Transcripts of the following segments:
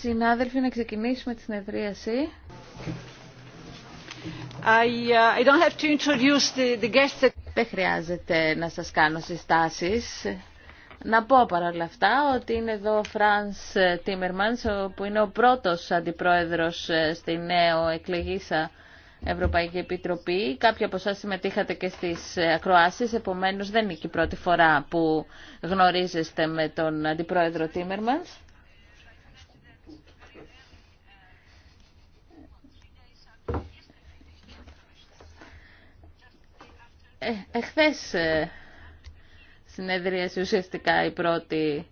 Συνάδελφοι, να ξεκινήσουμε τη συνεδρίαση. Uh, Δεν χρειάζεται να σας κάνω συστάσεις. Να πω παρόλα αυτά ότι είναι εδώ ο Φρανς Τίμερμανς, που είναι ο πρώτος αντιπρόεδρος ε, στη νέο εκλεγήσα Ευρωπαϊκή Επιτροπή. Κάποιοι από εσά συμμετείχατε και στις ε, ακροάσεις, επομένω δεν είναι και η πρώτη φορά που γνωρίζεστε με τον Αντιπρόεδρο Τίμερμαν. Ε, εχθές ε, συνεδρίασε ουσιαστικά η πρώτη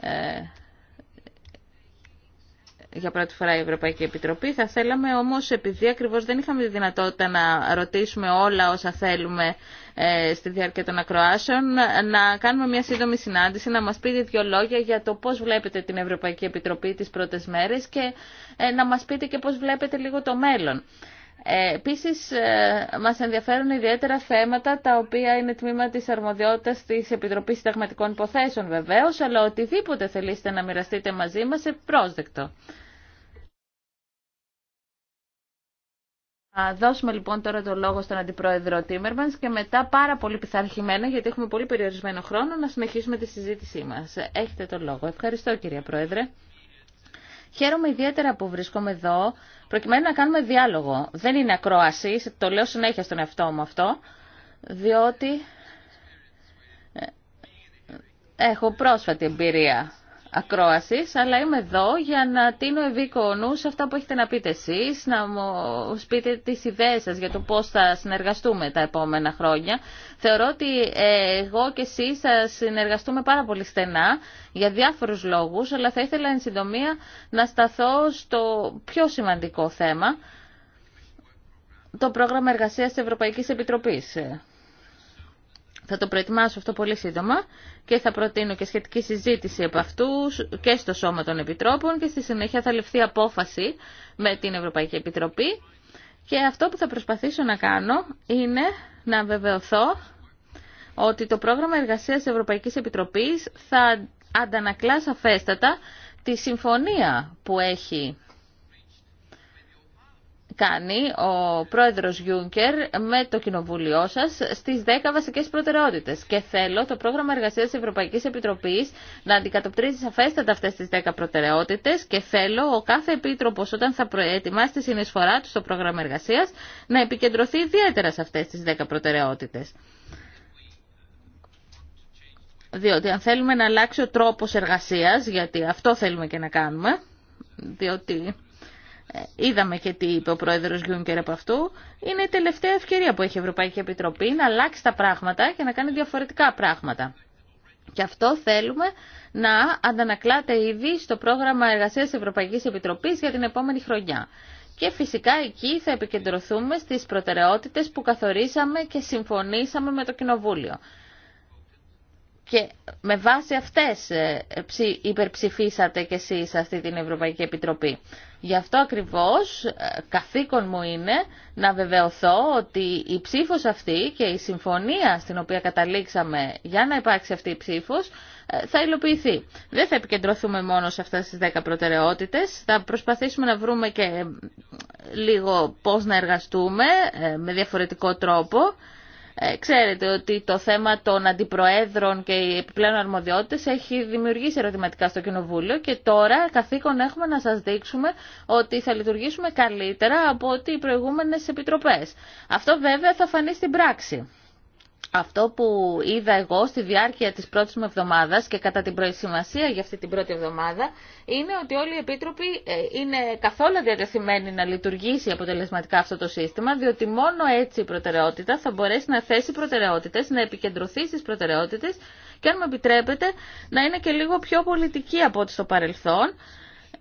ε, για πρώτη φορά η Ευρωπαϊκή Επιτροπή. Θα θέλαμε όμως, επειδή ακριβώς δεν είχαμε τη δυνατότητα να ρωτήσουμε όλα όσα θέλουμε ε, στη διάρκεια των ακροάσεων, να κάνουμε μια σύντομη συνάντηση, να μας πείτε δύο λόγια για το πώς βλέπετε την Ευρωπαϊκή Επιτροπή τις πρώτες μέρες και ε, να μας πείτε και πώς βλέπετε λίγο το μέλλον. Ε, επίσης, ε, μας ενδιαφέρουν ιδιαίτερα θέματα τα οποία είναι τμήμα της αρμοδιότητας της Επιτροπής Συνταγματικών Υποθέσεων βεβαίως, αλλά οτιδήποτε θελήσετε να μοιραστείτε μαζί μας, πρόσδεκτο. Θα δώσουμε λοιπόν τώρα το λόγο στον Αντιπρόεδρο Τίμερμανς και μετά πάρα πολύ πειθαρχημένα, γιατί έχουμε πολύ περιορισμένο χρόνο, να συνεχίσουμε τη συζήτησή μας. Έχετε το λόγο. Ευχαριστώ κυρία Πρόεδρε. Χαίρομαι ιδιαίτερα που βρίσκομαι εδώ, προκειμένου να κάνουμε διάλογο. Δεν είναι ακρόαση, το λέω συνέχεια στον εαυτό μου αυτό, διότι ε, έχω πρόσφατη εμπειρία ακρόασης, αλλά είμαι εδώ για να τίνω ευήκο σε αυτά που έχετε να πείτε εσείς, να μου πείτε τις ιδέες σας για το πώς θα συνεργαστούμε τα επόμενα χρόνια. Θεωρώ ότι ε, εγώ και εσείς θα συνεργαστούμε πάρα πολύ στενά για διάφορους λόγους, αλλά θα ήθελα εν συντομία να σταθώ στο πιο σημαντικό θέμα, το πρόγραμμα εργασίας της Ευρωπαϊκής Επιτροπής. Θα το προετοιμάσω αυτό πολύ σύντομα και θα προτείνω και σχετική συζήτηση από αυτού και στο Σώμα των Επιτρόπων και στη συνέχεια θα ληφθεί απόφαση με την Ευρωπαϊκή Επιτροπή. Και αυτό που θα προσπαθήσω να κάνω είναι να βεβαιωθώ ότι το πρόγραμμα εργασίας Ευρωπαϊκής Επιτροπής θα αντανακλά σαφέστατα τη συμφωνία που έχει κάνει ο πρόεδρος Γιούνκερ με το κοινοβούλιο σας στις 10 βασικές προτεραιότητες. Και θέλω το πρόγραμμα εργασίας της Ευρωπαϊκής Επιτροπής να αντικατοπτρίζει σαφέστατα αυτές τις 10 προτεραιότητες και θέλω ο κάθε επίτροπος όταν θα προετοιμάσει τη συνεισφορά του στο πρόγραμμα εργασίας να επικεντρωθεί ιδιαίτερα σε αυτές τις 10 προτεραιότητες. Διότι αν θέλουμε να αλλάξει ο τρόπος εργασίας, γιατί αυτό θέλουμε και να κάνουμε, διότι είδαμε και τι είπε ο πρόεδρος Γιούνκερ από αυτού, είναι η τελευταία ευκαιρία που έχει η Ευρωπαϊκή Επιτροπή να αλλάξει τα πράγματα και να κάνει διαφορετικά πράγματα. Και αυτό θέλουμε να αντανακλάται ήδη στο πρόγραμμα εργασίας Ευρωπαϊκής Επιτροπής για την επόμενη χρονιά. Και φυσικά εκεί θα επικεντρωθούμε στις προτεραιότητες που καθορίσαμε και συμφωνήσαμε με το Κοινοβούλιο. Και με βάση αυτές ε, ε, υπερψηφίσατε κι εσείς αυτή την Ευρωπαϊκή Επιτροπή. Γι' αυτό ακριβώς ε, καθήκον μου είναι να βεβαιωθώ ότι η ψήφος αυτή και η συμφωνία στην οποία καταλήξαμε για να υπάρξει αυτή η ψήφος ε, θα υλοποιηθεί. Δεν θα επικεντρωθούμε μόνο σε αυτές τις 10 προτεραιότητες, θα προσπαθήσουμε να βρούμε και ε, λίγο πώς να εργαστούμε με διαφορετικό τρόπο ε, ξέρετε ότι το θέμα των αντιπροέδρων και οι επιπλέον αρμοδιότητες έχει δημιουργήσει ερωτηματικά στο Κοινοβούλιο και τώρα καθήκον έχουμε να σας δείξουμε ότι θα λειτουργήσουμε καλύτερα από ό,τι οι προηγούμενες επιτροπές. Αυτό βέβαια θα φανεί στην πράξη αυτό που είδα εγώ στη διάρκεια της πρώτης μου εβδομάδας και κατά την προεσημασία για αυτή την πρώτη εβδομάδα είναι ότι όλοι οι επίτροποι ε, είναι καθόλου διατεθειμένοι να λειτουργήσει αποτελεσματικά αυτό το σύστημα διότι μόνο έτσι η προτεραιότητα θα μπορέσει να θέσει προτεραιότητες, να επικεντρωθεί στις προτεραιότητες και αν μου επιτρέπετε να είναι και λίγο πιο πολιτική από ό,τι στο παρελθόν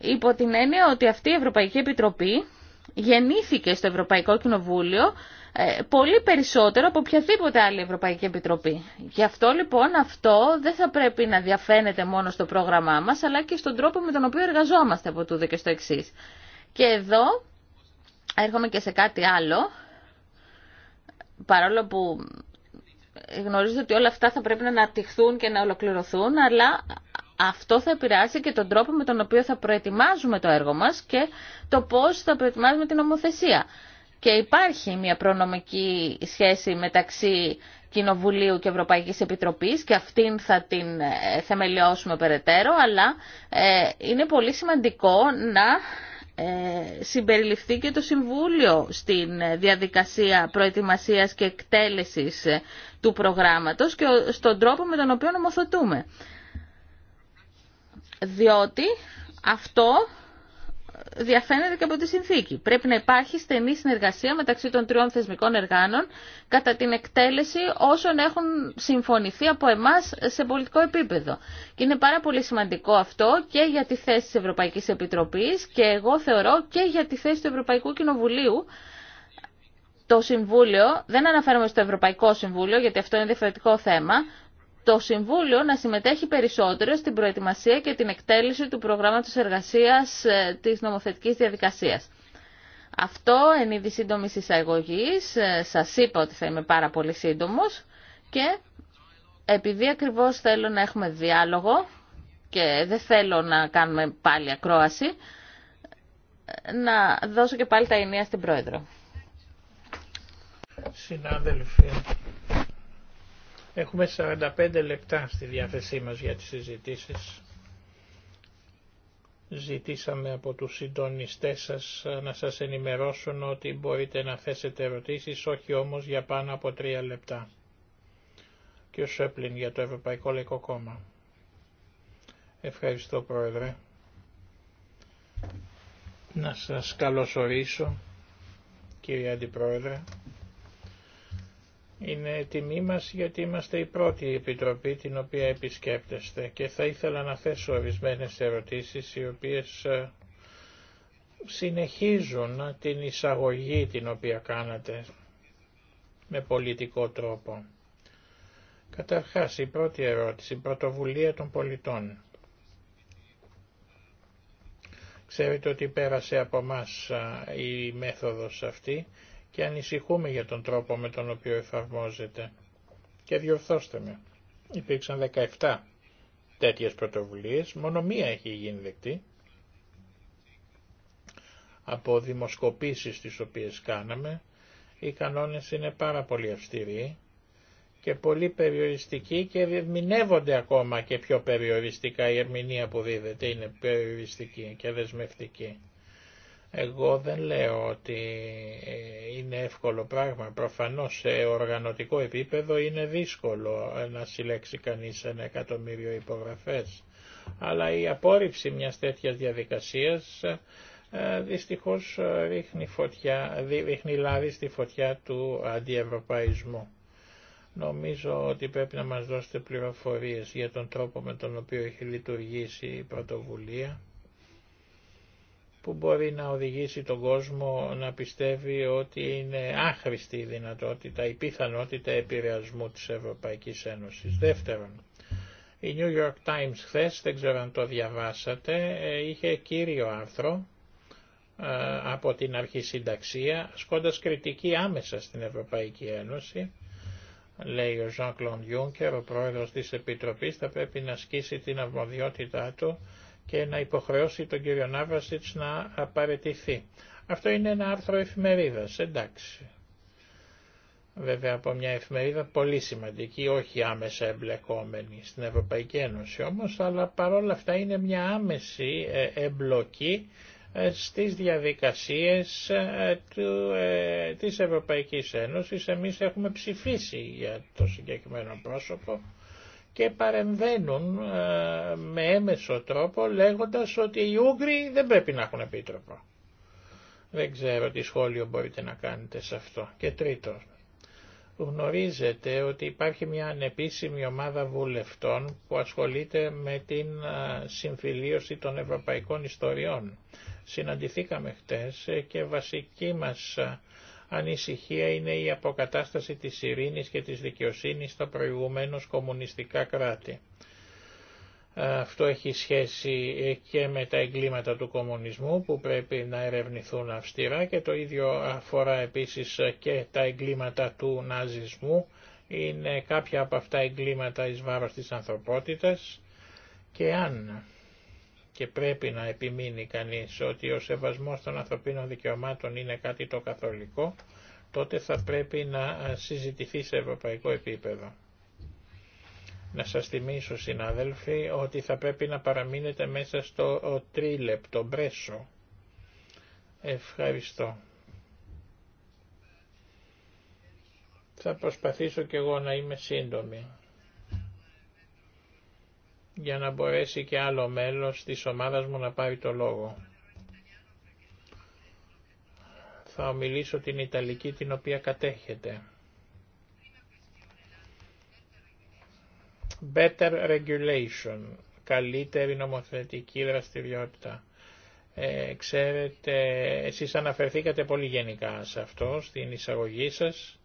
υπό την έννοια ότι αυτή η Ευρωπαϊκή Επιτροπή γεννήθηκε στο Ευρωπαϊκό Κοινοβούλιο ε, πολύ περισσότερο από οποιαδήποτε άλλη Ευρωπαϊκή Επιτροπή. Γι' αυτό λοιπόν αυτό δεν θα πρέπει να διαφαίνεται μόνο στο πρόγραμμά μας, αλλά και στον τρόπο με τον οποίο εργαζόμαστε από τούδε και στο εξή. Και εδώ έρχομαι και σε κάτι άλλο, παρόλο που γνωρίζω ότι όλα αυτά θα πρέπει να αναπτυχθούν και να ολοκληρωθούν, αλλά αυτό θα επηρεάσει και τον τρόπο με τον οποίο θα προετοιμάζουμε το έργο μας και το πώς θα προετοιμάζουμε την νομοθεσία και υπάρχει μια προνομική σχέση μεταξύ Κοινοβουλίου και Ευρωπαϊκής Επιτροπής και αυτήν θα την ε, θεμελιώσουμε περαιτέρω, αλλά ε, είναι πολύ σημαντικό να ε, συμπεριληφθεί και το Συμβούλιο στην ε, διαδικασία προετοιμασίας και εκτέλεσης του προγράμματος και στον τρόπο με τον οποίο νομοθετούμε. Διότι αυτό διαφαίνεται και από τη συνθήκη. Πρέπει να υπάρχει στενή συνεργασία μεταξύ των τριών θεσμικών εργάνων κατά την εκτέλεση όσων έχουν συμφωνηθεί από εμάς σε πολιτικό επίπεδο. Και είναι πάρα πολύ σημαντικό αυτό και για τη θέση τη Ευρωπαϊκής Επιτροπής και εγώ θεωρώ και για τη θέση του Ευρωπαϊκού Κοινοβουλίου το Συμβούλιο, δεν αναφέρομαι στο Ευρωπαϊκό Συμβούλιο γιατί αυτό είναι διαφορετικό θέμα, το Συμβούλιο να συμμετέχει περισσότερο στην προετοιμασία και την εκτέλεση του προγράμματος εργασίας ε, της νομοθετικής διαδικασίας. Αυτό εν είδη σύντομης εισαγωγής, ε, σας είπα ότι θα είμαι πάρα πολύ σύντομος και επειδή ακριβώς θέλω να έχουμε διάλογο και δεν θέλω να κάνουμε πάλι ακρόαση, να δώσω και πάλι τα ενία στην Πρόεδρο. Συνάδελφοι, Έχουμε 45 λεπτά στη διάθεσή μας για τις συζητήσεις. Ζητήσαμε από τους συντονιστές σας να σας ενημερώσουν ότι μπορείτε να θέσετε ερωτήσεις, όχι όμως για πάνω από τρία λεπτά. Και ο Σέπλιν για το Ευρωπαϊκό Λαϊκό Κόμμα. Ευχαριστώ Πρόεδρε. Να σας καλωσορίσω, κύριε Αντιπρόεδρε. Είναι τιμή μας γιατί είμαστε η πρώτη επιτροπή την οποία επισκέπτεστε και θα ήθελα να θέσω ορισμένες ερωτήσεις οι οποίες ε, συνεχίζουν την εισαγωγή την οποία κάνατε με πολιτικό τρόπο. Καταρχάς η πρώτη ερώτηση, η πρωτοβουλία των πολιτών. Ξέρετε ότι πέρασε από μας ε, η μέθοδος αυτή και ανησυχούμε για τον τρόπο με τον οποίο εφαρμόζεται. Και διορθώστε με, υπήρξαν 17 τέτοιες πρωτοβουλίες, μόνο μία έχει γίνει δεκτή από δημοσκοπήσεις τις οποίες κάναμε, οι κανόνες είναι πάρα πολύ αυστηροί και πολύ περιοριστικοί και ερμηνεύονται ακόμα και πιο περιοριστικά. Η ερμηνεία που δίδεται είναι περιοριστική και δεσμευτική. Εγώ δεν λέω ότι ε, είναι εύκολο πράγμα. Προφανώς σε οργανωτικό επίπεδο είναι δύσκολο ε, να συλλέξει κανείς ένα εκατομμύριο υπογραφές. Αλλά η απόρριψη μιας τέτοιας διαδικασίας ε, δυστυχώς ρίχνει, λάδι στη φωτιά του αντιευρωπαϊσμού. Νομίζω ότι πρέπει να μας δώσετε πληροφορίες για τον τρόπο με τον οποίο έχει λειτουργήσει η πρωτοβουλία που μπορεί να οδηγήσει τον κόσμο να πιστεύει ότι είναι άχρηστη η δυνατότητα, η πιθανότητα επηρεασμού της Ευρωπαϊκής Ένωσης. Δεύτερον, η New York Times χθε, δεν ξέρω αν το διαβάσατε, ε, είχε κύριο άρθρο ε, από την αρχή συνταξία, ασκώντας κριτική άμεσα στην Ευρωπαϊκή Ένωση, λέει ο Jean-Claude Juncker, ο πρόεδρος της Επιτροπής, θα πρέπει να ασκήσει την αρμοδιότητά του και να υποχρεώσει τον κύριο Ναύρασιτς να παραιτηθεί. Αυτό είναι ένα άρθρο εφημερίδας, εντάξει. Βέβαια από μια εφημερίδα πολύ σημαντική, όχι άμεσα εμπλεκόμενη στην Ευρωπαϊκή Ένωση όμως, αλλά παρόλα αυτά είναι μια άμεση ε, εμπλοκή ε, στις διαδικασίες ε, του, της Ευρωπαϊκής Ένωσης. Εμείς έχουμε ψηφίσει για το συγκεκριμένο πρόσωπο και παρεμβαίνουν ε, με έμεσο τρόπο λέγοντας ότι οι Ούγγροι δεν πρέπει να έχουν επίτροπο. Δεν ξέρω τι σχόλιο μπορείτε να κάνετε σε αυτό. Και τρίτο, γνωρίζετε ότι υπάρχει μια ανεπίσημη ομάδα βουλευτών που ασχολείται με την ε, συμφιλίωση των ευρωπαϊκών ιστοριών. Συναντηθήκαμε χτες και βασική μας ε, ανησυχία είναι η αποκατάσταση της ειρήνης και της δικαιοσύνης στα προηγουμένως κομμουνιστικά κράτη. Αυτό έχει σχέση και με τα εγκλήματα του κομμουνισμού που πρέπει να ερευνηθούν αυστηρά και το ίδιο αφορά επίσης και τα εγκλήματα του ναζισμού. Είναι κάποια από αυτά εγκλήματα εις βάρος της ανθρωπότητας και αν και πρέπει να επιμείνει κανείς ότι ο σεβασμός των ανθρωπίνων δικαιωμάτων είναι κάτι το καθολικό, τότε θα πρέπει να συζητηθεί σε ευρωπαϊκό επίπεδο. Να σας θυμίσω συνάδελφοι ότι θα πρέπει να παραμείνετε μέσα στο τρίλεπτο μπρέσο. Ευχαριστώ. Θα προσπαθήσω και εγώ να είμαι σύντομη για να μπορέσει και άλλο μέλος της ομάδας μου να πάρει το λόγο. Θα ομιλήσω την Ιταλική την οποία κατέχετε. Better regulation, καλύτερη νομοθετική δραστηριότητα. Ε, ξέρετε, εσείς αναφερθήκατε πολύ γενικά σε αυτό στην εισαγωγή σας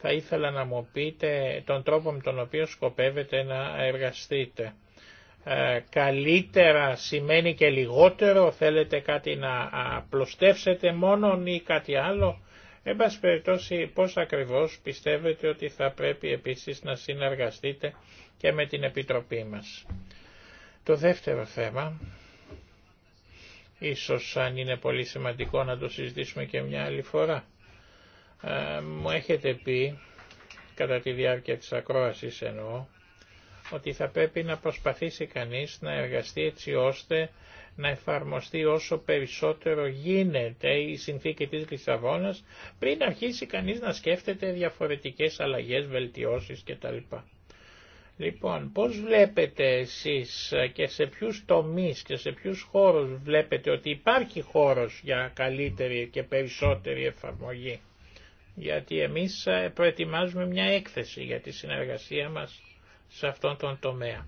θα ήθελα να μου πείτε τον τρόπο με τον οποίο σκοπεύετε να εργαστείτε. Ε, καλύτερα σημαίνει και λιγότερο, θέλετε κάτι να απλωστεύσετε μόνον ή κάτι άλλο. Εν πάση περιπτώσει πώς ακριβώς πιστεύετε ότι θα πρέπει επίσης να συνεργαστείτε και με την Επιτροπή μας. Το δεύτερο θέμα, ίσως αν είναι πολύ σημαντικό να το συζητήσουμε και μια άλλη φορά, ε, μου έχετε πει, κατά τη διάρκεια της ακρόασης εννοώ, ότι θα πρέπει να προσπαθήσει κανείς να εργαστεί έτσι ώστε να εφαρμοστεί όσο περισσότερο γίνεται η συνθήκη της Λισαβόνας πριν αρχίσει κανείς να σκέφτεται διαφορετικές αλλαγές, βελτιώσεις κτλ. Λοιπόν, πώς βλέπετε εσείς και σε ποιους τομείς και σε ποιους χώρους βλέπετε ότι υπάρχει χώρος για καλύτερη και περισσότερη εφαρμογή γιατί εμείς ε, προετοιμάζουμε μια έκθεση για τη συνεργασία μας σε αυτόν τον τομέα.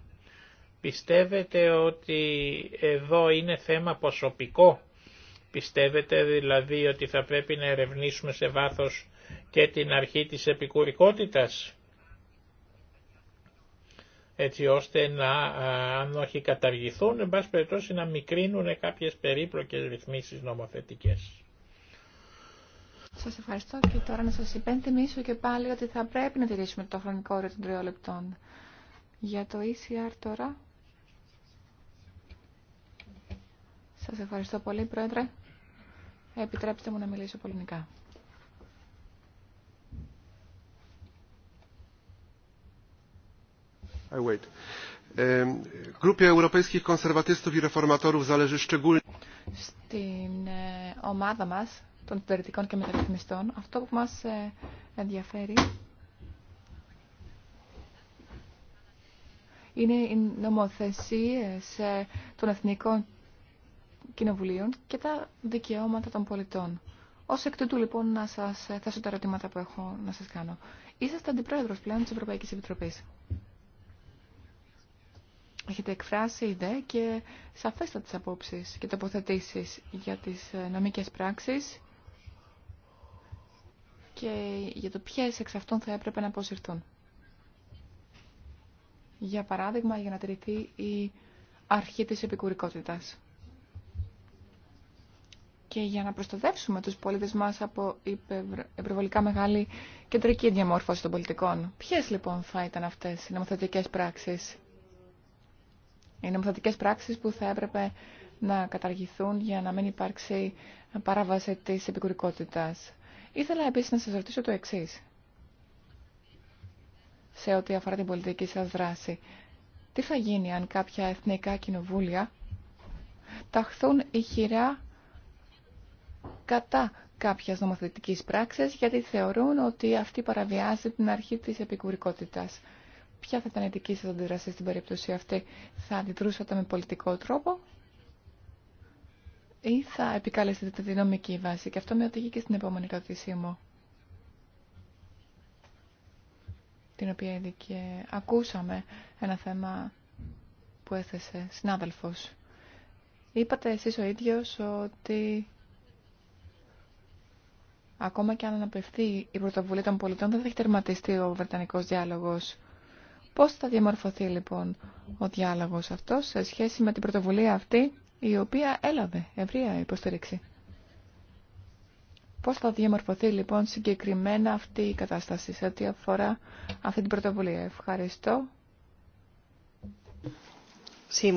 Πιστεύετε ότι εδώ είναι θέμα προσωπικό, πιστεύετε δηλαδή ότι θα πρέπει να ερευνήσουμε σε βάθος και την αρχή της επικουρικότητας, έτσι ώστε να, αν όχι καταργηθούν, εν πάση περιπτώσει να μικρύνουν κάποιες περίπλοκες ρυθμίσεις νομοθετικές. Σας ευχαριστώ και τώρα να σας υπενθυμίσω και πάλι ότι θα πρέπει να τηρήσουμε το χρονικό όριο των τριών λεπτών. Για το ECR τώρα. Σας ευχαριστώ πολύ, Πρόεδρε. Επιτρέψτε μου να μιλήσω πολυνικά. Grupie Στην ε, ομάδα μας, των συντηρητικών και μεταρρυθμιστών. Αυτό που μας ε, ενδιαφέρει είναι οι νομοθεσίες ε, των εθνικών κοινοβουλίων και τα δικαιώματα των πολιτών. Ω εκ τούτου, λοιπόν, να σα ε, θέσω τα ερωτήματα που έχω να σα κάνω. Είσαστε αντιπρόεδρο πλέον τη Ευρωπαϊκή Επιτροπή. Έχετε εκφράσει ιδέε και σαφέστατε απόψει και τοποθετήσει για τι νομικέ πράξει και για το ποιε εξ αυτών θα έπρεπε να αποσυρθούν. Για παράδειγμα, για να τηρηθεί η αρχή της επικουρικότητας. Και για να προστατεύσουμε τους πολίτες μας από υπερβολικά μεγάλη κεντρική διαμόρφωση των πολιτικών. Ποιες λοιπόν θα ήταν αυτές οι νομοθετικές πράξεις. Οι νομοθετικές πράξεις που θα έπρεπε να καταργηθούν για να μην υπάρξει παράβαση της επικουρικότητας. Ήθελα επίση να σα ρωτήσω το εξή Σε ό,τι αφορά την πολιτική σας δράση, τι θα γίνει αν κάποια εθνικά κοινοβούλια ταχθούν ηχηρά κατά κάποιας νομοθετικής πράξης γιατί θεωρούν ότι αυτή παραβιάζει την αρχή της επικουρικότητας. Ποια θα ήταν η δική σας αντίδραση στην περίπτωση αυτή. Θα αντιδρούσατε με πολιτικό τρόπο ή θα επικαλεστείτε τη δυναμική βάση. Και αυτό με οδηγεί και στην επόμενη ερώτησή μου. Την οποία ήδη και ακούσαμε ένα θέμα που έθεσε συνάδελφος. Είπατε εσείς ο ίδιος ότι ακόμα και αν αναπευθεί η πρωτοβουλία των πολιτών δεν θα έχει τερματιστεί ο Βρετανικός διάλογος. Πώς θα διαμορφωθεί λοιπόν ο διάλογος αυτός σε σχέση με την πρωτοβουλία αυτή η οποία έλαβε ευρεία υποστήριξη. Πώς θα διαμορφωθεί λοιπόν συγκεκριμένα αυτή η κατάσταση σε ό,τι αφορά αυτή την πρωτοβουλία. Ευχαριστώ. Sí,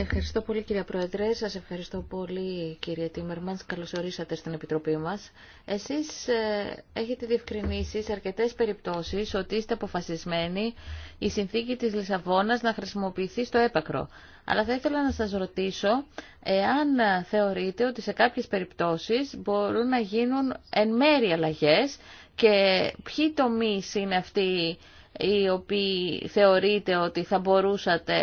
Ευχαριστώ πολύ κύριε Πρόεδρε, σας ευχαριστώ πολύ κύριε Τίμερμανς, καλώς ορίσατε στην Επιτροπή μας. Εσείς ε, έχετε διευκρινίσει σε αρκετές περιπτώσεις ότι είστε αποφασισμένοι η συνθήκη της Λισαβόνας να χρησιμοποιηθεί στο έπακρο. Αλλά θα ήθελα να σας ρωτήσω εάν θεωρείτε ότι σε κάποιες περιπτώσεις μπορούν να γίνουν εν μέρη αλλαγές και ποιοι τομείς είναι αυτοί οι οποίοι θεωρείτε ότι θα μπορούσατε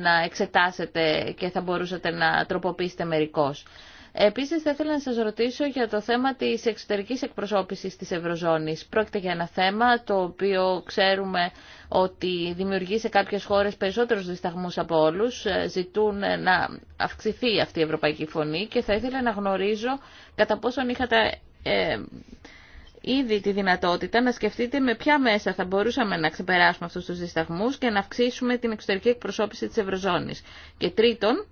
να εξετάσετε και θα μπορούσατε να τροποποιήσετε μερικώς. Επίσης θα ήθελα να σας ρωτήσω για το θέμα της εξωτερικής εκπροσώπησης της Ευρωζώνης. Πρόκειται για ένα θέμα το οποίο ξέρουμε ότι δημιουργεί σε κάποιες χώρες περισσότερους δισταγμούς από όλους. Ζητούν να αυξηθεί αυτή η ευρωπαϊκή φωνή και θα ήθελα να γνωρίζω κατά πόσον είχατε ε, ήδη τη δυνατότητα να σκεφτείτε με ποια μέσα θα μπορούσαμε να ξεπεράσουμε αυτούς τους δισταγμούς και να αυξήσουμε την εξωτερική εκπροσώπηση της Ευρωζώνης. Και τρίτον,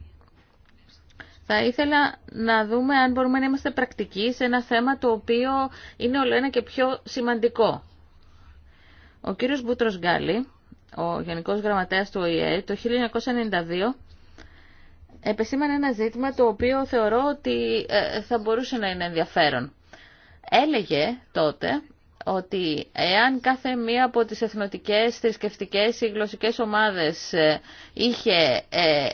θα ήθελα να δούμε αν μπορούμε να είμαστε πρακτικοί σε ένα θέμα το οποίο είναι όλο ένα και πιο σημαντικό. Ο κύριος Μπούτρος Γκάλι, ο Γενικός Γραμματέας του ΟΗΕ, το 1992 επεσήμανε ένα ζήτημα το οποίο θεωρώ ότι ε, θα μπορούσε να είναι ενδιαφέρον έλεγε τότε ότι εάν κάθε μία από τις εθνοτικές, θρησκευτικέ ή γλωσσικές ομάδες ε, είχε ε,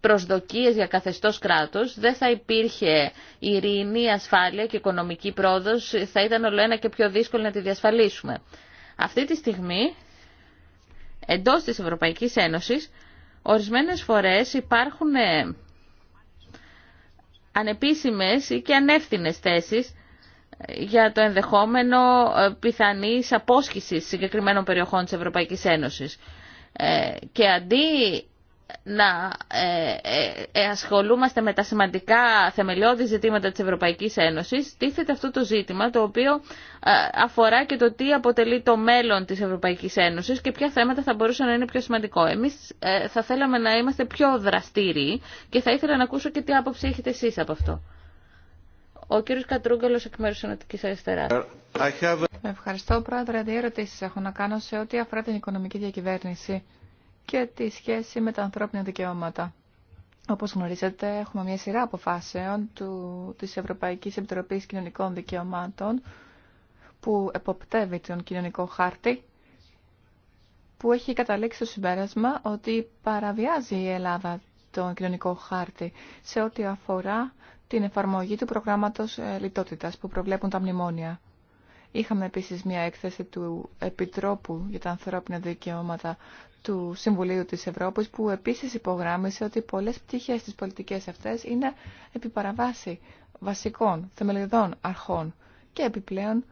προσδοκίες για καθεστώς κράτους, δεν θα υπήρχε ειρήνη, ασφάλεια και οικονομική πρόοδος, θα ήταν όλο ένα και πιο δύσκολο να τη διασφαλίσουμε. Αυτή τη στιγμή, εντός της Ευρωπαϊκής Ένωσης, ορισμένες φορές υπάρχουν ε, ανεπίσημες ή και ανεύθυνες θέσεις για το ενδεχόμενο ε, πιθανής απόσχησης συγκεκριμένων περιοχών της Ευρωπαϊκής Ένωσης. Ε, και αντί να ε, ε, ασχολούμαστε με τα σημαντικά θεμελιώδη ζητήματα της Ευρωπαϊκής Ένωσης, τίθεται αυτό το ζήτημα το οποίο αφορά και το τι αποτελεί το μέλλον της Ευρωπαϊκής Ένωσης και ποια θέματα θα μπορούσαν να είναι πιο σημαντικό. Εμείς θα θέλαμε να είμαστε πιο δραστήριοι και θα ήθελα να ακούσω και τι άποψη έχετε εσείς από αυτό. Ο κύριο Κατρούγκαλο εκ μέρου Ενωτικής Αριστεράς. Have... Ευχαριστώ, Πρόεδρε. Δύο ερωτήσει έχω να κάνω σε ό,τι αφορά την οικονομική διακυβέρνηση και τη σχέση με τα ανθρώπινα δικαιώματα. Όπως γνωρίζετε, έχουμε μια σειρά αποφάσεων τη της Ευρωπαϊκής Επιτροπής Κοινωνικών Δικαιωμάτων που εποπτεύει τον κοινωνικό χάρτη που έχει καταλήξει στο συμπέρασμα ότι παραβιάζει η Ελλάδα τον κοινωνικό χάρτη σε ό,τι αφορά την εφαρμογή του προγράμματος ε, λιτότητας που προβλέπουν τα μνημόνια. Είχαμε επίσης μια έκθεση του Επιτρόπου για τα ανθρώπινα δικαιώματα του Συμβουλίου της Ευρώπης που επίσης υπογράμμισε ότι πολλές πτυχές της πολιτικές αυτές είναι επιπαραβάση βασικών θεμελιωδών αρχών και επιπλέον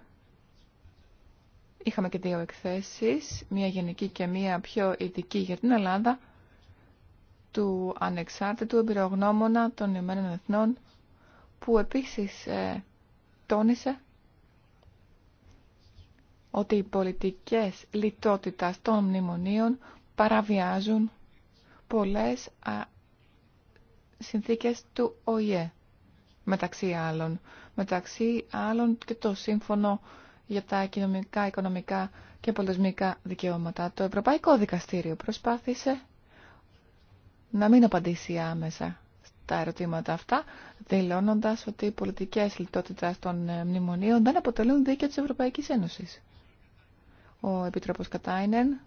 είχαμε και δύο εκθέσεις, μία γενική και μία πιο ειδική για την Ελλάδα του ανεξάρτητου εμπειρογνώμονα των Ηνωμένων Εθνών που επίσης ε, τόνισε ότι οι πολιτικές λιτότητας των μνημονίων παραβιάζουν πολλές συνθήκες του ΟΗΕ, μεταξύ άλλων. Μεταξύ άλλων και το σύμφωνο για τα κοινωνικά, οικονομικά και πολιτισμικά δικαιώματα. Το Ευρωπαϊκό Δικαστήριο προσπάθησε να μην απαντήσει άμεσα τα ερωτήματα αυτά, δηλώνοντας ότι οι πολιτικές λιτότητας των ε, μνημονίων δεν αποτελούν δίκαιο της Ευρωπαϊκής Ένωσης. Ο Επιτρόπος Κατάινεν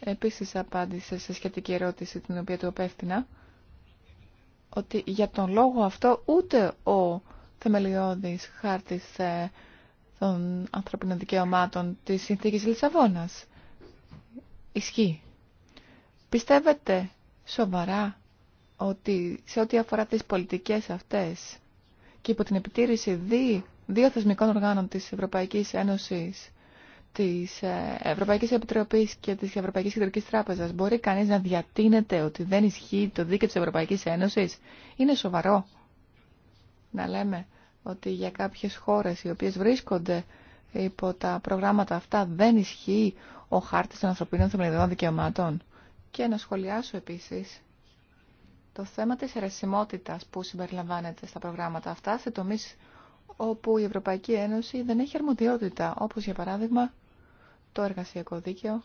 επίσης απάντησε σε σχετική ερώτηση την οποία του απέφθηνα ότι για τον λόγο αυτό ούτε ο θεμελιώδης χάρτης ε, των ανθρωπινών δικαιωμάτων της συνθήκης Λισαβόνας ισχύει. Πιστεύετε σοβαρά ότι σε ό,τι αφορά τις πολιτικές αυτές και υπό την επιτήρηση δύο θεσμικών οργάνων της Ευρωπαϊκής Ένωσης, της ε, Ευρωπαϊκής Επιτροπής και της Ευρωπαϊκής Κεντρικής Τράπεζας, μπορεί κανείς να διατείνεται ότι δεν ισχύει το δίκαιο της Ευρωπαϊκής Ένωσης. Είναι σοβαρό να λέμε ότι για κάποιες χώρες οι οποίες βρίσκονται υπό τα προγράμματα αυτά δεν ισχύει ο χάρτης των ανθρωπίνων θεμελιωδών δικαιωμάτων. Και να σχολιάσω επίσης το θέμα της αιρεσιμότητας που συμπεριλαμβάνεται στα προγράμματα αυτά σε τομείς όπου η Ευρωπαϊκή Ένωση δεν έχει αρμοδιότητα, όπως για παράδειγμα το εργασιακό δίκαιο.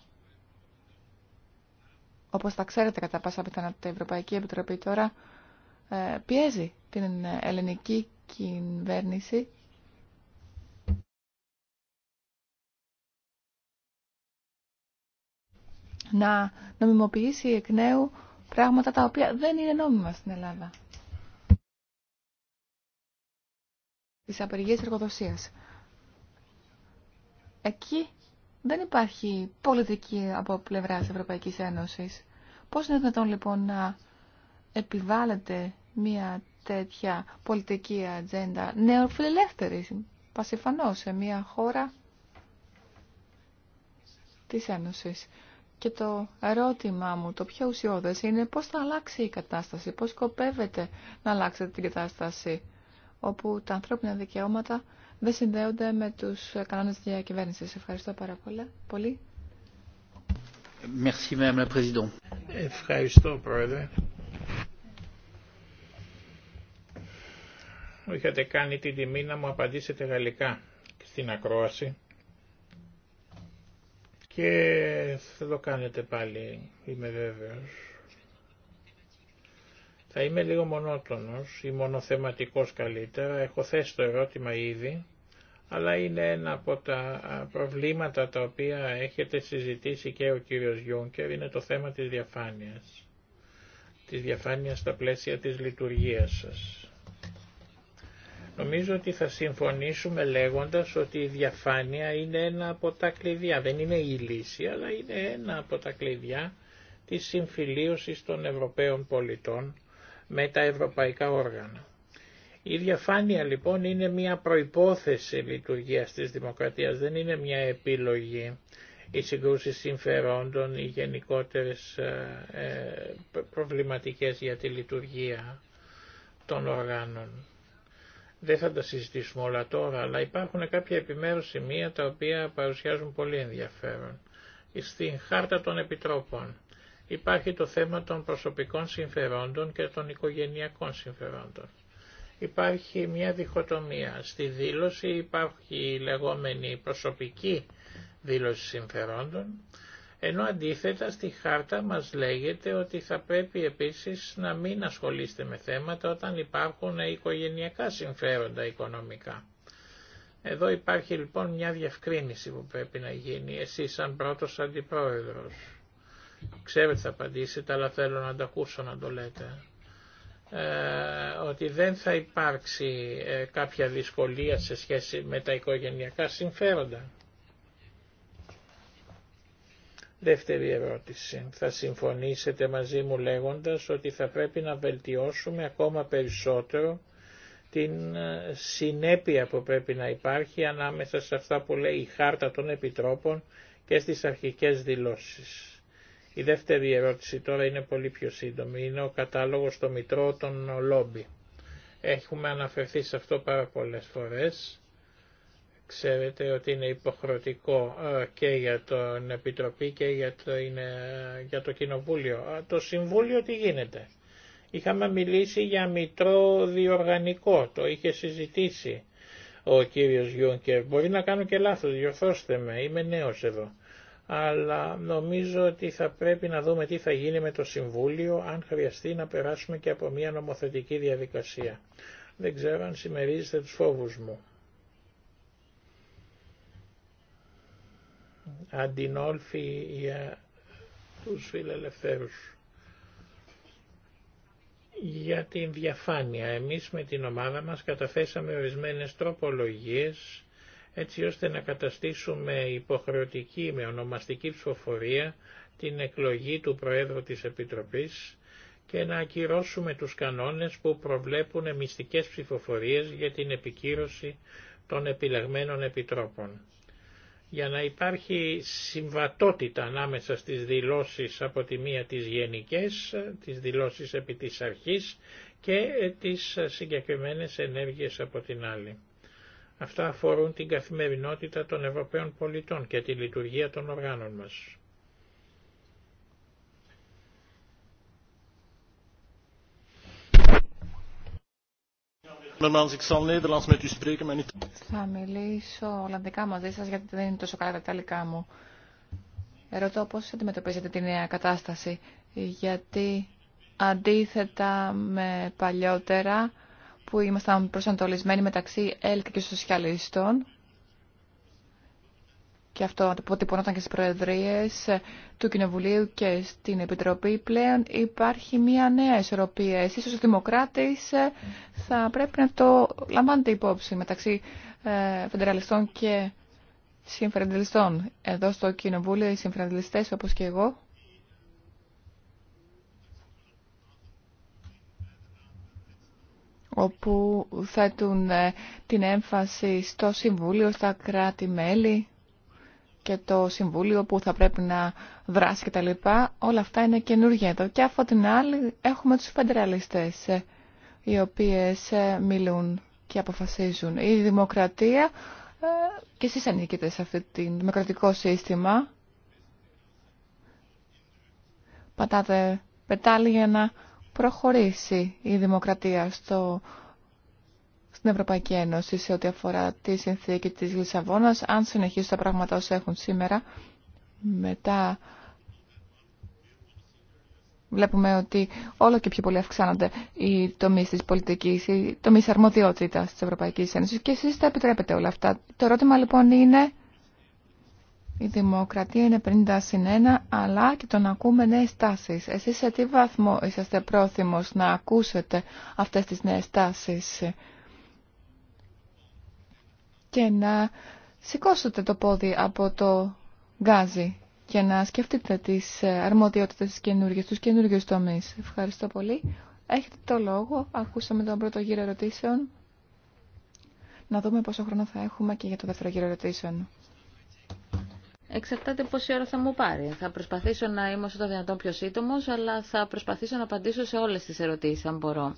Όπως τα ξέρετε κατά πάσα πιθανότητα η Ευρωπαϊκή Επιτροπή τώρα ε, πιέζει την ελληνική κυβέρνηση να νομιμοποιήσει εκ νέου πράγματα τα οποία δεν είναι νόμιμα στην Ελλάδα. Τις απεργίες εργοδοσίας. Εκεί δεν υπάρχει πολιτική από πλευρά Ευρωπαϊκής Ένωσης. Πώς είναι δυνατόν λοιπόν να επιβάλλεται μια τέτοια πολιτική ατζέντα νεοφιλελεύθερη πασιφανώς σε μια χώρα της Ένωσης. Και το ερώτημά μου, το πιο ουσιώδες, είναι πώς θα αλλάξει η κατάσταση, πώς σκοπεύετε να αλλάξετε την κατάσταση, όπου τα ανθρώπινα δικαιώματα δεν συνδέονται με τους κανόνες διακυβέρνησης. Ευχαριστώ πάρα πολύ. Merci, Madame la Ευχαριστώ, Πρόεδρε. είχατε κάνει την τιμή να μου απαντήσετε γαλλικά στην ακρόαση και θα το κάνετε πάλι, είμαι βέβαιος. Θα είμαι λίγο μονότονος ή μονοθεματικός καλύτερα, έχω θέσει το ερώτημα ήδη, αλλά είναι ένα από τα προβλήματα τα οποία έχετε συζητήσει και ο κύριος Γιούνκερ, είναι το θέμα της διαφάνειας. Της διαφάνειας στα πλαίσια της λειτουργίας σας. Νομίζω ότι θα συμφωνήσουμε λέγοντας ότι η διαφάνεια είναι ένα από τα κλειδιά, δεν είναι η λύση, αλλά είναι ένα από τα κλειδιά της συμφιλίωσης των Ευρωπαίων πολιτών με τα ευρωπαϊκά όργανα. Η διαφάνεια λοιπόν είναι μια προϋπόθεση λειτουργίας της δημοκρατίας, δεν είναι μια επιλογή. Οι συγκρούσεις συμφερόντων, οι γενικότερες ε, ε, προβληματικές για τη λειτουργία των οργάνων. Δεν θα τα συζητήσουμε όλα τώρα, αλλά υπάρχουν κάποια επιμέρους σημεία τα οποία παρουσιάζουν πολύ ενδιαφέρον. Στην χάρτα των επιτρόπων υπάρχει το θέμα των προσωπικών συμφερόντων και των οικογενειακών συμφερόντων. Υπάρχει μια διχοτομία. Στη δήλωση υπάρχει η λεγόμενη προσωπική δήλωση συμφερόντων ενώ αντίθετα στη χάρτα μας λέγεται ότι θα πρέπει επίσης να μην ασχολείστε με θέματα όταν υπάρχουν οικογενειακά συμφέροντα οικονομικά. Εδώ υπάρχει λοιπόν μια διευκρίνηση που πρέπει να γίνει, εσείς σαν πρώτος αντιπρόεδρος. Ξέρετε θα απαντήσετε, αλλά θέλω να τα ακούσω να το λέτε. Ε, ότι δεν θα υπάρξει ε, κάποια δυσκολία σε σχέση με τα οικογενειακά συμφέροντα. Δεύτερη ερώτηση. Θα συμφωνήσετε μαζί μου λέγοντας ότι θα πρέπει να βελτιώσουμε ακόμα περισσότερο την ε, συνέπεια που πρέπει να υπάρχει ανάμεσα σε αυτά που λέει η χάρτα των επιτρόπων και στις αρχικές δηλώσεις. Η δεύτερη ερώτηση τώρα είναι πολύ πιο σύντομη. Είναι ο κατάλογος στο Μητρό των Λόμπι. Έχουμε αναφερθεί σε αυτό πάρα πολλές φορές Ξέρετε ότι είναι υποχρεωτικό ε, και για τον Επιτροπή και για το, είναι, για το Κοινοβούλιο. Ε, το Συμβούλιο τι γίνεται. Είχαμε μιλήσει για μητρό διοργανικό, το είχε συζητήσει ο κύριος Γιούνκερ. Μπορεί να κάνω και λάθος, διορθώστε με, είμαι νέος εδώ. Αλλά νομίζω ότι θα πρέπει να δούμε τι θα γίνει με το Συμβούλιο αν χρειαστεί να περάσουμε και από μια νομοθετική διαδικασία. Δεν ξέρω αν συμμερίζετε τους φόβους μου. Αντινόλφη για τους φιλελευθέρους. Για την διαφάνεια, εμείς με την ομάδα μας καταθέσαμε ορισμένες τροπολογίες έτσι ώστε να καταστήσουμε υποχρεωτική με ονομαστική ψηφοφορία την εκλογή του Προέδρου της Επιτροπής και να ακυρώσουμε τους κανόνες που προβλέπουν μυστικές ψηφοφορίες για την επικύρωση των επιλεγμένων επιτρόπων για να υπάρχει συμβατότητα ανάμεσα στις δηλώσεις από τη μία τις γενικές, τις δηλώσεις επί της αρχής και τις συγκεκριμένες ενέργειες από την άλλη. Αυτά αφορούν την καθημερινότητα των Ευρωπαίων πολιτών και τη λειτουργία των οργάνων μας. Θα μιλήσω Ολλανδικά μαζί σας γιατί δεν είναι τόσο καλά τα Ιταλικά μου. Ερώτω πώς αντιμετωπίζετε τη νέα κατάσταση γιατί αντίθετα με παλιότερα που ήμασταν προσανατολισμένοι μεταξύ ΕΛΚ και Σοσιαλιστών και αυτό αποτυπωνόταν και στις προεδρίες του Κοινοβουλίου και στην Επιτροπή, πλέον υπάρχει μια νέα ισορροπία. Εσείς ως δημοκράτης ε, θα πρέπει να το λαμβάνετε υπόψη μεταξύ ε, φεντεραλιστών και συμφεραντιλιστών. Εδώ στο Κοινοβούλιο οι συμφεραντιλιστές όπως και εγώ όπου θέτουν ε, την έμφαση στο Συμβούλιο, στα κράτη-μέλη και το Συμβούλιο που θα πρέπει να δράσει κτλ. Όλα αυτά είναι καινούργια εδώ. Και από την άλλη έχουμε τους φεντεραλιστές ε, οι οποίες ε, μιλούν και αποφασίζουν. Η δημοκρατία ε, και εσείς ανήκετε σε αυτό το δημοκρατικό σύστημα. Πατάτε πετάλι για να προχωρήσει η δημοκρατία στο στην Ευρωπαϊκή Ένωση σε ό,τι αφορά τη συνθήκη της Λισαβόνας. Αν συνεχίσουν τα πράγματα όσα έχουν σήμερα, μετά βλέπουμε ότι όλο και πιο πολύ αυξάνονται οι τομείς της πολιτικής, οι τομείς αρμοδιότητας της Ευρωπαϊκής Ένωσης και εσείς τα επιτρέπετε όλα αυτά. Το ερώτημα λοιπόν είναι... Η δημοκρατία είναι 50 συν 1, αλλά και το να ακούμε νέε τάσει. Εσεί σε τι βαθμό είσαστε πρόθυμο να ακούσετε αυτέ τι νέε τάσει και να σηκώσετε το πόδι από το γκάζι και να σκεφτείτε τις ε, αρμοδιότητες της καινούργιας, τους καινούργιους τομείς. Ευχαριστώ πολύ. Έχετε το λόγο. Ακούσαμε τον πρώτο γύρο ερωτήσεων. Να δούμε πόσο χρόνο θα έχουμε και για το δεύτερο γύρο ερωτήσεων. Εξαρτάται πόση ώρα θα μου πάρει. Θα προσπαθήσω να είμαι όσο το δυνατόν πιο σύντομο, αλλά θα προσπαθήσω να απαντήσω σε όλε τι ερωτήσει αν μπορώ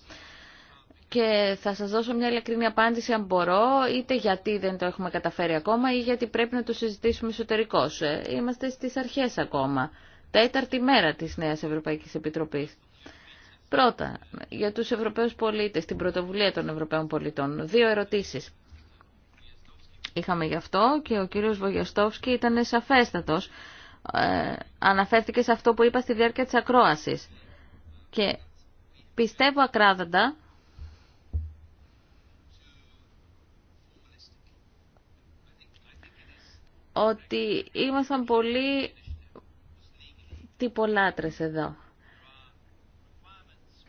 και θα σας δώσω μια ειλικρινή απάντηση αν μπορώ, είτε γιατί δεν το έχουμε καταφέρει ακόμα ή γιατί πρέπει να το συζητήσουμε εσωτερικώς. Ε, είμαστε στις αρχές ακόμα, τέταρτη μέρα της Νέας Ευρωπαϊκής Επιτροπής. Πρώτα, για τους Ευρωπαίους πολίτες, την πρωτοβουλία των Ευρωπαίων πολιτών, δύο ερωτήσεις. Είχαμε γι' αυτό και ο κύριος Βογιαστόφσκι ήταν σαφέστατος. Ε, αναφέρθηκε σε αυτό που είπα στη διάρκεια της ακρόασης. Και πιστεύω ακράδαντα ότι ήμασταν πολύ τυπολάτρες εδώ.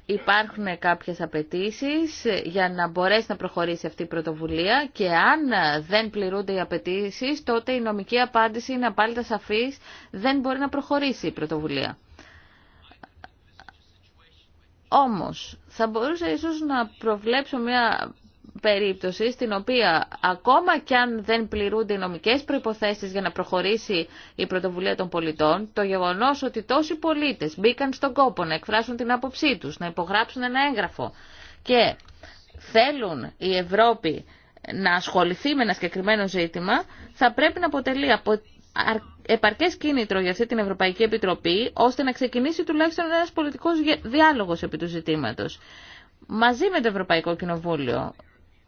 Υπάρχουν κάποιες απαιτήσεις για να μπορέσει να προχωρήσει αυτή η πρωτοβουλία και αν δεν πληρούνται οι απαιτήσεις τότε η νομική απάντηση είναι απάλλητα σαφής, δεν μπορεί να προχωρήσει η πρωτοβουλία. Όμως, θα μπορούσα ίσως να προβλέψω μια περίπτωση στην οποία ακόμα κι αν δεν πληρούνται οι νομικές προϋποθέσεις για να προχωρήσει η πρωτοβουλία των πολιτών, το γεγονός ότι τόσοι πολίτες μπήκαν στον κόπο να εκφράσουν την άποψή τους, να υπογράψουν ένα έγγραφο και θέλουν η Ευρώπη να ασχοληθεί με ένα συγκεκριμένο ζήτημα, θα πρέπει να αποτελεί από επαρκέ κίνητρο για αυτή την Ευρωπαϊκή Επιτροπή, ώστε να ξεκινήσει τουλάχιστον ένα πολιτικό διάλογο επί του ζητήματο. Μαζί με το Ευρωπαϊκό Κοινοβούλιο,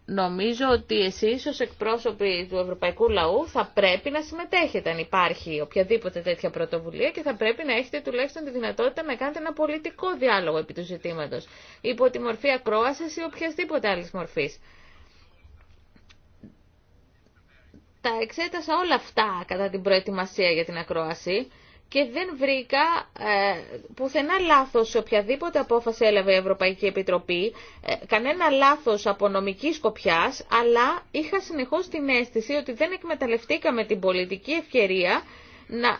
νομίζω ότι εσείς ως εκπρόσωποι του ευρωπαϊκού λαού θα πρέπει να συμμετέχετε αν υπάρχει οποιαδήποτε τέτοια πρωτοβουλία και θα πρέπει να έχετε τουλάχιστον τη δυνατότητα να κάνετε ένα πολιτικό διάλογο επί του ζητήματος υπό τη μορφή ακρόασης ή οποιασδήποτε άλλης μορφής. Τα εξέτασα όλα αυτά κατά την προετοιμασία για την ακρόαση και δεν βρήκα ε, πουθενά λάθος σε οποιαδήποτε απόφαση έλαβε η Ευρωπαϊκή Επιτροπή, ε, κανένα λάθος από νομική σκοπιάς, αλλά είχα συνεχώς την αίσθηση ότι δεν εκμεταλλευτήκαμε την πολιτική ευκαιρία να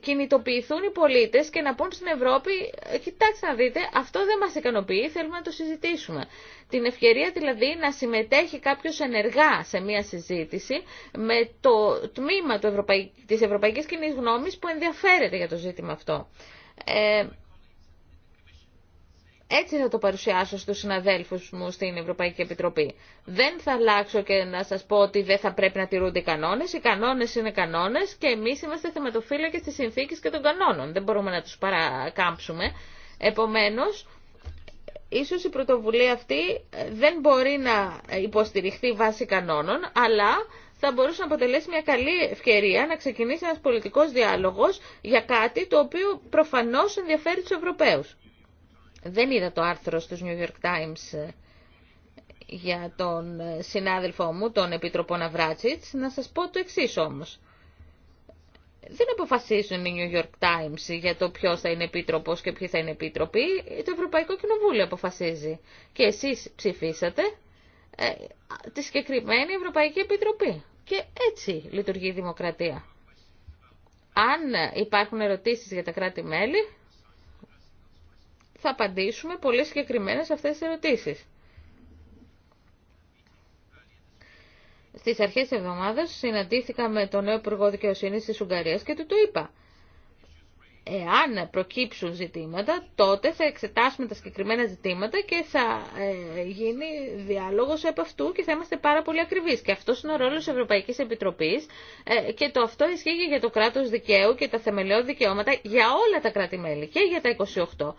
κινητοποιηθούν οι πολίτες και να πούν στην Ευρώπη «Ε, «Κοιτάξτε να δείτε, αυτό δεν μας ικανοποιεί, θέλουμε να το συζητήσουμε». Την ευκαιρία δηλαδή να συμμετέχει κάποιο ενεργά σε μια συζήτηση με το τμήμα τη Ευρωπαϊκή της Ευρωπαϊκής Κοινής Γνώμης που ενδιαφέρεται για το ζήτημα αυτό. Ε, έτσι θα το παρουσιάσω στους συναδέλφους μου στην Ευρωπαϊκή Επιτροπή. Δεν θα αλλάξω και να σας πω ότι δεν θα πρέπει να τηρούνται οι κανόνες. Οι κανόνες είναι κανόνες και εμείς είμαστε θεματοφύλακες της συνθήκης και των κανόνων. Δεν μπορούμε να τους παρακάμψουμε. Επομένως, ίσως η πρωτοβουλία αυτή δεν μπορεί να υποστηριχθεί βάσει κανόνων, αλλά θα μπορούσε να αποτελέσει μια καλή ευκαιρία να ξεκινήσει ένας πολιτικός διάλογος για κάτι το οποίο προφανώς ενδιαφέρει τους Ευρωπαίους. Δεν είδα το άρθρο στους New York Times ε, για τον ε, συνάδελφό μου, τον Επίτροπο Ναυράτσιτς, να σας πω το εξής όμως. Δεν αποφασίζουν οι New York Times για το ποιο θα είναι επίτροπο και ποιοι θα είναι επίτροποι. Το Ευρωπαϊκό Κοινοβούλιο αποφασίζει. Και εσεί ψηφίσατε ε, τη συγκεκριμένη Ευρωπαϊκή Επιτροπή. Και έτσι λειτουργεί η δημοκρατία. Αν υπάρχουν ερωτήσεις για τα κράτη-μέλη, θα απαντήσουμε πολύ συγκεκριμένα σε αυτές τις ερωτήσεις. Στις αρχές της εβδομάδας συναντήθηκα με τον νέο Υπουργό Δικαιοσύνης της Ουγγαρίας και του το είπα. Εάν προκύψουν ζητήματα, τότε θα εξετάσουμε τα συγκεκριμένα ζητήματα και θα ε, γίνει διάλογος επ' αυτού και θα είμαστε πάρα πολύ ακριβείς. Και αυτός είναι ο ρόλος της Ευρωπαϊκής Επιτροπής ε, και το αυτό ισχύει και για το κράτος δικαίου και τα θεμελιώδη δικαιώματα για όλα τα κράτη-μέλη και για τα 28.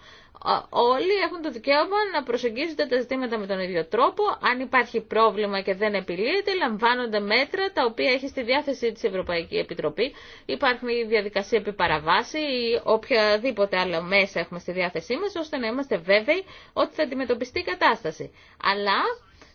Όλοι έχουν το δικαίωμα να προσεγγίζονται τα ζητήματα με τον ίδιο τρόπο. Αν υπάρχει πρόβλημα και δεν επιλύεται, λαμβάνονται μέτρα τα οποία έχει στη διάθεση της Ευρωπαϊκή Επιτροπή. Υπάρχει διαδικασία επιπαραβάση ή κατάσταση. Αλλά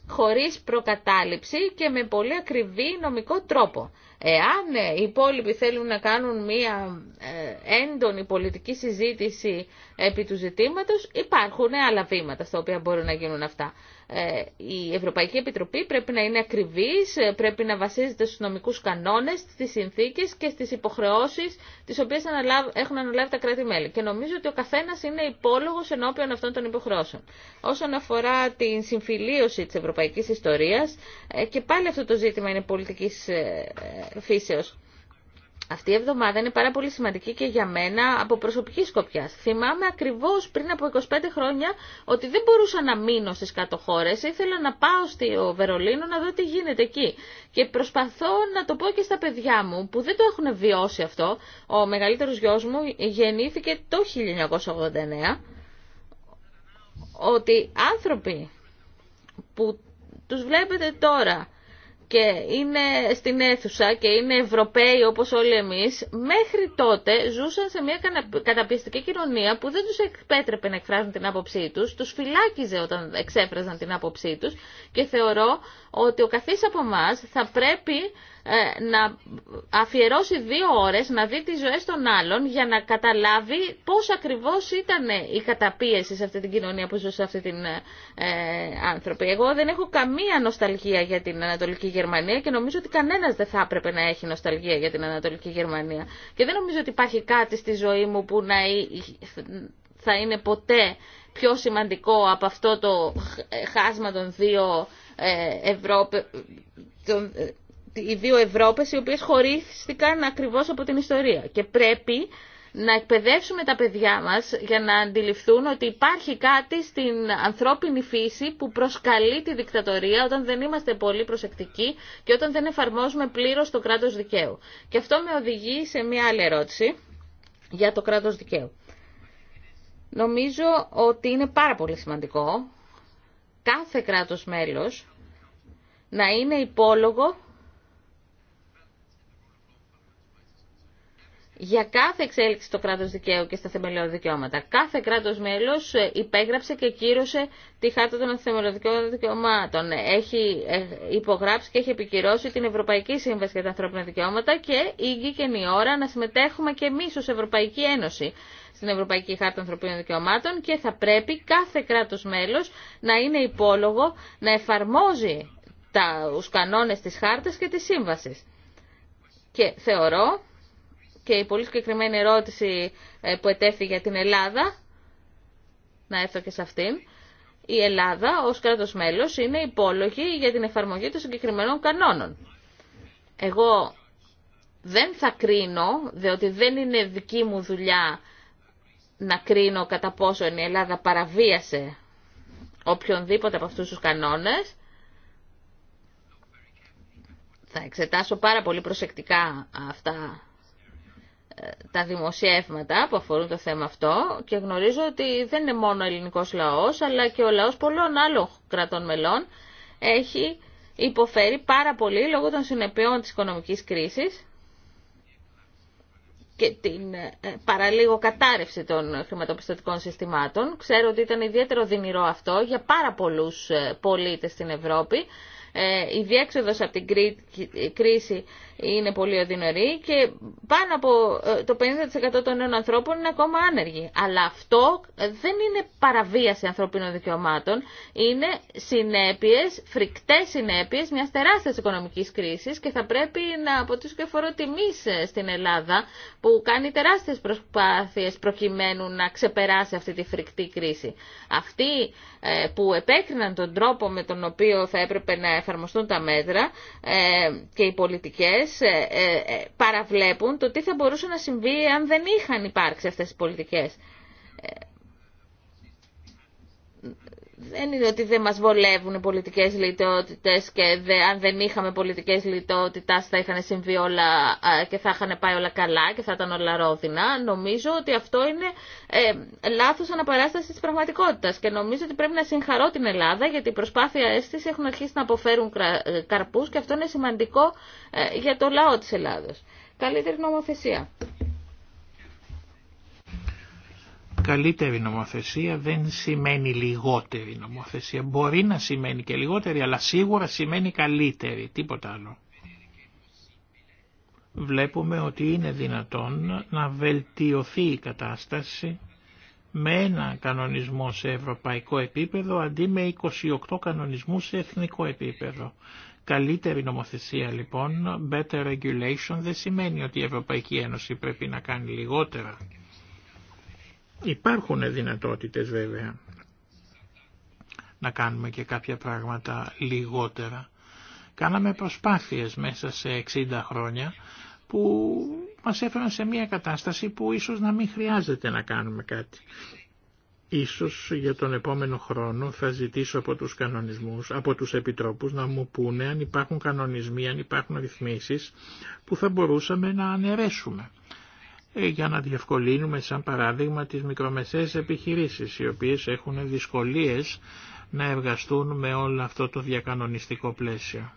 χωρίς προκατάληψη και με πολύ ακριβή νομικό τρόπο. Εάν ε, οι υπόλοιποι θέλουν να κάνουν μία ε, έντονη πολιτική συζήτηση επί του ζητήματος, υπάρχουν άλλα βήματα στα οποία μπορούν να γίνουν αυτά. Ε, η Ευρωπαϊκή Επιτροπή πρέπει να είναι ακριβής, ε, πρέπει να βασίζεται στους νομικούς κανόνες, στις συνθήκες και στις υποχρεώσεις τις οποίες έχουν αναλάβει τα κράτη-μέλη. Και νομίζω ότι ο καθένας είναι υπόλογος ενώπιον αυτών των υποχρεώσεων. Όσον αφορά την συμφιλίωση της ευρωπαϊκής ιστορίας, ε, και πάλι αυτό το ζήτημα είναι πολιτικής φύσεως. Αυτή η εβδομάδα είναι πάρα πολύ σημαντική και για μένα από προσωπική σκοπιά. Θυμάμαι ακριβώ πριν από 25 χρόνια ότι δεν μπορούσα να μείνω στι κάτω χώρε. Ήθελα να πάω στο Βερολίνο να δω τι γίνεται εκεί. Και προσπαθώ να το πω και στα παιδιά μου που δεν το έχουν βιώσει αυτό. Ο μεγαλύτερο γιο μου γεννήθηκε το 1989. Ότι άνθρωποι που τους βλέπετε τώρα και είναι στην αίθουσα και είναι Ευρωπαίοι όπως όλοι εμείς, μέχρι τότε ζούσαν σε μια καταπιστική κοινωνία που δεν τους επέτρεπε να εκφράζουν την άποψή τους, τους φυλάκιζε όταν εξέφραζαν την άποψή τους και θεωρώ ότι ο καθής από εμά θα πρέπει ε, να αφιερώσει δύο ώρες να δει τις ζωές των άλλων για να καταλάβει πώς ακριβώς ήταν η καταπίεση σε αυτή την κοινωνία που ζούσε αυτή την ε, ε Εγώ δεν έχω καμία νοσταλγία για την Ανατολική Γερμανία και νομίζω ότι κανένας δεν θα έπρεπε να έχει νοσταλγία για την Ανατολική Γερμανία. Και δεν νομίζω ότι υπάρχει κάτι στη ζωή μου που να θα είναι ποτέ πιο σημαντικό από αυτό το ε, χάσμα των δύο Ευρώπη, οι δύο Ευρώπες οι οποίες χωρίστηκαν ακριβώς από την ιστορία. Και πρέπει να εκπαιδεύσουμε τα παιδιά μας για να αντιληφθούν ότι υπάρχει κάτι στην ανθρώπινη φύση που προσκαλεί τη δικτατορία όταν δεν είμαστε πολύ προσεκτικοί και όταν δεν εφαρμόζουμε πλήρως το κράτος δικαίου. Και αυτό με οδηγεί σε μια άλλη ερώτηση για το κράτος δικαίου. Νομίζω ότι είναι πάρα πολύ σημαντικό κάθε κράτος μέλος να είναι υπόλογο για κάθε εξέλιξη στο κράτος δικαίου και στα θεμελιώδη δικαιώματα. Κάθε κράτος μέλος ε, υπέγραψε και κύρωσε τη χάρτα των θεμελιωδικών δικαιωμάτων. Έχει ε, υπογράψει και έχει επικυρώσει την Ευρωπαϊκή Σύμβαση για τα Ανθρώπινα Δικαιώματα και ήγηκε η ώρα να συμμετέχουμε και εμείς ως Ευρωπαϊκή Ένωση στην Ευρωπαϊκή Χάρτα Ανθρωπίνων Δικαιωμάτων και θα πρέπει κάθε κράτος μέλος να είναι υπόλογο να εφαρμόζει τους κανόνες της χάρτας και της σύμβασης. Και θεωρώ και η πολύ συγκεκριμένη ερώτηση ε, που ετέθη για την Ελλάδα, να έρθω και σε αυτήν, η Ελλάδα ως κράτος μέλος είναι υπόλογη για την εφαρμογή των συγκεκριμένων κανόνων. Εγώ δεν θα κρίνω, διότι δεν είναι δική μου δουλειά να κρίνω κατά πόσο η Ελλάδα παραβίασε οποιονδήποτε από αυτούς τους κανόνες. Θα εξετάσω πάρα πολύ προσεκτικά αυτά τα δημοσιεύματα που αφορούν το θέμα αυτό και γνωρίζω ότι δεν είναι μόνο ο ελληνικός λαός αλλά και ο λαός πολλών άλλων κρατών μελών έχει υποφέρει πάρα πολύ λόγω των συνεπειών της οικονομικής κρίσης και την ε, παραλίγο κατάρρευση των χρηματοπιστωτικών συστημάτων. Ξέρω ότι ήταν ιδιαίτερο δυνηρό αυτό για πάρα πολλούς ε, πολίτες στην Ευρώπη. Ε, η διέξοδος από την κρίση είναι πολύ οδυνερή και πάνω από ε, το 50% των νέων ανθρώπων είναι ακόμα άνεργοι. Αλλά αυτό ε, δεν είναι παραβίαση ανθρωπίνων δικαιωμάτων, είναι συνέπειες, φρικτές συνέπειες μιας τεράστιας οικονομικής κρίσης και θα πρέπει να αποτύσσω και φορό ε, στην Ελλάδα που κάνει τεράστιες προσπάθειες προκειμένου να ξεπεράσει αυτή τη φρικτή κρίση. Αυτοί που επέκριναν τον τρόπο με τον οποίο θα έπρεπε να εφαρμοστούν τα μέτρα και οι πολιτικές ε, ε, ε, παραβλέπουν το τι θα μπορούσε να συμβεί αν δεν είχαν υπάρξει αυτές οι πολιτικές δεν είναι ότι δεν μας βολεύουν οι πολιτικές λιτότητες και αν δεν είχαμε πολιτικές λιτότητες θα είχαν συμβεί όλα και θα είχαν πάει όλα καλά και θα ήταν όλα ρόδινα. Νομίζω ότι αυτό είναι ε, λάθος αναπαράσταση της πραγματικότητας και νομίζω ότι πρέπει να συγχαρώ την Ελλάδα γιατί οι προσπάθειές της έχουν αρχίσει να αποφέρουν ε, καρπούς και αυτό είναι σημαντικό ε, για το λαό της Ελλάδος. Καλύτερη νομοθεσία. Καλύτερη νομοθεσία δεν σημαίνει λιγότερη νομοθεσία. Μπορεί να σημαίνει και λιγότερη, αλλά σίγουρα σημαίνει καλύτερη, τίποτα άλλο. Βλέπουμε ότι είναι δυνατόν να βελτιωθεί η κατάσταση με ένα κανονισμό σε ευρωπαϊκό επίπεδο αντί με 28 κανονισμούς σε εθνικό επίπεδο. Καλύτερη νομοθεσία λοιπόν, better regulation, δεν σημαίνει ότι η Ευρωπαϊκή Ένωση πρέπει να κάνει λιγότερα. Υπάρχουν δυνατότητες βέβαια να κάνουμε και κάποια πράγματα λιγότερα. Κάναμε προσπάθειες μέσα σε 60 χρόνια που μας έφεραν σε μια κατάσταση που ίσως να μην χρειάζεται να κάνουμε κάτι. Ίσως για τον επόμενο χρόνο θα ζητήσω από τους κανονισμούς, από τους επιτρόπους να μου πούνε αν υπάρχουν κανονισμοί, αν υπάρχουν ρυθμίσεις που θα μπορούσαμε να αναιρέσουμε. Ε, για να διευκολύνουμε σαν παράδειγμα τις μικρομεσαίες επιχειρήσεις οι οποίες έχουν δυσκολίες να εργαστούν με όλο αυτό το διακανονιστικό πλαίσιο.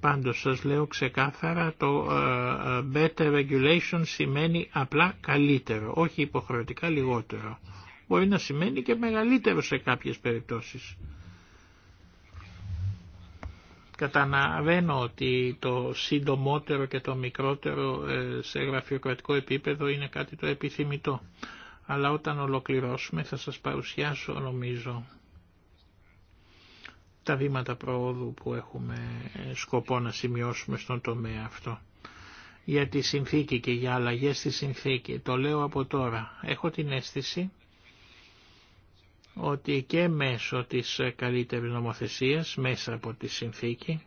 Πάντως σας λέω ξεκάθαρα το ε, ε, better regulation σημαίνει απλά καλύτερο, όχι υποχρεωτικά λιγότερο. Μπορεί να σημαίνει και μεγαλύτερο σε κάποιες περιπτώσεις. Καταλαβαίνω ότι το σύντομότερο και το μικρότερο ε, σε γραφειοκρατικό επίπεδο είναι κάτι το επιθυμητό. Αλλά όταν ολοκληρώσουμε θα σας παρουσιάσω νομίζω τα βήματα προόδου που έχουμε ε, σκοπό να σημειώσουμε στον τομέα αυτό. Για τη συνθήκη και για αλλαγές στη συνθήκη, το λέω από τώρα, έχω την αίσθηση ότι και μέσω της καλύτερης νομοθεσίας, μέσα από τη συνθήκη,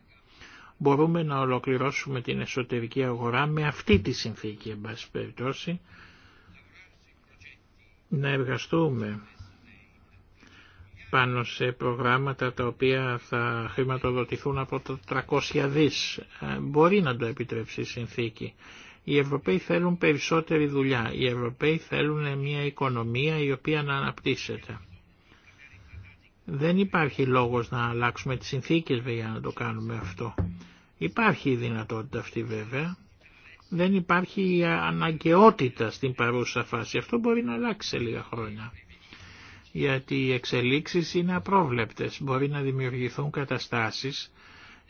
μπορούμε να ολοκληρώσουμε την εσωτερική αγορά με αυτή τη συνθήκη, εν πάση περιπτώσει, να εργαστούμε πάνω σε προγράμματα τα οποία θα χρηματοδοτηθούν από το 300 δις. Ε, μπορεί να το επιτρέψει η συνθήκη. Οι Ευρωπαίοι θέλουν περισσότερη δουλειά. Οι Ευρωπαίοι θέλουν μια οικονομία η οποία να αναπτύσσεται. Δεν υπάρχει λόγος να αλλάξουμε τις συνθήκες για να το κάνουμε αυτό. Υπάρχει η δυνατότητα αυτή βέβαια. Δεν υπάρχει η αναγκαιότητα στην παρούσα φάση. Αυτό μπορεί να αλλάξει σε λίγα χρόνια. Γιατί οι εξελίξεις είναι απρόβλεπτες. Μπορεί να δημιουργηθούν καταστάσεις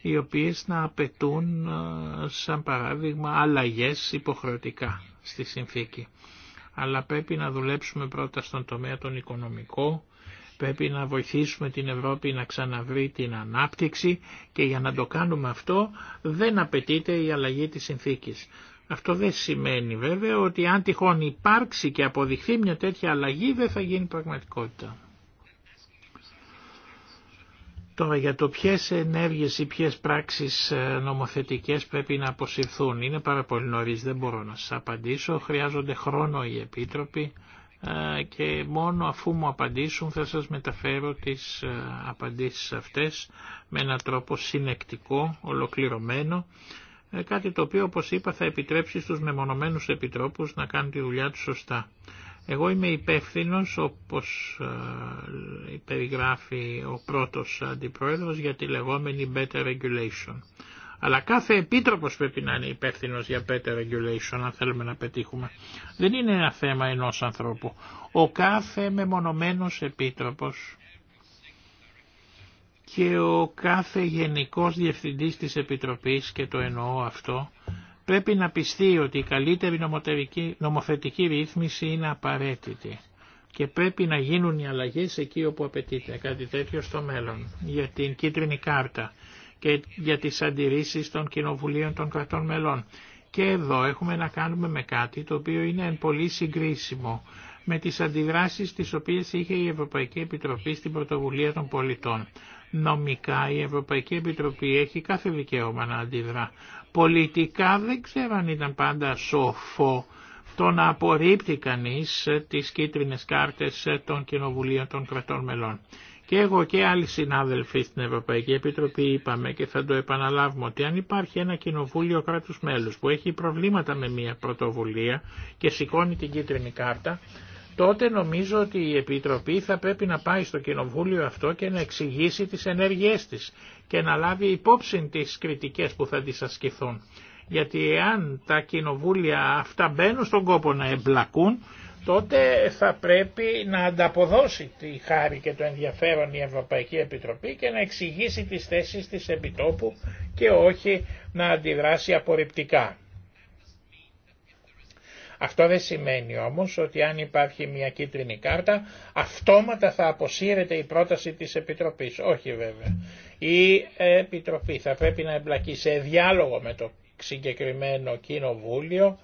οι οποίες να απαιτούν σαν παράδειγμα αλλαγές υποχρεωτικά στη συνθήκη. Αλλά πρέπει να δουλέψουμε πρώτα στον τομέα τον οικονομικό, Πρέπει να βοηθήσουμε την Ευρώπη να ξαναβρει την ανάπτυξη και για να το κάνουμε αυτό δεν απαιτείται η αλλαγή της συνθήκης. Αυτό δεν σημαίνει βέβαια ότι αν τυχόν υπάρξει και αποδειχθεί μια τέτοια αλλαγή δεν θα γίνει πραγματικότητα. Τώρα για το ποιε ενέργειες ή ποιε πράξεις ε, νομοθετικές πρέπει να αποσυρθούν. Είναι πάρα πολύ νωρί, δεν μπορώ να σα απαντήσω. Χρειάζονται χρόνο οι επίτροποι και μόνο αφού μου απαντήσουν θα σας μεταφέρω τις ε, απαντήσεις αυτές με έναν τρόπο συνεκτικό, ολοκληρωμένο, ε, κάτι το οποίο όπως είπα θα επιτρέψει στους μεμονωμένους επιτρόπους να κάνουν τη δουλειά τους σωστά. Εγώ είμαι υπεύθυνο, όπως ε, περιγράφει ο πρώτος αντιπρόεδρος, για τη λεγόμενη Better Regulation. Αλλά κάθε επίτροπος πρέπει να είναι υπεύθυνο για better regulation αν θέλουμε να πετύχουμε. Δεν είναι ένα θέμα ενό ανθρώπου. Ο κάθε μεμονωμένο επίτροπος και ο κάθε γενικός διευθυντή τη Επιτροπής και το εννοώ αυτό πρέπει να πιστεί ότι η καλύτερη νομοθετική ρύθμιση είναι απαραίτητη και πρέπει να γίνουν οι αλλαγές εκεί όπου απαιτείται κάτι τέτοιο στο μέλλον για την κίτρινη κάρτα και για τις αντιρρήσεις των κοινοβουλίων των κρατών μελών. Και εδώ έχουμε να κάνουμε με κάτι το οποίο είναι πολύ συγκρίσιμο με τις αντιδράσεις τις οποίες είχε η Ευρωπαϊκή Επιτροπή στην Πρωτοβουλία των Πολιτών. Νομικά η Ευρωπαϊκή Επιτροπή έχει κάθε δικαίωμα να αντιδρά. Πολιτικά δεν ξέρω αν ήταν πάντα σοφό το να απορρίπτει κανείς τις κίτρινες κάρτες των κοινοβουλίων των κρατών μελών. Και εγώ και άλλοι συνάδελφοι στην Ευρωπαϊκή Επιτροπή είπαμε και θα το επαναλάβουμε ότι αν υπάρχει ένα κοινοβούλιο κράτους μέλους που έχει προβλήματα με μια πρωτοβουλία και σηκώνει την κίτρινη κάρτα, τότε νομίζω ότι η Επιτροπή θα πρέπει να πάει στο κοινοβούλιο αυτό και να εξηγήσει τις ενέργειές της και να λάβει υπόψη τις κριτικές που θα της ασκηθούν. Γιατί εάν τα κοινοβούλια αυτά μπαίνουν στον κόπο να εμπλακούν, τότε θα πρέπει να ανταποδώσει τη χάρη και το ενδιαφέρον η Ευρωπαϊκή Επιτροπή και να εξηγήσει τις θέσεις της επιτόπου και όχι να αντιδράσει απορριπτικά. Αυτό δεν σημαίνει όμως ότι αν υπάρχει μια κίτρινη κάρτα αυτόματα θα αποσύρεται η πρόταση της Επιτροπής. Όχι βέβαια. Η Επιτροπή θα πρέπει να εμπλακεί σε διάλογο με το συγκεκριμένο κοινοβούλιο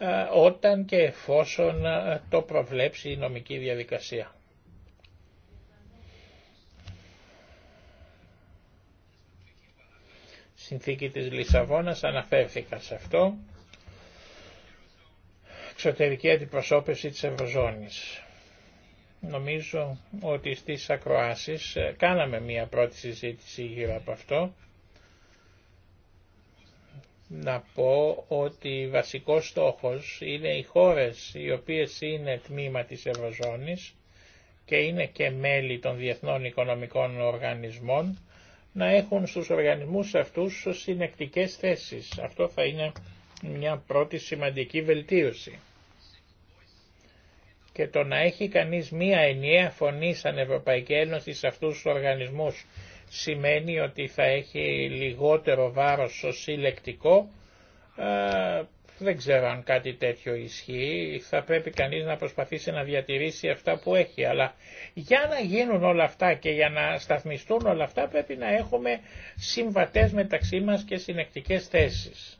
ε, όταν και εφόσον ε, το προβλέψει η νομική διαδικασία. Συνθήκη της Λισαβόνας αναφέρθηκα σε αυτό. Εξωτερική αντιπροσώπευση της Ευρωζώνης. Νομίζω ότι στις ακροάσεις ε, κάναμε μία πρώτη συζήτηση γύρω από αυτό να πω ότι βασικός στόχος είναι οι χώρες οι οποίες είναι τμήμα της Ευρωζώνης και είναι και μέλη των διεθνών οικονομικών οργανισμών να έχουν στους οργανισμούς αυτούς συνεκτικές θέσεις. Αυτό θα είναι μια πρώτη σημαντική βελτίωση. Και το να έχει κανείς μία ενιαία φωνή σαν Ευρωπαϊκή Ένωση σε αυτούς τους οργανισμούς σημαίνει ότι θα έχει λιγότερο βάρος στο συλλεκτικό. Ε, δεν ξέρω αν κάτι τέτοιο ισχύει, θα πρέπει κανείς να προσπαθήσει να διατηρήσει αυτά που έχει, αλλά για να γίνουν όλα αυτά και για να σταθμιστούν όλα αυτά πρέπει να έχουμε συμβατές μεταξύ μας και συνεκτικές θέσεις.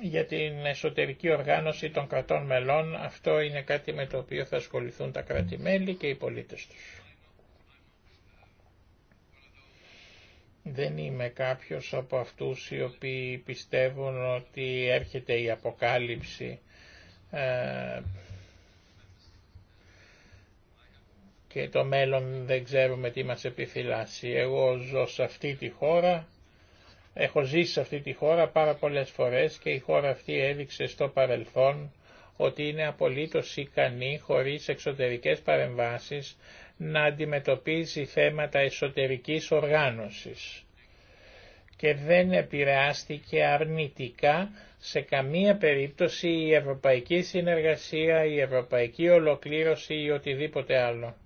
Για την εσωτερική οργάνωση των κρατών μελών αυτό είναι κάτι με το οποίο θα ασχοληθούν τα κράτη-μέλη και οι πολίτες τους. Δεν είμαι κάποιος από αυτούς οι οποίοι πιστεύουν ότι έρχεται η αποκάλυψη ε, και το μέλλον δεν ξέρουμε τι μας επιφυλάσσει. Εγώ ζω σε αυτή τη χώρα, έχω ζήσει σε αυτή τη χώρα πάρα πολλές φορές και η χώρα αυτή έδειξε στο παρελθόν ότι είναι απολύτως ικανή χωρίς εξωτερικές παρεμβάσεις να αντιμετωπίζει θέματα εσωτερικής οργάνωσης και δεν επηρεάστηκε αρνητικά σε καμία περίπτωση η ευρωπαϊκή συνεργασία, η ευρωπαϊκή ολοκλήρωση ή οτιδήποτε άλλο.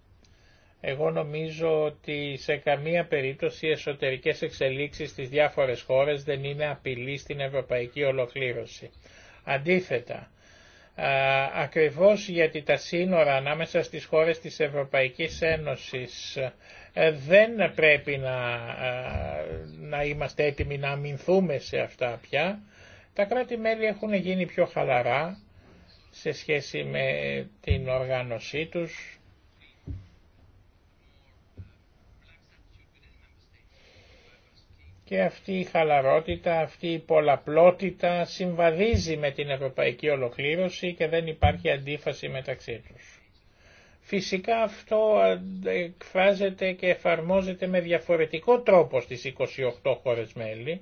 Εγώ νομίζω ότι σε καμία περίπτωση οι εσωτερικές εξελίξεις στις διάφορες χώρες δεν είναι απειλή στην ευρωπαϊκή ολοκλήρωση. Αντίθετα, ακριβώς γιατί τα σύνορα ανάμεσα στις χώρες της Ευρωπαϊκής Ένωσης ε, δεν πρέπει να, να είμαστε έτοιμοι να αμυνθούμε σε αυτά πια. Τα κράτη-μέλη έχουν γίνει πιο χαλαρά σε σχέση με την οργάνωσή τους, και αυτή η χαλαρότητα, αυτή η πολλαπλότητα συμβαδίζει με την ευρωπαϊκή ολοκλήρωση και δεν υπάρχει αντίφαση μεταξύ τους. Φυσικά αυτό εκφράζεται και εφαρμόζεται με διαφορετικό τρόπο στις 28 χώρες μέλη,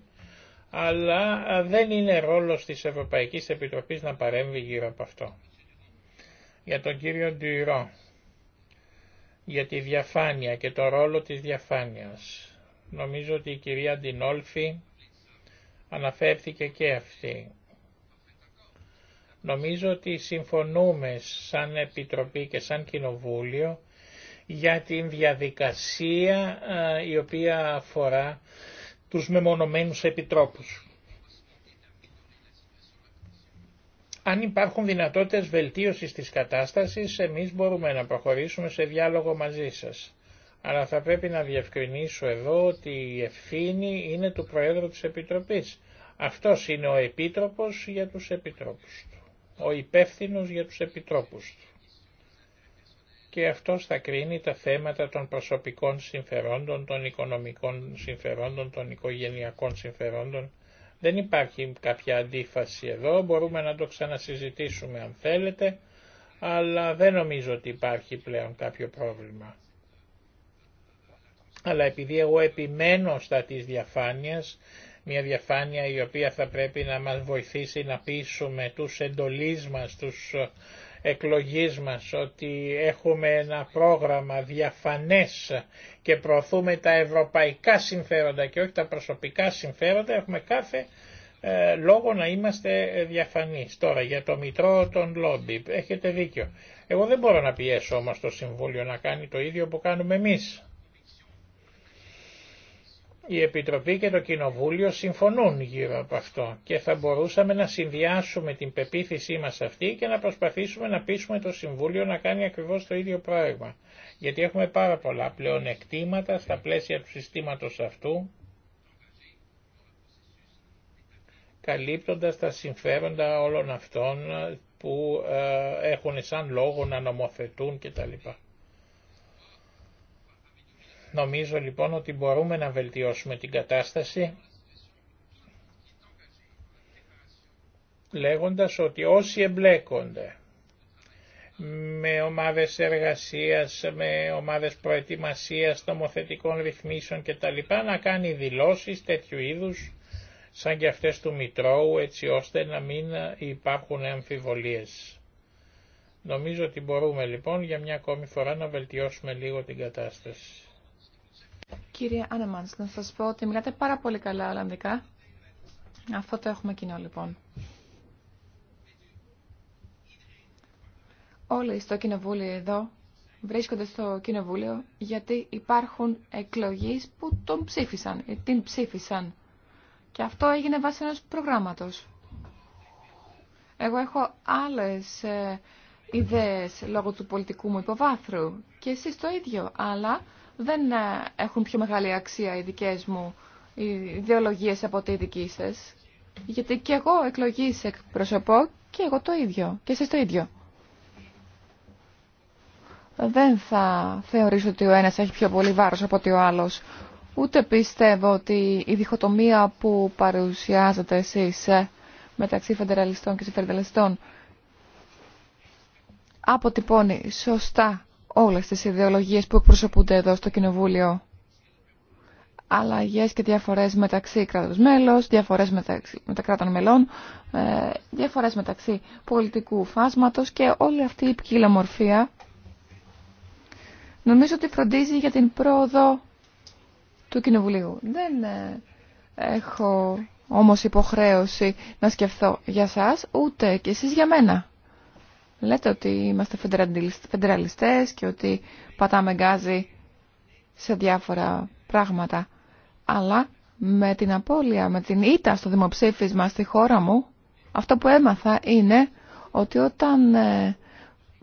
αλλά δεν είναι ρόλος της Ευρωπαϊκής Επιτροπής να παρέμβει γύρω από αυτό. Για τον κύριο Ντουιρό, για τη διαφάνεια και το ρόλο της διαφάνειας. Νομίζω ότι η κυρία Ντινόλφη αναφέρθηκε και αυτή. Νομίζω ότι συμφωνούμε σαν Επιτροπή και σαν Κοινοβούλιο για την διαδικασία η οποία αφορά τους μεμονωμένους επιτρόπους. Αν υπάρχουν δυνατότητες βελτίωσης της κατάστασης, εμείς μπορούμε να προχωρήσουμε σε διάλογο μαζί σας. Αλλά θα πρέπει να διευκρινίσω εδώ ότι η ευθύνη είναι του Προέδρου της Επιτροπής. Αυτός είναι ο Επίτροπος για τους Επιτρόπους του. Ο υπεύθυνο για τους Επιτρόπους του. Και αυτός θα κρίνει τα θέματα των προσωπικών συμφερόντων, των οικονομικών συμφερόντων, των οικογενειακών συμφερόντων. Δεν υπάρχει κάποια αντίφαση εδώ, μπορούμε να το ξανασυζητήσουμε αν θέλετε, αλλά δεν νομίζω ότι υπάρχει πλέον κάποιο πρόβλημα αλλά επειδή εγώ επιμένω στα της διαφάνειας, μια διαφάνεια η οποία θα πρέπει να μας βοηθήσει να πείσουμε τους εντολείς μας, τους εκλογής μας, ότι έχουμε ένα πρόγραμμα διαφανές και προωθούμε τα ευρωπαϊκά συμφέροντα και όχι τα προσωπικά συμφέροντα, έχουμε κάθε ε, λόγο να είμαστε διαφανείς. Τώρα για το μητρό των λόμπι, έχετε δίκιο. Εγώ δεν μπορώ να πιέσω όμως το Συμβούλιο να κάνει το ίδιο που κάνουμε εμείς η Επιτροπή και το Κοινοβούλιο συμφωνούν γύρω από αυτό και θα μπορούσαμε να συνδυάσουμε την πεποίθησή μας αυτή και να προσπαθήσουμε να πείσουμε το Συμβούλιο να κάνει ακριβώς το ίδιο πράγμα. Γιατί έχουμε πάρα πολλά πλεονεκτήματα στα πλαίσια του συστήματος αυτού, καλύπτοντας τα συμφέροντα όλων αυτών που ε, έχουν σαν λόγο να νομοθετούν κτλ. Νομίζω λοιπόν ότι μπορούμε να βελτιώσουμε την κατάσταση λέγοντας ότι όσοι εμπλέκονται με ομάδες εργασίας, με ομάδες προετοιμασίας, νομοθετικών ρυθμίσεων κτλ. να κάνει δηλώσεις τέτοιου είδους σαν και αυτές του Μητρώου έτσι ώστε να μην υπάρχουν αμφιβολίες. Νομίζω ότι μπορούμε λοιπόν για μια ακόμη φορά να βελτιώσουμε λίγο την κατάσταση. Κύριε Άνεμανς, να σας πω ότι μιλάτε πάρα πολύ καλά Ολλανδικά. Αυτό το έχουμε κοινό λοιπόν. Όλοι στο κοινοβούλιο εδώ βρίσκονται στο κοινοβούλιο γιατί υπάρχουν εκλογείς που τον ψήφισαν, ε, την ψήφισαν. Και αυτό έγινε βάσει ενός προγράμματος. Εγώ έχω άλλες ε, ιδέες λόγω του πολιτικού μου υποβάθρου και εσείς το ίδιο, αλλά δεν ε, έχουν πιο μεγάλη αξία οι δικέ μου οι ιδεολογίες από τη δική σας. Γιατί και εγώ εκλογής εκπροσωπώ και εγώ το ίδιο. Και εσείς το ίδιο. Δεν θα θεωρήσω ότι ο ένας έχει πιο πολύ βάρος από ότι ο άλλος. Ούτε πιστεύω ότι η διχοτομία που παρουσιάζετε εσείς ε, μεταξύ φεντεραλιστών και συμφερδελιστών αποτυπώνει σωστά όλες τις ιδεολογίες που εκπροσωπούνται εδώ στο Κοινοβούλιο. Αλλαγές και διαφορές μεταξύ κράτους μέλος, διαφορές μεταξύ, μελών, ε, διαφορές μεταξύ πολιτικού φάσματος και όλη αυτή η ποικιλομορφία νομίζω ότι φροντίζει για την πρόοδο του Κοινοβουλίου. Δεν ε, έχω όμως υποχρέωση να σκεφτώ για σας, ούτε και εσείς για μένα. Λέτε ότι είμαστε φεντεραλιστές και ότι πατάμε γκάζι σε διάφορα πράγματα. Αλλά με την απώλεια, με την ήττα στο δημοψήφισμα στη χώρα μου, αυτό που έμαθα είναι ότι όταν ε,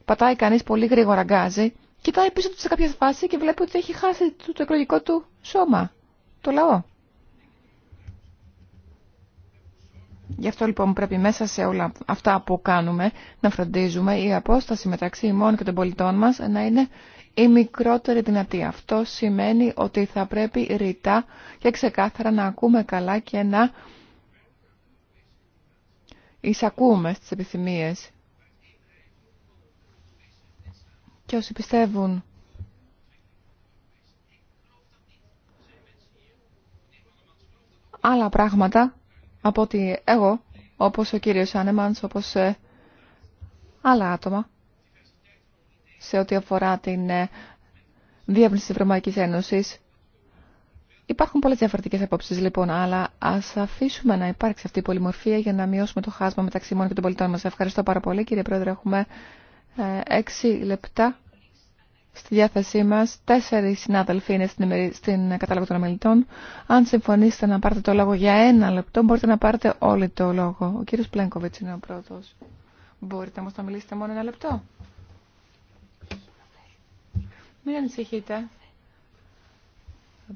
πατάει κανείς πολύ γρήγορα γκάζι, κοιτάει πίσω του σε κάποια φάση και βλέπει ότι έχει χάσει το εκλογικό του σώμα, το λαό. Γι' αυτό λοιπόν πρέπει μέσα σε όλα αυτά που κάνουμε να φροντίζουμε η απόσταση μεταξύ ημών και των πολιτών μας να είναι η μικρότερη δυνατή. Αυτό σημαίνει ότι θα πρέπει ρητά και ξεκάθαρα να ακούμε καλά και να εισακούμε στις επιθυμίες. Και όσοι πιστεύουν άλλα πράγματα από ότι εγώ, όπως ο κύριος Άνεμανς, όπως ε, άλλα άτομα, σε ό,τι αφορά την ε, διεύρυνση της Ευρωπαϊκής Ένωσης. Υπάρχουν πολλές διαφορετικές απόψεις λοιπόν, αλλά ας αφήσουμε να υπάρξει αυτή η πολυμορφία για να μειώσουμε το χάσμα μεταξύ μόνο και των πολιτών μας. Ευχαριστώ πάρα πολύ κύριε Πρόεδρε, έχουμε ε, έξι λεπτά στη διάθεσή μας. τέσσερι συνάδελφοι είναι στην, στην κατάλογο των ομιλητών. Αν συμφωνήσετε να πάρετε το λόγο για ένα λεπτό, μπορείτε να πάρετε όλοι το λόγο. Ο κύριος Πλένκοβιτς είναι ο πρώτος. Μπορείτε όμως να μιλήσετε μόνο ένα λεπτό. Μην ανησυχείτε.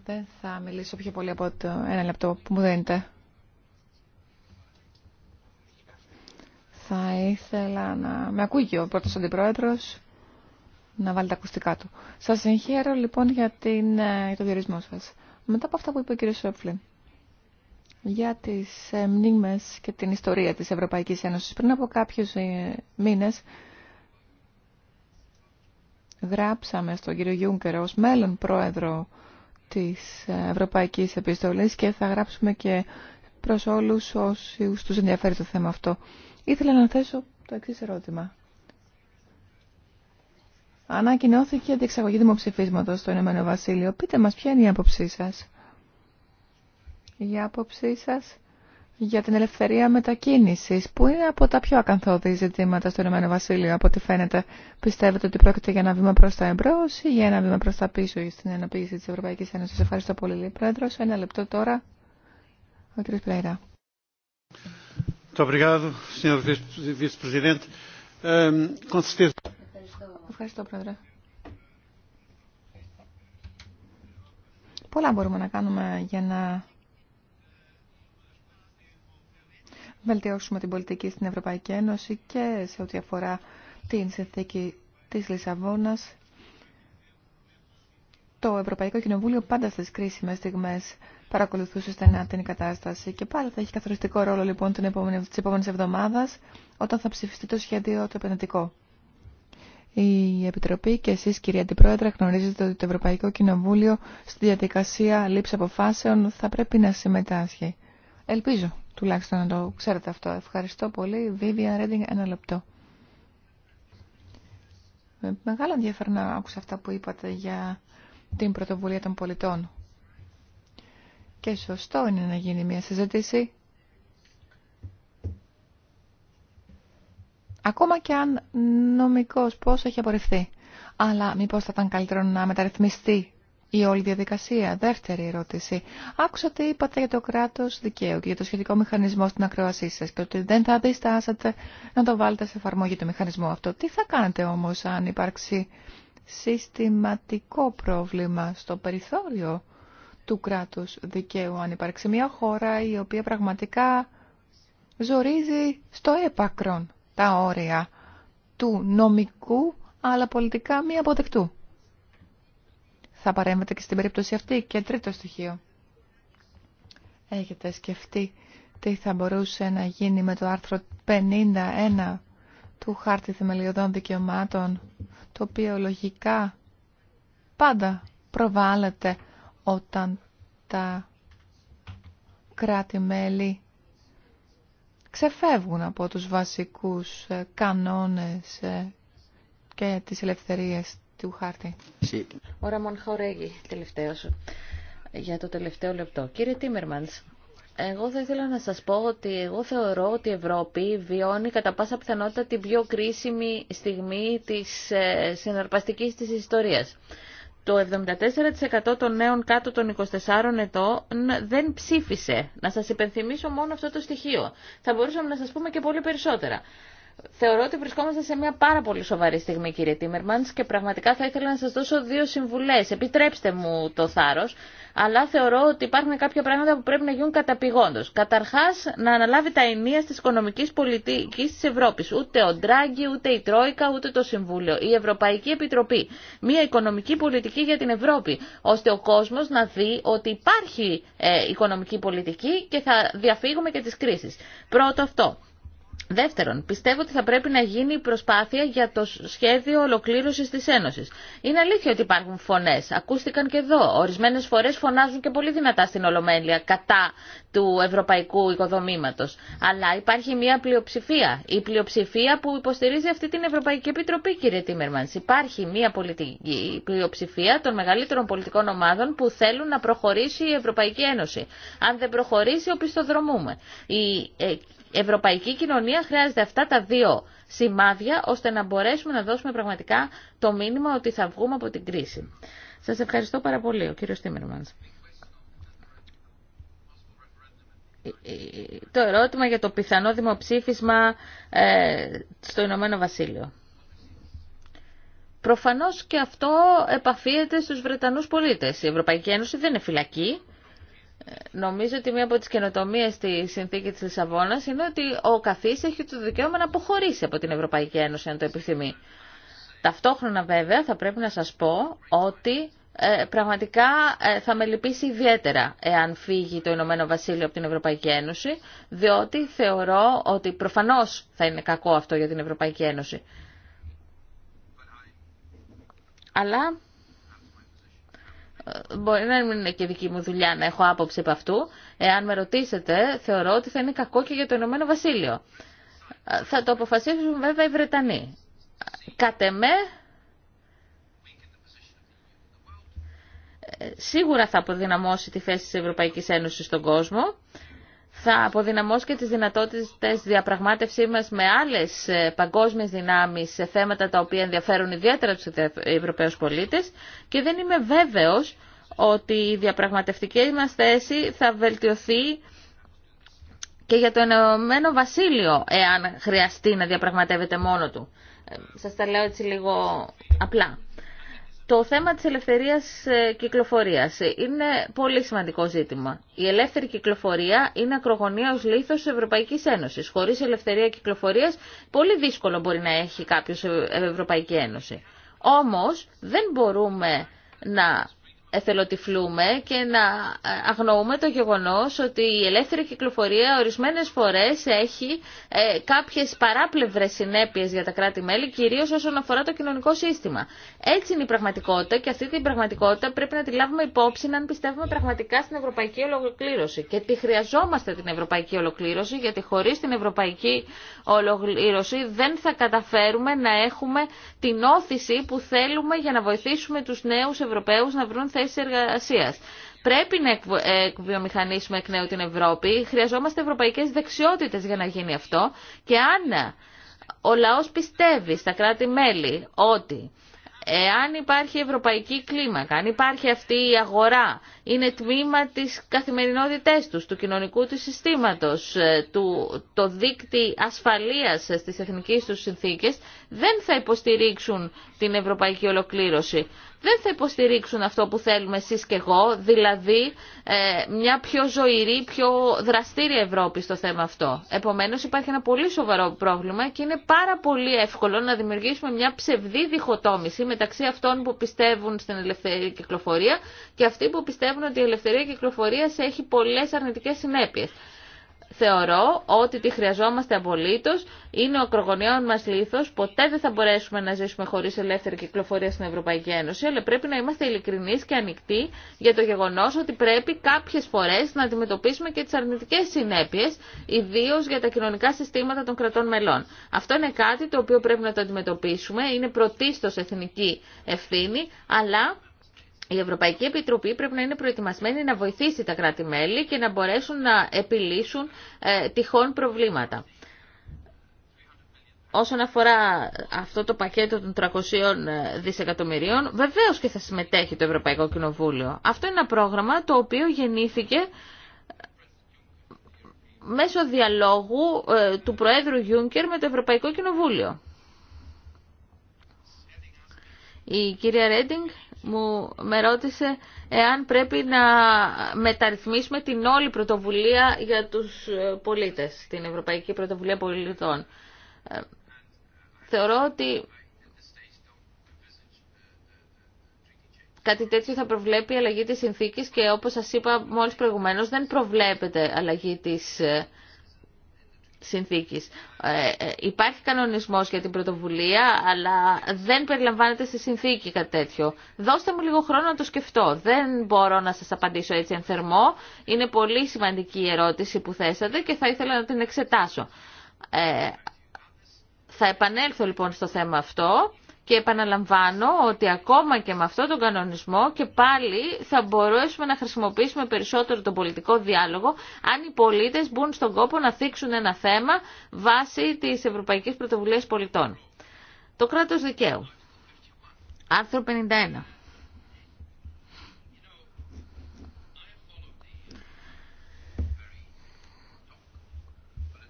Δεν θα μιλήσω πιο πολύ από το ένα λεπτό που μου δίνετε. Θα ήθελα να... Με ακούει και ο πρώτος αντιπρόεδρος να βάλει τα ακουστικά του. Σας συγχαίρω λοιπόν για, την, ε, το διορισμό σα. Μετά από αυτά που είπε ο κ. Σόπφλιν για τις ε, μνήμε και την ιστορία της Ευρωπαϊκής Ένωση, Πριν από κάποιους ε, μήνε, γράψαμε στον κύριο Γιούγκερ ως μέλλον πρόεδρο της Ευρωπαϊκής Επιστολής και θα γράψουμε και προς όλους όσους τους ενδιαφέρει το θέμα αυτό. Ήθελα να θέσω το εξή ερώτημα ανακοινώθηκε η εξαγωγή δημοψηφίσματο στο Ηνωμένο Βασίλειο. Πείτε μα ποια είναι η άποψή σα. Η άποψή σα για την ελευθερία μετακίνηση, που είναι από τα πιο ακαθόδη ζητήματα στο Ηνωμένο Βασίλειο, από ό,τι φαίνεται. Πιστεύετε ότι πρόκειται για ένα βήμα προ τα Εμπρό ή για ένα βήμα προ τα πίσω στην ενοποίηση της Ευρωπαϊκής Σα Ευχαριστώ πολύ, Λί Πρόεδρο. Ένα λεπτό τώρα, ο κ. Πλέιρα. Com ehm, certeza. Ευχαριστώ, Πρόεδρε. Πολλά μπορούμε να κάνουμε για να βελτιώσουμε την πολιτική στην Ευρωπαϊκή Ένωση και σε ό,τι αφορά την συνθήκη της Λισαβόνας. Το Ευρωπαϊκό Κοινοβούλιο πάντα στις κρίσιμες στιγμές παρακολουθούσε στενά την κατάσταση και πάλι θα έχει καθοριστικό ρόλο λοιπόν την επόμενη, της όταν θα ψηφιστεί το σχέδιο το επενδυτικό η Επιτροπή και εσείς κυρία Αντιπρόεδρε γνωρίζετε ότι το Ευρωπαϊκό Κοινοβούλιο στη διαδικασία λήψη αποφάσεων θα πρέπει να συμμετάσχει. Ελπίζω τουλάχιστον να το ξέρετε αυτό. Ευχαριστώ πολύ. Βίβια Ρέντινγκ, ένα λεπτό. Με μεγάλο ενδιαφέρον άκουσα αυτά που είπατε για την πρωτοβουλία των πολιτών. Και σωστό είναι να γίνει μια συζήτηση Ακόμα και αν νομικός πώς έχει απορριφθεί. Αλλά μήπως θα ήταν καλύτερο να μεταρρυθμιστεί η όλη διαδικασία. Δεύτερη ερώτηση. Άκουσα τι είπατε για το κράτος δικαίου και για το σχετικό μηχανισμό στην ακρόασή σα και ότι δεν θα διστάσατε να το βάλετε σε εφαρμογή το μηχανισμό αυτό. Τι θα κάνετε όμως αν υπάρξει συστηματικό πρόβλημα στο περιθώριο του κράτους δικαίου, αν υπάρξει μια χώρα η οποία πραγματικά ζορίζει στο έπακρον τα όρια του νομικού αλλά πολιτικά μη αποδεκτού. Θα παρέμβετε και στην περίπτωση αυτή και τρίτο στοιχείο. Έχετε σκεφτεί τι θα μπορούσε να γίνει με το άρθρο 51 του Χάρτη Θεμελιωδών Δικαιωμάτων, το οποίο λογικά πάντα προβάλλεται όταν τα κράτη-μέλη ξεφεύγουν από τους βασικούς ε, κανόνες ε, και τις ελευθερίες του χάρτη. Ο Ραμον Χορέγη, τελευταίος, για το τελευταίο λεπτό. Κύριε Τίμερμανς, εγώ θα ήθελα να σας πω ότι εγώ θεωρώ ότι η Ευρώπη βιώνει κατά πάσα πιθανότητα την πιο κρίσιμη στιγμή της ε, συναρπαστικής της ιστορίας το 74% των νέων κάτω των 24 ετών δεν ψήφισε. Να σας υπενθυμίσω μόνο αυτό το στοιχείο. Θα μπορούσαμε να σας πούμε και πολύ περισσότερα. Θεωρώ ότι βρισκόμαστε σε μια πάρα πολύ σοβαρή στιγμή, κύριε Τίμερμαντς, και πραγματικά θα ήθελα να σας δώσω δύο συμβουλές. Επιτρέψτε μου το θάρρος, αλλά θεωρώ ότι υπάρχουν κάποια πράγματα που πρέπει να γίνουν καταπηγόντως. Καταρχάς, να αναλάβει τα ενία της οικονομικής πολιτικής της Ευρώπης. Ούτε ο Ντράγκη, ούτε η Τρόικα, ούτε το Συμβούλιο. Η Ευρωπαϊκή Επιτροπή. Μια οικονομική πολιτική για την Ευρώπη, ώστε ο κόσμος να δει ότι υπάρχει ε, οικονομική πολιτική και θα διαφύγουμε και τις κρίσεις. Πρώτο αυτό. Δεύτερον, πιστεύω ότι θα πρέπει να γίνει η προσπάθεια για το σχέδιο ολοκλήρωση τη Ένωση. Είναι αλήθεια ότι υπάρχουν φωνέ. Ακούστηκαν και εδώ. Ορισμένε φορέ φωνάζουν και πολύ δυνατά στην Ολομέλεια κατά του ευρωπαϊκού οικοδομήματο. Αλλά υπάρχει μια πλειοψηφία. Η πλειοψηφία που υποστηρίζει αυτή την Ευρωπαϊκή Επιτροπή, κύριε Τίμερμαν. Υπάρχει μια πολιτική πλειοψηφία των μεγαλύτερων πολιτικών ομάδων που θέλουν να προχωρήσει η Ευρωπαϊκή Ένωση. Αν δεν προχωρήσει, οπισθοδρομούμε. Η ε, η ευρωπαϊκή κοινωνία χρειάζεται αυτά τα δύο σημάδια ώστε να μπορέσουμε να δώσουμε πραγματικά το μήνυμα ότι θα βγούμε από την κρίση. Σας ευχαριστώ πάρα πολύ, ο κύριος Τίμερμανς. Ε, ε, το ερώτημα για το πιθανό δημοψήφισμα ε, στο Ηνωμένο Βασίλειο. Προφανώς και αυτό επαφίεται στους Βρετανούς πολίτες. Η Ευρωπαϊκή Ένωση δεν είναι φυλακή. Νομίζω ότι μία από τις καινοτομίες στη συνθήκη της Λισαβόνας είναι ότι ο καθής έχει το δικαίωμα να αποχωρήσει από την Ευρωπαϊκή Ένωση, αν το επιθυμεί. Ταυτόχρονα βέβαια θα πρέπει να σας πω ότι ε, πραγματικά ε, θα με λυπήσει ιδιαίτερα εάν φύγει το Ηνωμένο Βασίλειο από την Ευρωπαϊκή Ένωση, διότι θεωρώ ότι προφανώς θα είναι κακό αυτό για την Ευρωπαϊκή Ένωση. Αλλά μπορεί να μην είναι και δική μου δουλειά να έχω άποψη από αυτού. Εάν με ρωτήσετε, θεωρώ ότι θα είναι κακό και για το Ηνωμένο Βασίλειο. Θα το αποφασίσουν βέβαια οι Βρετανοί. Κατ' εμέ, ε, σίγουρα θα αποδυναμώσει τη θέση της Ευρωπαϊκής Ένωσης στον κόσμο θα αποδυναμώσει και τις δυνατότητες διαπραγμάτευσή μας με άλλες ε, παγκόσμιες δυνάμεις σε θέματα τα οποία ενδιαφέρουν ιδιαίτερα τους Ευρωπαίους πολίτες και δεν είμαι βέβαιος ότι η διαπραγματευτική μας θέση θα βελτιωθεί και για το Ενωμένο Βασίλειο, εάν χρειαστεί να διαπραγματεύεται μόνο του. Ε, σας τα λέω έτσι λίγο απλά. Το θέμα της ελευθερίας ε, κυκλοφορίας είναι πολύ σημαντικό ζήτημα. Η ελεύθερη κυκλοφορία είναι ακρογωνία λήθος της Ευρωπαϊκής Ένωσης. Χωρίς ελευθερία κυκλοφορίας πολύ δύσκολο μπορεί να έχει κάποιος ε, Ευρωπαϊκή Ένωση. Όμως δεν μπορούμε να εθελοτυφλούμε και να ε, αγνοούμε το γεγονός ότι η ελεύθερη κυκλοφορία ορισμένες φορές έχει ε, κάποιες παράπλευρες συνέπειες για τα κράτη-μέλη, κυρίως όσον αφορά το κοινωνικό σύστημα. Έτσι είναι η πραγματικότητα και αυτή την πραγματικότητα πρέπει να τη λάβουμε υπόψη αν πιστεύουμε πραγματικά στην ευρωπαϊκή ολοκλήρωση. Και τη χρειαζόμαστε την ευρωπαϊκή ολοκλήρωση, γιατί χωρίς την ευρωπαϊκή ολοκλήρωση δεν θα καταφέρουμε να έχουμε την όθηση που θέλουμε για να βοηθήσουμε τους νέους Ευρωπαίους να βρουν Πρέπει να εκβιομηχανίσουμε εκ νέου την Ευρώπη. Χρειαζόμαστε ευρωπαϊκές δεξιότητες για να γίνει αυτό. Και αν ο λαός πιστεύει στα κράτη-μέλη ότι εάν υπάρχει ευρωπαϊκή κλίμακα, αν υπάρχει αυτή η αγορά, είναι τμήμα της καθημερινότητές τους, του κοινωνικού του συστήματος, ε, του, το δίκτυ ασφαλεία στι εθνικές του συνθήκε, δεν θα υποστηρίξουν την ευρωπαϊκή ολοκλήρωση δεν θα υποστηρίξουν αυτό που θέλουμε εσείς και εγώ, δηλαδή ε, μια πιο ζωηρή, πιο δραστήρια Ευρώπη στο θέμα αυτό. Επομένως υπάρχει ένα πολύ σοβαρό πρόβλημα και είναι πάρα πολύ εύκολο να δημιουργήσουμε μια ψευδή διχοτόμηση μεταξύ αυτών που πιστεύουν στην ελευθερία κυκλοφορία και αυτοί που πιστεύουν ότι η ελευθερία κυκλοφορία έχει πολλές αρνητικές συνέπειες θεωρώ ότι τη χρειαζόμαστε απολύτω. Είναι ο ακρογωνιών μα λήθο. Ποτέ δεν θα μπορέσουμε να ζήσουμε χωρί ελεύθερη κυκλοφορία στην Ευρωπαϊκή Ένωση. Αλλά πρέπει να είμαστε ειλικρινεί και ανοιχτοί για το γεγονό ότι πρέπει κάποιε φορέ να αντιμετωπίσουμε και τι αρνητικέ συνέπειε, ιδίω για τα κοινωνικά συστήματα των κρατών μελών. Αυτό είναι κάτι το οποίο πρέπει να το αντιμετωπίσουμε. Είναι πρωτίστω εθνική ευθύνη, αλλά η Ευρωπαϊκή Επιτροπή πρέπει να είναι προετοιμασμένη να βοηθήσει τα κράτη-μέλη και να μπορέσουν να επιλύσουν ε, τυχόν προβλήματα. Όσον αφορά αυτό το πακέτο των 300 ε, δισεκατομμυρίων, βεβαίως και θα συμμετέχει το Ευρωπαϊκό Κοινοβούλιο. Αυτό είναι ένα πρόγραμμα το οποίο γεννήθηκε ε, μέσω διαλόγου του Προέδρου Γιούνκερ με το Ευρωπαϊκό Κοινοβούλιο. Η κυρία Ρέντινγκ μου με ρώτησε εάν πρέπει να μεταρρυθμίσουμε την όλη πρωτοβουλία για τους ε, πολίτες, την Ευρωπαϊκή Πρωτοβουλία Πολιτών. Ε, θεωρώ ότι κάτι τέτοιο θα προβλέπει η αλλαγή της συνθήκης και όπως σας είπα μόλις προηγουμένως δεν προβλέπεται αλλαγή της ε, συνθήκης. Ε, ε, υπάρχει κανονισμός για την πρωτοβουλία, αλλά δεν περιλαμβάνεται στη συνθήκη κάτι τέτοιο. Δώστε μου λίγο χρόνο να το σκεφτώ. Δεν μπορώ να σας απαντήσω έτσι εν θερμό. Είναι πολύ σημαντική η ερώτηση που θέσατε και θα ήθελα να την εξετάσω. Ε, θα επανέλθω λοιπόν στο θέμα αυτό και επαναλαμβάνω ότι ακόμα και με αυτόν τον κανονισμό και πάλι θα μπορέσουμε να χρησιμοποιήσουμε περισσότερο τον πολιτικό διάλογο αν οι πολίτες μπουν στον κόπο να θίξουν ένα θέμα βάσει της Ευρωπαϊκής Πρωτοβουλίας Πολιτών. Το κράτος δικαίου. Άρθρο 51.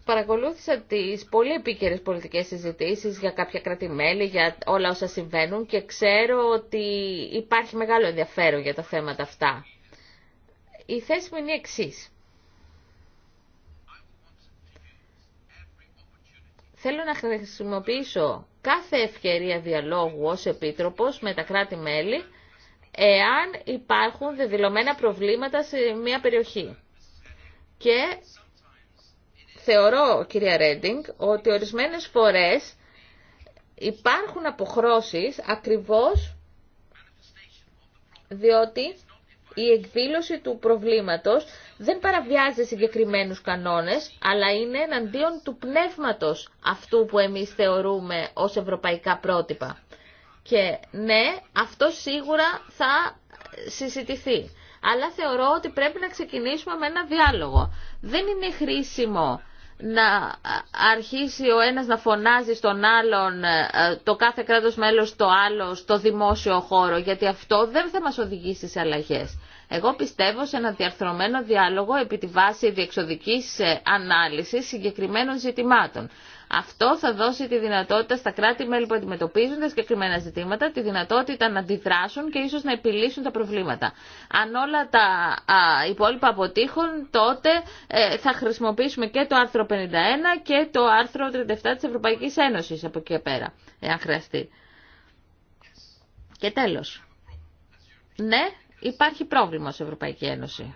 παρακολούθησα τις πολύ επίκαιρε πολιτικές συζητήσεις για κάποια κρατημέλη, για όλα όσα συμβαίνουν και ξέρω ότι υπάρχει μεγάλο ενδιαφέρον για τα θέματα αυτά. Η θέση μου είναι η εξής. Θέλω να χρησιμοποιήσω κάθε ευκαιρία διαλόγου ως Επίτροπος με τα κράτη-μέλη εάν υπάρχουν δεδηλωμένα προβλήματα σε μια περιοχή. Και θεωρώ, κυρία Ρέντινγκ, ότι ορισμένες φορές υπάρχουν αποχρώσεις ακριβώς διότι η εκδήλωση του προβλήματος δεν παραβιάζει συγκεκριμένους κανόνες, αλλά είναι εναντίον του πνεύματος αυτού που εμείς θεωρούμε ως ευρωπαϊκά πρότυπα. Και ναι, αυτό σίγουρα θα συζητηθεί. Αλλά θεωρώ ότι πρέπει να ξεκινήσουμε με ένα διάλογο. Δεν είναι χρήσιμο να αρχίσει ο ένας να φωνάζει στον άλλον ε, το κάθε κράτος μέλος το άλλο στο δημόσιο χώρο γιατί αυτό δεν θα μας οδηγήσει σε αλλαγές. Εγώ πιστεύω σε ένα διαρθρωμένο διάλογο επί τη βάση διεξοδικής ε, ανάλυσης συγκεκριμένων ζητημάτων. Αυτό θα δώσει τη δυνατότητα στα κράτη-μέλη που αντιμετωπίζουν τα συγκεκριμένα ζητήματα, τη δυνατότητα να αντιδράσουν και ίσως να επιλύσουν τα προβλήματα. Αν όλα τα υπόλοιπα αποτύχουν, τότε ε, θα χρησιμοποιήσουμε και το άρθρο 51 και το άρθρο 37 της Ευρωπαϊκής Ένωση από εκεί πέρα, εάν χρειαστεί. Και τέλος. Ναι, υπάρχει πρόβλημα στην Ευρωπαϊκή Ένωση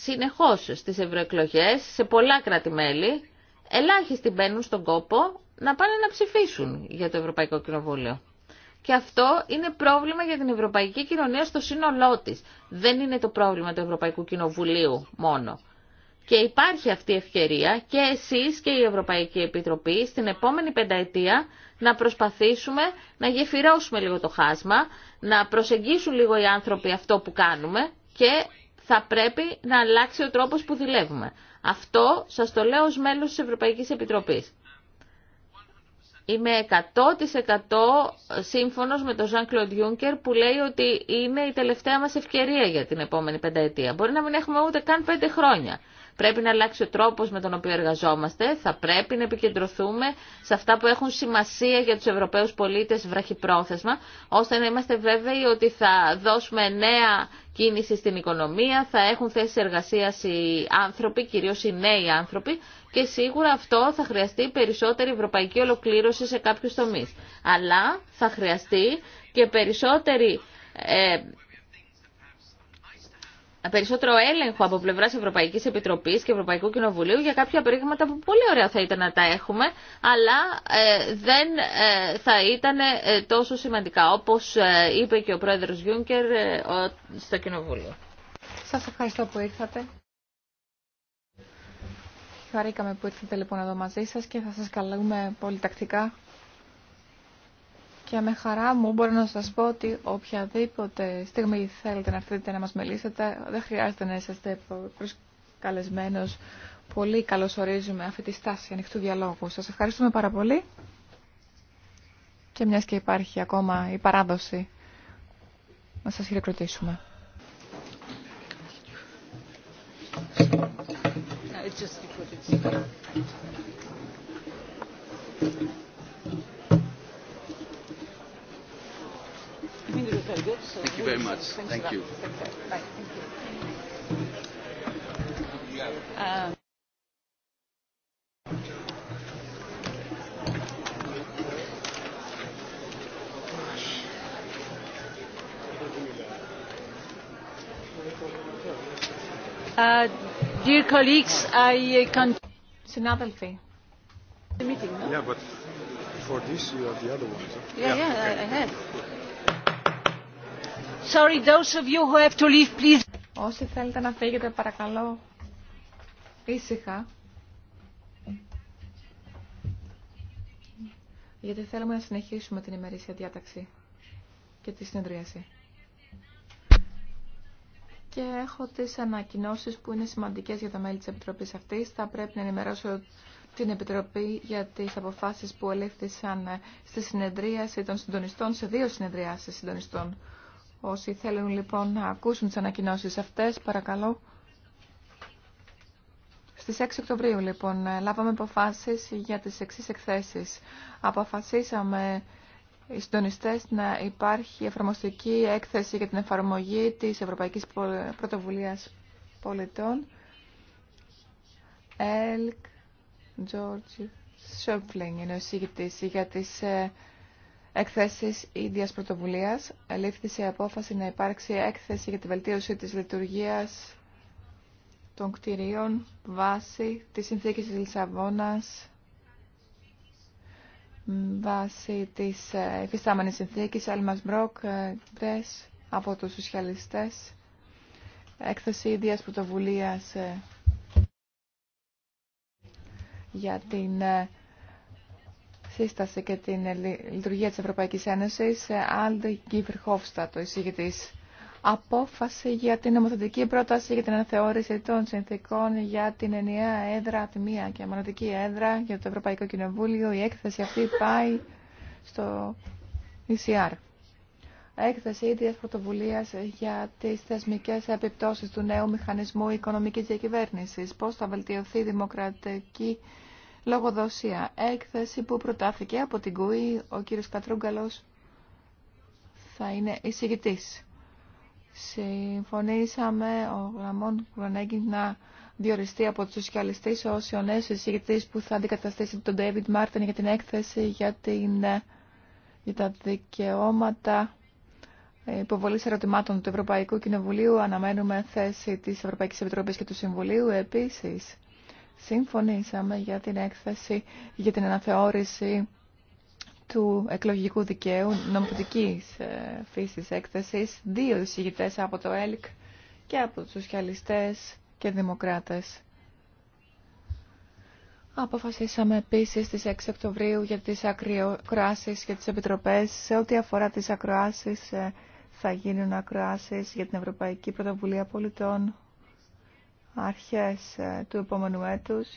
συνεχώς στις ευρωεκλογέ σε πολλά κράτη-μέλη, ελάχιστοι μπαίνουν στον κόπο να πάνε να ψηφίσουν για το Ευρωπαϊκό Κοινοβούλιο. Και αυτό είναι πρόβλημα για την Ευρωπαϊκή Κοινωνία στο σύνολό τη. Δεν είναι το πρόβλημα του Ευρωπαϊκού Κοινοβουλίου μόνο. Και υπάρχει αυτή η ευκαιρία και εσείς και η Ευρωπαϊκή Επιτροπή στην επόμενη πενταετία να προσπαθήσουμε να γεφυρώσουμε λίγο το χάσμα, να προσεγγίσουν λίγο οι άνθρωποι αυτό που κάνουμε και θα πρέπει να αλλάξει ο τρόπος που δουλεύουμε. Αυτό σας το λέω ως μέλος της Ευρωπαϊκής Επιτροπής. Είμαι 100% σύμφωνος με τον Ζαν κλοντ Juncker που λέει ότι είναι η τελευταία μας ευκαιρία για την επόμενη πενταετία. Μπορεί να μην έχουμε ούτε καν πέντε χρόνια πρέπει να αλλάξει ο τρόπος με τον οποίο εργαζόμαστε, θα πρέπει να επικεντρωθούμε σε αυτά που έχουν σημασία για τους Ευρωπαίους πολίτες βραχυπρόθεσμα, ώστε να είμαστε βέβαιοι ότι θα δώσουμε νέα κίνηση στην οικονομία, θα έχουν θέσει εργασία οι άνθρωποι, κυρίως οι νέοι άνθρωποι, και σίγουρα αυτό θα χρειαστεί περισσότερη ευρωπαϊκή ολοκλήρωση σε κάποιου τομεί. Αλλά θα χρειαστεί και περισσότερη ε, περισσότερο έλεγχο από πλευρά Ευρωπαϊκή Επιτροπή και Ευρωπαϊκού Κοινοβουλίου για κάποια περίγματα που πολύ ωραία θα ήταν να τα έχουμε, αλλά ε, δεν ε, θα ήταν ε, τόσο σημαντικά, όπω είπε και ο πρόεδρο Γιούνκερ στο Κοινοβούλιο. Σα ευχαριστώ που ήρθατε. Χαρήκαμε που ήρθατε λοιπόν εδώ μαζί σα και θα σα καλούμε πολύ τακτικά και με χαρά μου μπορώ να σας πω ότι οποιαδήποτε στιγμή θέλετε να έρθετε να μας μιλήσετε, δεν χρειάζεται να είσαστε προσκαλεσμένος. Πολύ ορίζουμε αυτή τη στάση ανοιχτού διαλόγου. Σας ευχαριστούμε πάρα πολύ. Και μιας και υπάρχει ακόμα η παράδοση, να σας χειροκροτήσουμε. very good. So Thank you very much. Thank you. Bye. Thank you. Uh, dear colleagues, I can... another thing. The meeting, no? Yeah, but for this you have the other ones. Yeah, yeah, yeah okay. I have. Sorry, those of you who have to leave, please. Όσοι θέλετε να φύγετε, παρακαλώ, ήσυχα. Γιατί θέλουμε να συνεχίσουμε την ημερήσια διάταξη και τη συνεδρίαση. Και έχω τις ανακοινώσεις που είναι σημαντικές για τα μέλη της Επιτροπής αυτής. Θα πρέπει να ενημερώσω την Επιτροπή για τις αποφάσεις που ελήφθησαν στη συνεδρίαση των συντονιστών, σε δύο συνεδριάσεις συντονιστών Όσοι θέλουν λοιπόν να ακούσουν τι ανακοινώσει αυτές, παρακαλώ. Στις 6 Οκτωβρίου λοιπόν ε, λάβαμε αποφάσει για τις εξή εκθεσει. Αποφασίσαμε οι συντονιστέ να υπάρχει εφαρμοστική έκθεση για την εφαρμογή της Ευρωπαϊκής Πρωτοβουλίας Πολιτών. Ελκ είναι ο για τις ε, εκθέσεις ίδιας πρωτοβουλίας ελήφθη σε απόφαση να υπάρξει έκθεση για τη βελτίωση της λειτουργίας των κτηρίων βάση της συνθήκης της Λισαβόνας βάση της εφιστάμενης συνθήκης Έλμας Μπρόκ ε, από τους σοσιαλιστές έκθεση ίδιας πρωτοβουλίας ε, για την ε, σύσταση και την ε, λειτουργία της Ευρωπαϊκής Ένωσης, ε, Άλντε Γκίβερ Χόφστα, το εισηγητής. Απόφαση για την νομοθετική πρόταση για την αναθεώρηση των συνθήκων για την ενιαία έδρα, τη μία και μοναδική έδρα για το Ευρωπαϊκό Κοινοβούλιο. Η έκθεση αυτή πάει στο ECR. Έκθεση ίδια πρωτοβουλία για τις θεσμικέ επιπτώσει του νέου μηχανισμού οικονομικής διακυβέρνησης. Πώ θα βελτιωθεί η δημοκρατική Λογοδοσία. Έκθεση που προτάθηκε από την ΚΟΗ. Ο κύριος Κατρούγκαλος θα είναι εισηγητής. Συμφωνήσαμε ο Γραμμόν Κουρανέγκη να διοριστεί από τους σοσιαλιστές ως ο νέος εισηγητής που θα αντικαταστήσει τον Ντέιβιντ Μάρτιν για την έκθεση για, την, για τα δικαιώματα υποβολής ερωτημάτων του Ευρωπαϊκού Κοινοβουλίου. Αναμένουμε θέση της Ευρωπαϊκής Επιτροπής και του Συμβουλίου επίσης συμφωνήσαμε για την έκθεση για την αναθεώρηση του εκλογικού δικαίου νομοθετικής ε, φύσης έκθεσης δύο εισηγητές από το ΕΛΚ και από τους σοσιαλιστές και δημοκράτες. Αποφασίσαμε επίσης στις 6 Οκτωβρίου για τις ακροάσεις και τις επιτροπές. Σε ό,τι αφορά τις ακροάσεις ε, θα γίνουν ακροάσεις για την Ευρωπαϊκή Πρωτοβουλία Πολιτών αρχές ε, του επόμενου έτους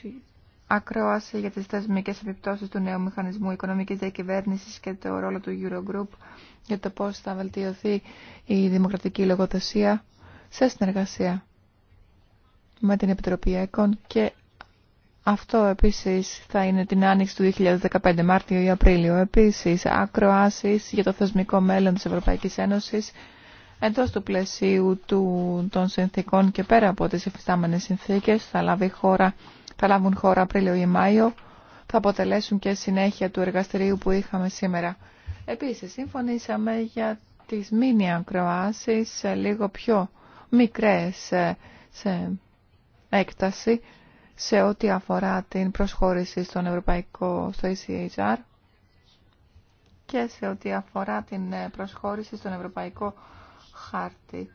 ακρόαση για τις θεσμικές επιπτώσεις του νέου μηχανισμού οικονομικής διακυβέρνησης και το ρόλο του Eurogroup για το πώς θα βελτιωθεί η δημοκρατική λογοθεσία σε συνεργασία με την Επιτροπή ΕΚΟΝ και αυτό επίσης θα είναι την άνοιξη του 2015, Μάρτιο ή Απρίλιο. Επίσης, ακροάσεις για το θεσμικό μέλλον της Ευρωπαϊκής Ένωσης εντός του πλαισίου του, των συνθήκων και πέρα από τις εφιστάμενες συνθήκες θα, λάβει χώρα, λάβουν χώρα Απρίλιο ή Μάιο, θα αποτελέσουν και συνέχεια του εργαστηρίου που είχαμε σήμερα. Επίσης, συμφωνήσαμε για τις μήνυα σε ε, λίγο πιο μικρές ε, σε έκταση σε ό,τι αφορά την προσχώρηση στον Ευρωπαϊκό, στο ECHR και σε ό,τι αφορά την ε, προσχώρηση στον Ευρωπαϊκό χάρτη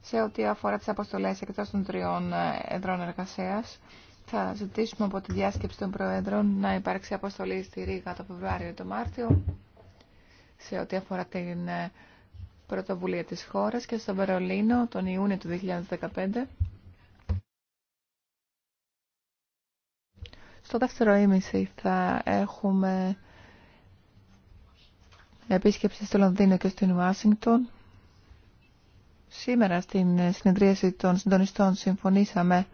σε ό,τι αφορά τις αποστολές εκτός των τριών ε, εδρών εργασίας. Θα ζητήσουμε από τη διάσκεψη των Προέδρων να υπάρξει αποστολή στη Ρήγα το Φεβρουάριο ή το Μάρτιο σε ό,τι αφορά την ε, πρωτοβουλία της χώρας και στο Βερολίνο τον Ιούνιο του 2015. Στο δεύτερο ήμιση θα έχουμε επίσκεψη στο Λονδίνο και στην Ουάσιγκτον. Σήμερα στην ε, συνεδρίαση των συντονιστών συμφωνήσαμε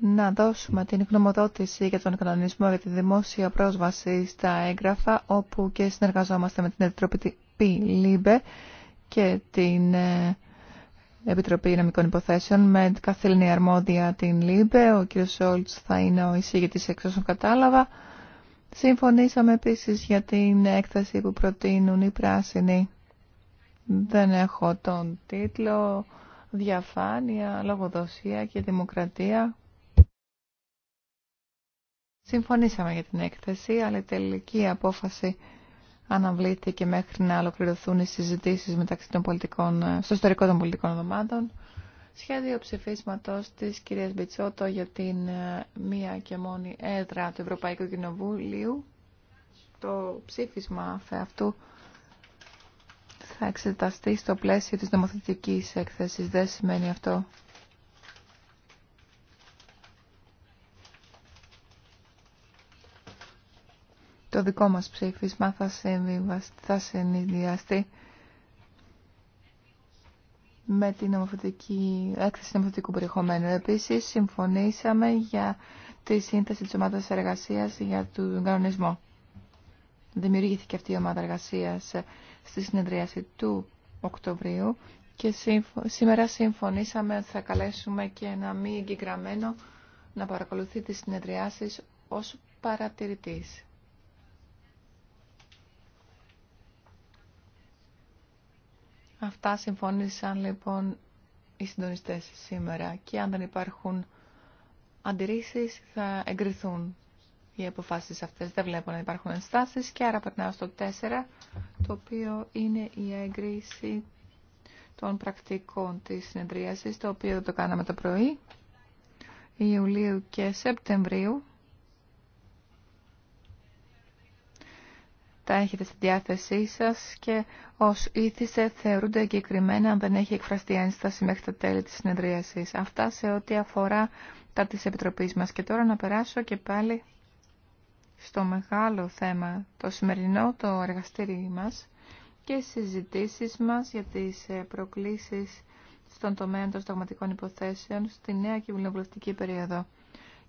να δώσουμε την γνωμοδότηση για τον κανονισμό για τη δημόσια πρόσβαση στα έγγραφα, όπου και συνεργαζόμαστε με την Επιτροπή ΛΥΜΠΕ και την ε, Επιτροπή Νομικών Υποθέσεων με καθήλυνη αρμόδια την ΛΥΜΠΕ. Ο κ. Σόλτς θα είναι ο εισήγητης εξ όσων κατάλαβα. Συμφωνήσαμε επίσης για την έκθεση που προτείνουν οι πράσινοι. Δεν έχω τον τίτλο «Διαφάνεια, λογοδοσία και δημοκρατία». Συμφωνήσαμε για την έκθεση, αλλά η τελική απόφαση αναβλήθηκε μέχρι να ολοκληρωθούν οι συζητήσεις μεταξύ των πολιτικών, στο ιστορικό των πολιτικών εβδομάδων. Σχέδιο ψηφίσματος της κυρίας Μπιτσότο για την ε, μία και μόνη έδρα του Ευρωπαϊκού Κοινοβουλίου. Το ψήφισμα αυτού θα εξεταστεί στο πλαίσιο της νομοθετικής έκθεσης. Δεν σημαίνει αυτό το δικό μας ψήφισμα θα, θα συνδυαστεί με την έκθεση νομοθετικού περιεχομένου. Επίσης, συμφωνήσαμε για τη σύνθεση της ομάδας εργασίας για τον κανονισμό. Δημιουργήθηκε αυτή η ομάδα εργασίας στη συνεδρίαση του Οκτωβρίου και σήμερα συμφωνήσαμε ότι θα καλέσουμε και ένα μη εγγυγραμμένο να παρακολουθεί τις συνεδριάσεις ως παρατηρητής. Αυτά συμφώνησαν λοιπόν οι συντονιστές σήμερα και αν δεν υπάρχουν αντιρρήσεις θα εγκριθούν οι αποφάσεις αυτές. Δεν βλέπω να υπάρχουν ενστάσεις και άρα περνάω στο 4 το οποίο είναι η έγκριση των πρακτικών της συνεδρίασης το οποίο το κάναμε το πρωί Ιουλίου και Σεπτεμβρίου τα έχετε στη διάθεσή σας και ως ήθισε θεωρούνται εγκεκριμένα αν δεν έχει εκφραστεί ένσταση μέχρι τα τέλη της συνεδρίασης. Αυτά σε ό,τι αφορά τα της Επιτροπής μας. Και τώρα να περάσω και πάλι στο μεγάλο θέμα, το σημερινό το εργαστήρι μας και συζητήσεις μας για τις ε, προκλήσεις στον τομέα των σταγματικών υποθέσεων στη νέα κοινοβουλευτική περίοδο.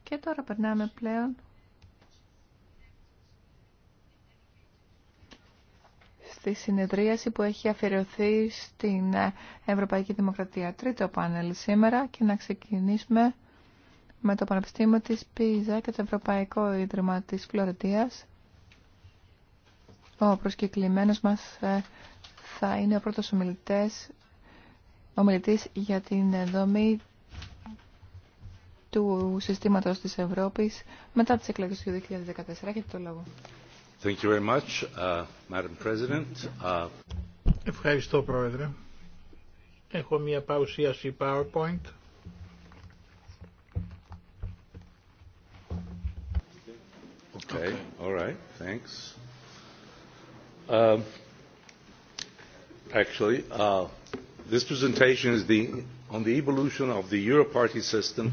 Και τώρα περνάμε πλέον στη συνεδρίαση που έχει αφιερωθεί στην Ευρωπαϊκή Δημοκρατία. Τρίτο πάνελ σήμερα και να ξεκινήσουμε με το Πανεπιστήμιο της Πίζα και το Ευρωπαϊκό Ίδρυμα της Φλωρεντίας. Ο προσκεκλημένος μας ε, θα είναι ο πρώτος ομιλητής, ομιλητής για την δομή του συστήματος της Ευρώπης μετά τις εκλογές του 2014. Έχετε το λόγο. Thank you very much, Madam President. Ευχαριστώ, Πρόεδρε. Έχω μία παρουσίαση PowerPoint. Okay. All right. Thanks. Um, actually, uh, this presentation is the, on the evolution of the Euro Party system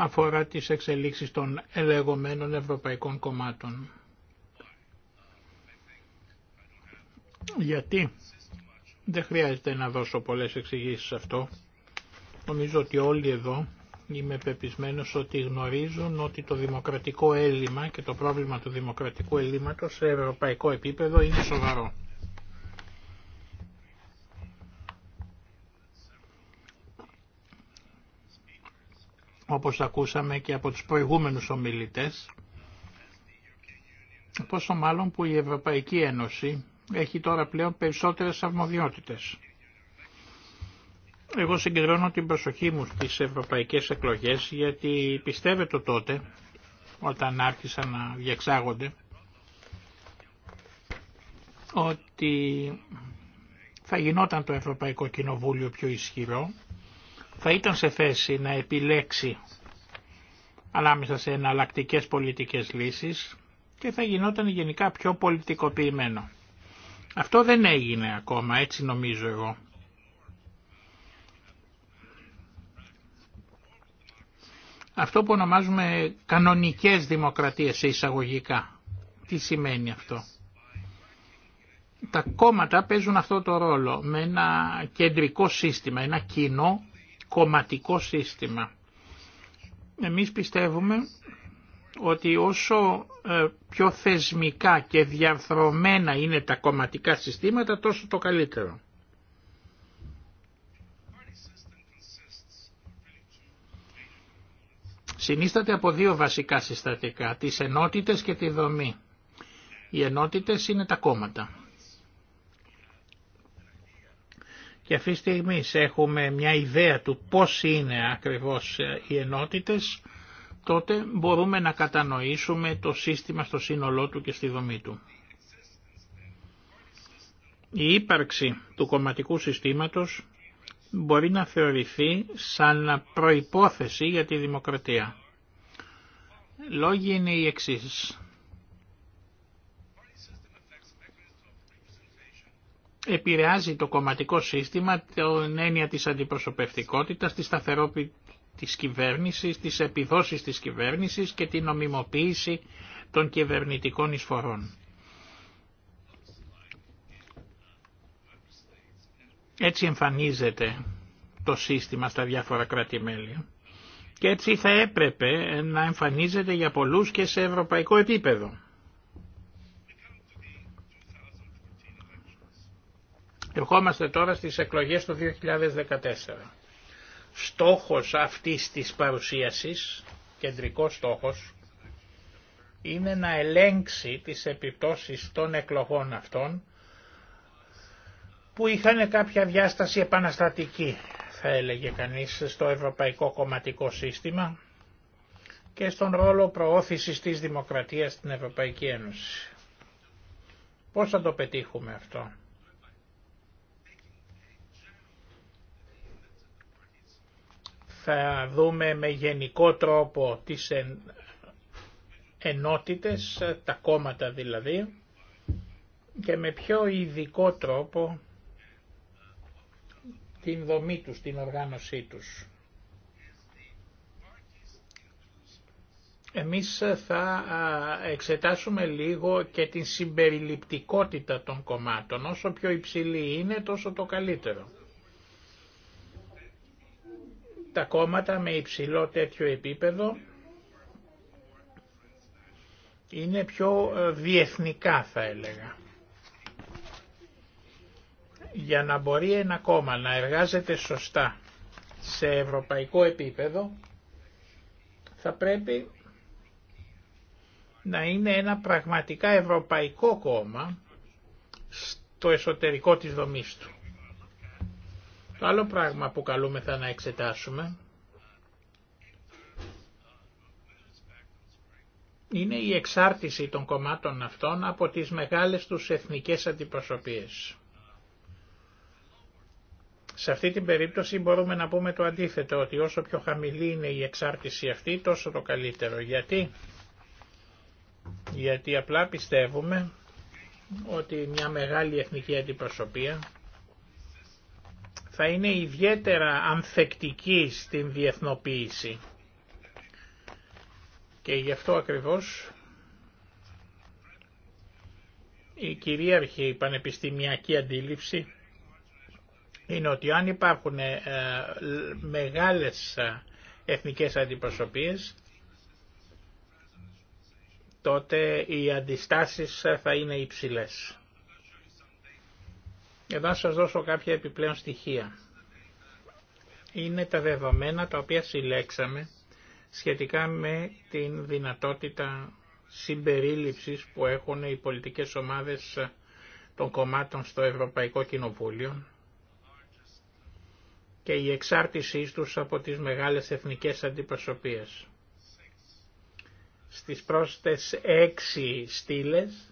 αφορά τις εξελίξεις των ελεγωμένων ευρωπαϊκών κομμάτων. Γιατί δεν χρειάζεται να δώσω πολλές εξηγήσεις σε αυτό. Νομίζω ότι όλοι εδώ είμαι πεπισμένος ότι γνωρίζουν ότι το δημοκρατικό έλλειμμα και το πρόβλημα του δημοκρατικού έλλειμματος σε ευρωπαϊκό επίπεδο είναι σοβαρό. όπως ακούσαμε και από τους προηγούμενους ομιλητές, πόσο μάλλον που η Ευρωπαϊκή Ένωση έχει τώρα πλέον περισσότερες αρμοδιότητες. Εγώ συγκεντρώνω την προσοχή μου στις ευρωπαϊκές εκλογές γιατί πιστεύετε τότε, όταν άρχισαν να διεξάγονται, ότι θα γινόταν το Ευρωπαϊκό Κοινοβούλιο πιο ισχυρό θα ήταν σε θέση να επιλέξει ανάμεσα σε εναλλακτικές πολιτικές λύσεις και θα γινόταν γενικά πιο πολιτικοποιημένο. Αυτό δεν έγινε ακόμα, έτσι νομίζω εγώ. Αυτό που ονομάζουμε κανονικές δημοκρατίες εισαγωγικά. Τι σημαίνει αυτό. Τα κόμματα παίζουν αυτό το ρόλο με ένα κεντρικό σύστημα, ένα κοινό κομματικό σύστημα. Εμείς πιστεύουμε ότι όσο ε, πιο θεσμικά και διαρθρωμένα είναι τα κομματικά συστήματα τόσο το καλύτερο. Συνίσταται από δύο βασικά συστατικά, τις ενότητες και τη δομή. Οι ενότητες είναι τα κόμματα. Και αυτή τη στιγμή έχουμε μια ιδέα του πώς είναι ακριβώς ε, οι ενότητες, τότε μπορούμε να κατανοήσουμε το σύστημα στο σύνολό του και στη δομή του. Η ύπαρξη του κομματικού συστήματος μπορεί να θεωρηθεί σαν προϋπόθεση για τη δημοκρατία. Λόγοι είναι οι εξής. επηρεάζει το κομματικό σύστημα την έννοια της αντιπροσωπευτικότητας, τη σταθερότητα της κυβέρνησης, της επιδόσεις της κυβέρνησης και την νομιμοποίηση των κυβερνητικών εισφορών. Έτσι εμφανίζεται το σύστημα στα διάφορα κράτη-μέλη και έτσι θα έπρεπε να εμφανίζεται για πολλούς και σε ευρωπαϊκό επίπεδο. Ερχόμαστε τώρα στις εκλογές του 2014. Στόχος αυτής της παρουσίασης, κεντρικός στόχος, είναι να ελέγξει τις επιπτώσεις των εκλογών αυτών που είχαν κάποια διάσταση επαναστατική, θα έλεγε κανείς, στο ευρωπαϊκό κομματικό σύστημα και στον ρόλο προώθησης της δημοκρατίας στην Ευρωπαϊκή Ένωση. Πώς θα το πετύχουμε αυτό. θα δούμε με γενικό τρόπο τις ενότητες, τα κόμματα δηλαδή, και με πιο ειδικό τρόπο την δομή τους, την οργάνωσή τους. Εμείς θα εξετάσουμε λίγο και την συμπεριληπτικότητα των κομμάτων. Όσο πιο υψηλή είναι, τόσο το καλύτερο τα κόμματα με υψηλό τέτοιο επίπεδο είναι πιο ε, διεθνικά θα έλεγα. Για να μπορεί ένα κόμμα να εργάζεται σωστά σε ευρωπαϊκό επίπεδο θα πρέπει να είναι ένα πραγματικά ευρωπαϊκό κόμμα στο εσωτερικό της δομής του. Το άλλο πράγμα που καλούμεθα να εξετάσουμε είναι η εξάρτηση των κομμάτων αυτών από τις μεγάλες τους εθνικές αντιπροσωπίες. Σε αυτή την περίπτωση μπορούμε να πούμε το αντίθετο, ότι όσο πιο χαμηλή είναι η εξάρτηση αυτή, τόσο το καλύτερο. Γιατί, Γιατί απλά πιστεύουμε ότι μια μεγάλη εθνική αντιπροσωπεία θα είναι ιδιαίτερα ανθεκτική στην διεθνοποίηση. Και γι' αυτό ακριβώς η κυρίαρχη πανεπιστημιακή αντίληψη είναι ότι αν υπάρχουν ε, μεγάλες ε, εθνικές αντιπροσωπείες, τότε οι αντιστάσεις θα είναι υψηλές. Εδώ θα σας δώσω κάποια επιπλέον στοιχεία. Είναι τα δεδομένα τα οποία συλλέξαμε σχετικά με την δυνατότητα συμπερίληψης που έχουν οι πολιτικές ομάδες των κομμάτων στο Ευρωπαϊκό Κοινοβούλιο και η εξάρτησή τους από τις μεγάλες εθνικές αντιπροσωπείες. Στις πρόσθετες έξι στήλες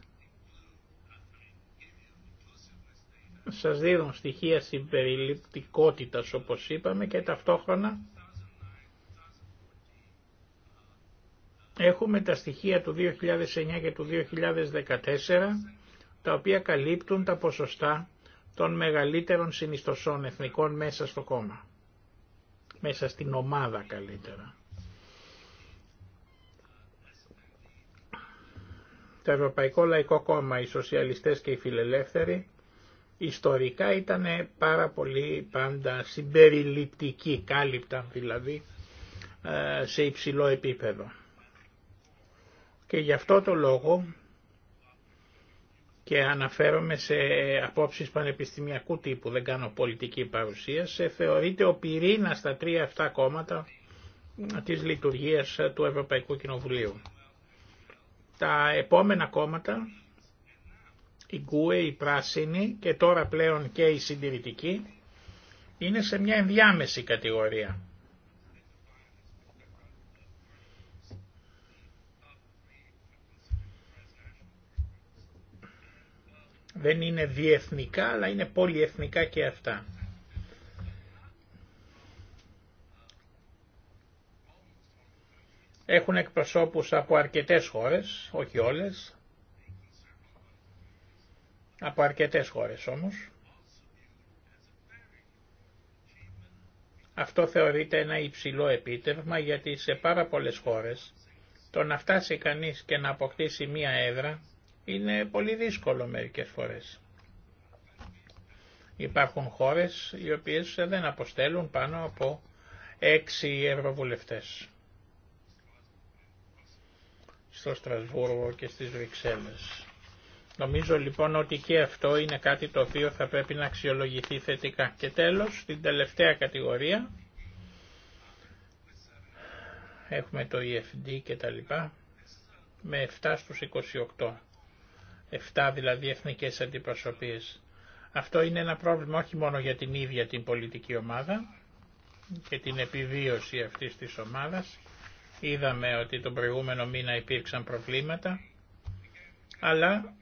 σας δίνουν στοιχεία συμπεριληπτικότητας όπως είπαμε και ταυτόχρονα έχουμε τα στοιχεία του 2009 και του 2014 τα οποία καλύπτουν τα ποσοστά των μεγαλύτερων συνιστοσών εθνικών μέσα στο κόμμα. Μέσα στην ομάδα καλύτερα. Το Ευρωπαϊκό Λαϊκό Κόμμα, οι Σοσιαλιστές και οι Φιλελεύθεροι ιστορικά ήταν πάρα πολύ πάντα συμπεριληπτική, κάλυπταν δηλαδή ε, σε υψηλό επίπεδο. Και γι' αυτό το λόγο και αναφέρομαι σε απόψεις πανεπιστημιακού τύπου, δεν κάνω πολιτική παρουσία, σε θεωρείται ο πυρήνα στα τρία αυτά κόμματα της λειτουργίας του Ευρωπαϊκού Κοινοβουλίου. Τα επόμενα κόμματα η ΚΟΕ, η πράσινη και τώρα πλέον και η συντηρητική είναι σε μια ενδιάμεση κατηγορία. Δεν είναι διεθνικά, αλλά είναι πολυεθνικά και αυτά. Έχουν εκπροσώπους από αρκετές χώρες, όχι όλες από αρκετές χώρες όμως. Αυτό θεωρείται ένα υψηλό επίτευγμα γιατί σε πάρα πολλές χώρες το να φτάσει κανείς και να αποκτήσει μία έδρα είναι πολύ δύσκολο μερικές φορές. Υπάρχουν χώρες οι οποίες δεν αποστέλουν πάνω από έξι ευρωβουλευτές στο Στρασβούργο και στις Βρυξέλλες. Νομίζω λοιπόν ότι και αυτό είναι κάτι το οποίο θα πρέπει να αξιολογηθεί θετικά. Και τέλος, στην τελευταία κατηγορία, έχουμε το EFD και τα λοιπά, με 7 στους 28. 7 δηλαδή εθνικές αντιπροσωπείες. Αυτό είναι ένα πρόβλημα όχι μόνο για την ίδια την πολιτική ομάδα και την επιβίωση αυτής της ομάδας. Είδαμε ότι τον προηγούμενο μήνα υπήρξαν προβλήματα, αλλά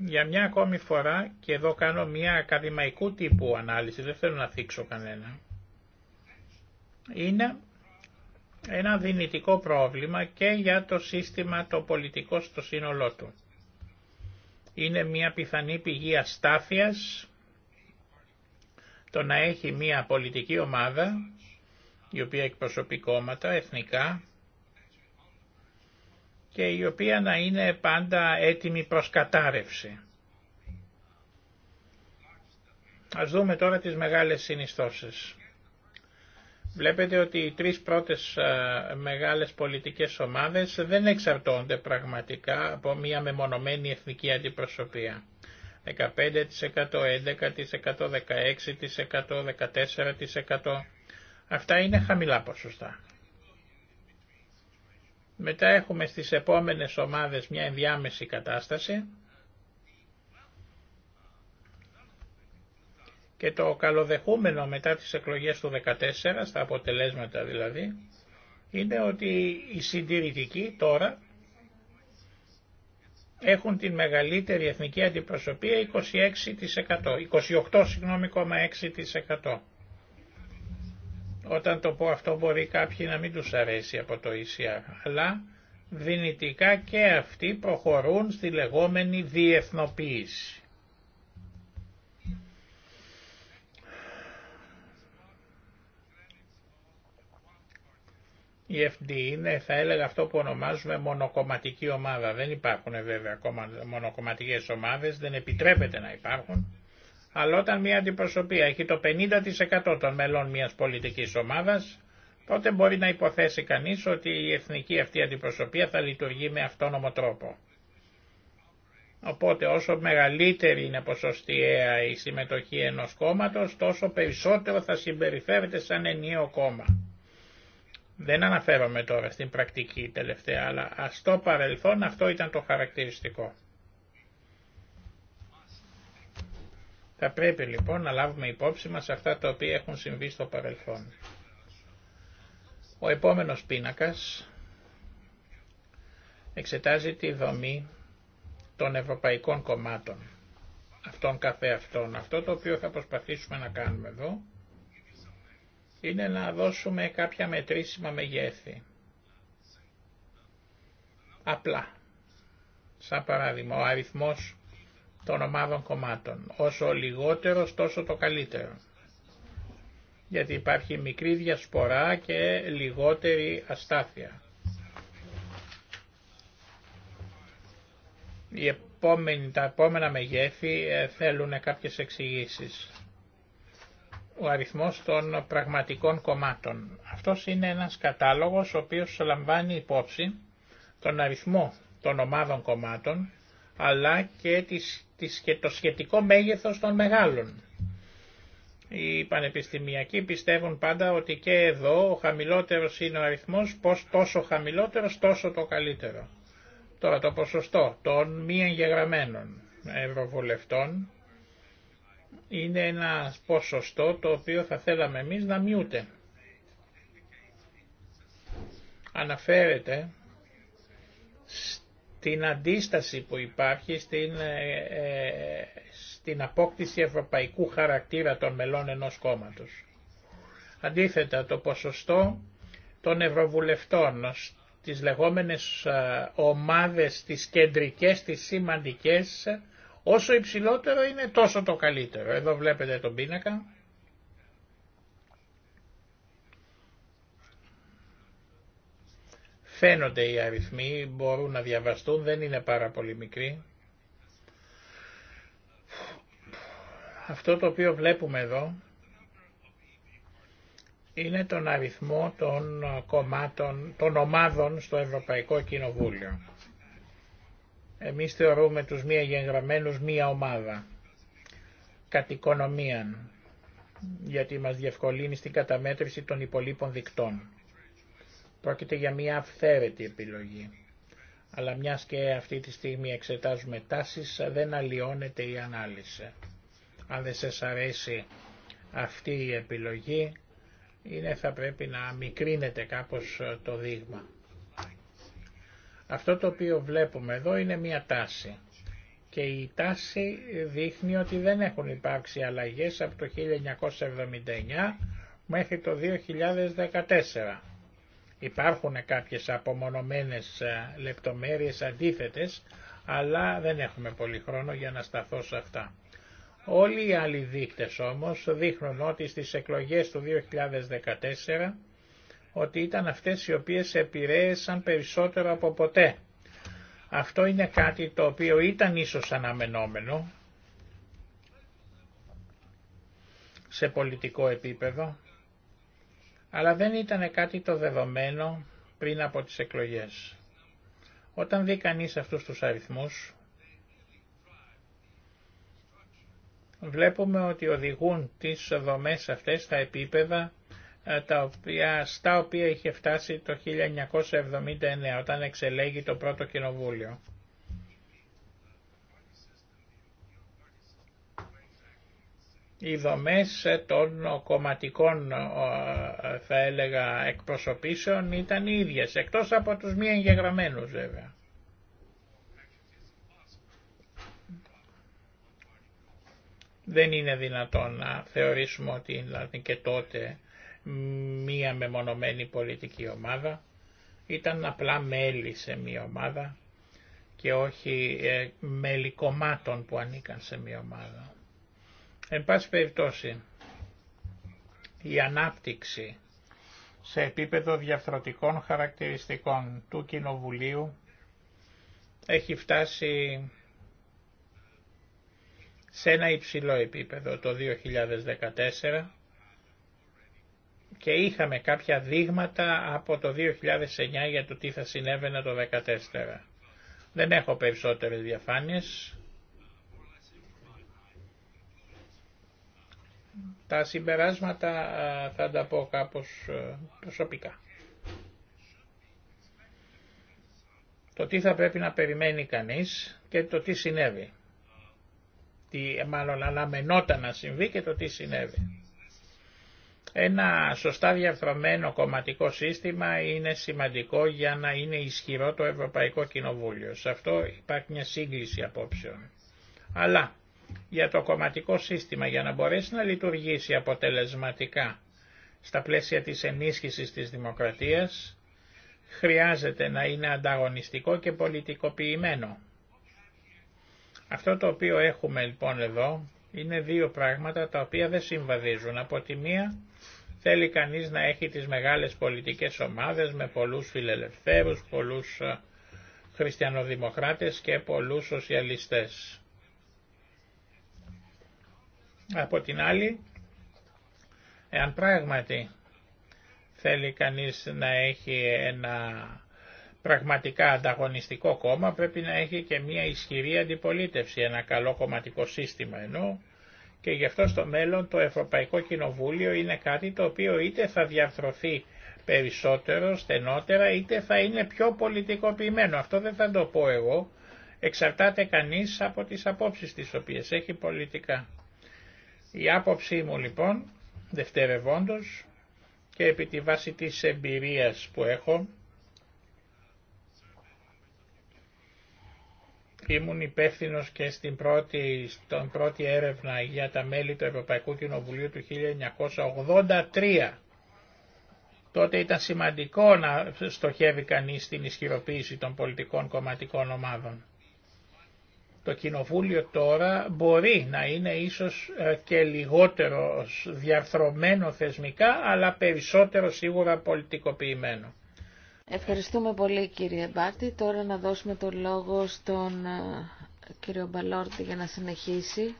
για μια ακόμη φορά, και εδώ κάνω μια ακαδημαϊκού τύπου ανάλυση, δεν θέλω να θίξω κανένα, είναι ένα δυνητικό πρόβλημα και για το σύστημα το πολιτικό στο σύνολό του. Είναι μια πιθανή πηγή αστάθειας το να έχει μια πολιτική ομάδα η οποία εκπροσωπεί κόμματα εθνικά και η οποία να είναι πάντα έτοιμη προς κατάρρευση. Ας δούμε τώρα τις μεγάλες συνιστώσεις. Βλέπετε ότι οι τρεις πρώτες μεγάλες πολιτικές ομάδες δεν εξαρτώνται πραγματικά από μια μεμονωμένη εθνική αντιπροσωπεία. 15%, 11%, 16%, 14%. Αυτά είναι χαμηλά ποσοστά. Μετά έχουμε στις επόμενες ομάδες μια ενδιάμεση κατάσταση και το καλοδεχούμενο μετά τις εκλογές του 2014, στα αποτελέσματα δηλαδή, είναι ότι οι συντηρητικοί τώρα έχουν την μεγαλύτερη εθνική αντιπροσωπεία 26%, 28,6%. Όταν το πω αυτό μπορεί κάποιοι να μην τους αρέσει από το ECR, αλλά δυνητικά και αυτοί προχωρούν στη λεγόμενη διεθνοποίηση. Η FD είναι, θα έλεγα, αυτό που ονομάζουμε μονοκομματική ομάδα. Δεν υπάρχουν βέβαια ακόμα μονοκομματικές ομάδες, δεν επιτρέπεται να υπάρχουν. Αλλά όταν μια αντιπροσωπεία έχει το 50% των μελών μιας πολιτικής ομάδας, τότε μπορεί να υποθέσει κανείς ότι η εθνική αυτή αντιπροσωπεία θα λειτουργεί με αυτόνομο τρόπο. Οπότε όσο μεγαλύτερη είναι ποσοστιαία η συμμετοχή ενός κόμματος, τόσο περισσότερο θα συμπεριφέρεται σαν ενίο κόμμα. Δεν αναφέρομαι τώρα στην πρακτική τελευταία, αλλά στο παρελθόν αυτό ήταν το χαρακτηριστικό. Θα πρέπει λοιπόν να λάβουμε υπόψη μας αυτά τα οποία έχουν συμβεί στο παρελθόν. Ο επόμενος πίνακας εξετάζει τη δομή των ευρωπαϊκών κομμάτων, αυτών καθεαυτών. Αυτό το οποίο θα προσπαθήσουμε να κάνουμε εδώ είναι να δώσουμε κάποια μετρήσιμα μεγέθη. Απλά. Σαν παράδειγμα, ο αριθμός των ομάδων κομμάτων. Όσο λιγότερο τόσο το καλύτερο. Γιατί υπάρχει μικρή διασπορά και λιγότερη αστάθεια. Οι τα επόμενα μεγέθη ε, θέλουν κάποιες εξηγήσεις. Ο αριθμός των πραγματικών κομμάτων. Αυτός είναι ένας κατάλογος ο οποίος λαμβάνει υπόψη τον αριθμό των ομάδων κομμάτων αλλά και, το σχετικό μέγεθος των μεγάλων. Οι πανεπιστημιακοί πιστεύουν πάντα ότι και εδώ ο χαμηλότερος είναι ο αριθμός, πως τόσο χαμηλότερος τόσο το καλύτερο. Τώρα το ποσοστό των μη εγγεγραμμένων ευρωβουλευτών είναι ένα ποσοστό το οποίο θα θέλαμε εμείς να μειούται. Αναφέρεται την αντίσταση που υπάρχει στην, ε, ε, στην απόκτηση ευρωπαϊκού χαρακτήρα των μελών ενός κόμματος. Αντίθετα, το ποσοστό των ευρωβουλευτών της λεγόμενες ε, ομάδες, τις κεντρικές, τις σημαντικές, όσο υψηλότερο είναι τόσο το καλύτερο. Εδώ βλέπετε τον πίνακα. Φαίνονται οι αριθμοί, μπορούν να διαβαστούν, δεν είναι πάρα πολύ μικροί. Αυτό το οποίο βλέπουμε εδώ είναι τον αριθμό των κομμάτων, των ομάδων στο Ευρωπαϊκό Κοινοβούλιο. Εμείς θεωρούμε τους μία γεγραμμένους μία ομάδα, κατ' οικονομίαν, γιατί μας διευκολύνει στην καταμέτρηση των υπολείπων δικτών. Πρόκειται για μια αυθαίρετη επιλογή. Αλλά μιας και αυτή τη στιγμή εξετάζουμε τάσεις, δεν αλλοιώνεται η ανάλυση. Αν δεν σας αρέσει αυτή η επιλογή, είναι θα πρέπει να μικρύνεται κάπως ε, το δείγμα. Αυτό το οποίο βλέπουμε εδώ είναι μια τάση και η τάση δείχνει ότι δεν έχουν υπάρξει αλλαγές από το 1979 μέχρι το 2014. Υπάρχουν κάποιες απομονωμένες ε, λεπτομέρειες αντίθετες, αλλά δεν έχουμε πολύ χρόνο για να σταθώ σε αυτά. Όλοι οι άλλοι δείκτες όμως δείχνουν ότι στις εκλογές του 2014 ότι ήταν αυτές οι οποίες επηρέασαν περισσότερο από ποτέ. Αυτό είναι κάτι το οποίο ήταν ίσως αναμενόμενο σε πολιτικό επίπεδο αλλά δεν ήταν κάτι το δεδομένο πριν από τις εκλογές. Όταν δει κανείς αυτούς τους αριθμούς, βλέπουμε ότι οδηγούν τις δομές αυτές στα επίπεδα ε, τα οποία, στα οποία είχε φτάσει το 1979 όταν εξελέγει το πρώτο κοινοβούλιο. οι δομές των κομματικών θα έλεγα εκπροσωπήσεων ήταν οι ίδιες, εκτός από τους μη εγγεγραμμένους βέβαια. Δεν είναι δυνατόν να θεωρήσουμε ότι είναι και τότε μία μεμονωμένη πολιτική ομάδα, ήταν απλά μέλη σε μία ομάδα και όχι ε, μέλη κομμάτων που ανήκαν σε μία ομάδα. Εν πάση περιπτώσει, η ανάπτυξη σε επίπεδο διαφθρωτικών χαρακτηριστικών του Κοινοβουλίου έχει φτάσει σε ένα υψηλό επίπεδο το 2014 και είχαμε κάποια δείγματα από το 2009 για το τι θα συνέβαινε το 2014. Δεν έχω περισσότερες διαφάνειες. Τα συμπεράσματα θα τα πω κάπως προσωπικά. Το τι θα πρέπει να περιμένει κανείς και το τι συνέβη. Τι μάλλον αναμενόταν να συμβεί και το τι συνέβη. Ένα σωστά διαφραμμένο κομματικό σύστημα είναι σημαντικό για να είναι ισχυρό το Ευρωπαϊκό Κοινοβούλιο. Σε αυτό υπάρχει μια σύγκληση απόψεων. Αλλά για το κομματικό σύστημα για να μπορέσει να λειτουργήσει αποτελεσματικά στα πλαίσια της ενίσχυσης της δημοκρατίας χρειάζεται να είναι ανταγωνιστικό και πολιτικοποιημένο. Αυτό το οποίο έχουμε λοιπόν εδώ είναι δύο πράγματα τα οποία δεν συμβαδίζουν. Από τη μία θέλει κανείς να έχει τις μεγάλες πολιτικές ομάδες με πολλούς φιλελευθέρους, πολλούς ε, χριστιανοδημοκράτες και πολλούς σοσιαλιστές. Από την άλλη, εάν πράγματι θέλει κανείς να έχει ένα πραγματικά ανταγωνιστικό κόμμα, πρέπει να έχει και μια ισχυρή αντιπολίτευση, ένα καλό κομματικό σύστημα ενώ και γι' αυτό στο μέλλον το Ευρωπαϊκό Κοινοβούλιο είναι κάτι το οποίο είτε θα διαρθρωθεί περισσότερο, στενότερα, είτε θα είναι πιο πολιτικοποιημένο. Αυτό δεν θα το πω εγώ. Εξαρτάται κανείς από τις απόψεις τις οποίες έχει πολιτικά. Η άποψή μου λοιπόν, δευτερευόντως, και επί τη βάση της εμπειρίας που έχω, ήμουν υπεύθυνο και στην πρώτη, στον πρώτη έρευνα για τα μέλη του Ευρωπαϊκού Κοινοβουλίου του 1983. Τότε ήταν σημαντικό να στοχεύει κανείς την ισχυροποίηση των πολιτικών κομματικών ομάδων. Το Κοινοβούλιο τώρα μπορεί να είναι ίσως ε, και λιγότερο διαρθρωμένο θεσμικά, αλλά περισσότερο σίγουρα πολιτικοποιημένο. Ευχαριστούμε πολύ κύριε Μπάρτη. Τώρα να δώσουμε το λόγο στον ε, κύριο Μπαλόρτη για να συνεχίσει.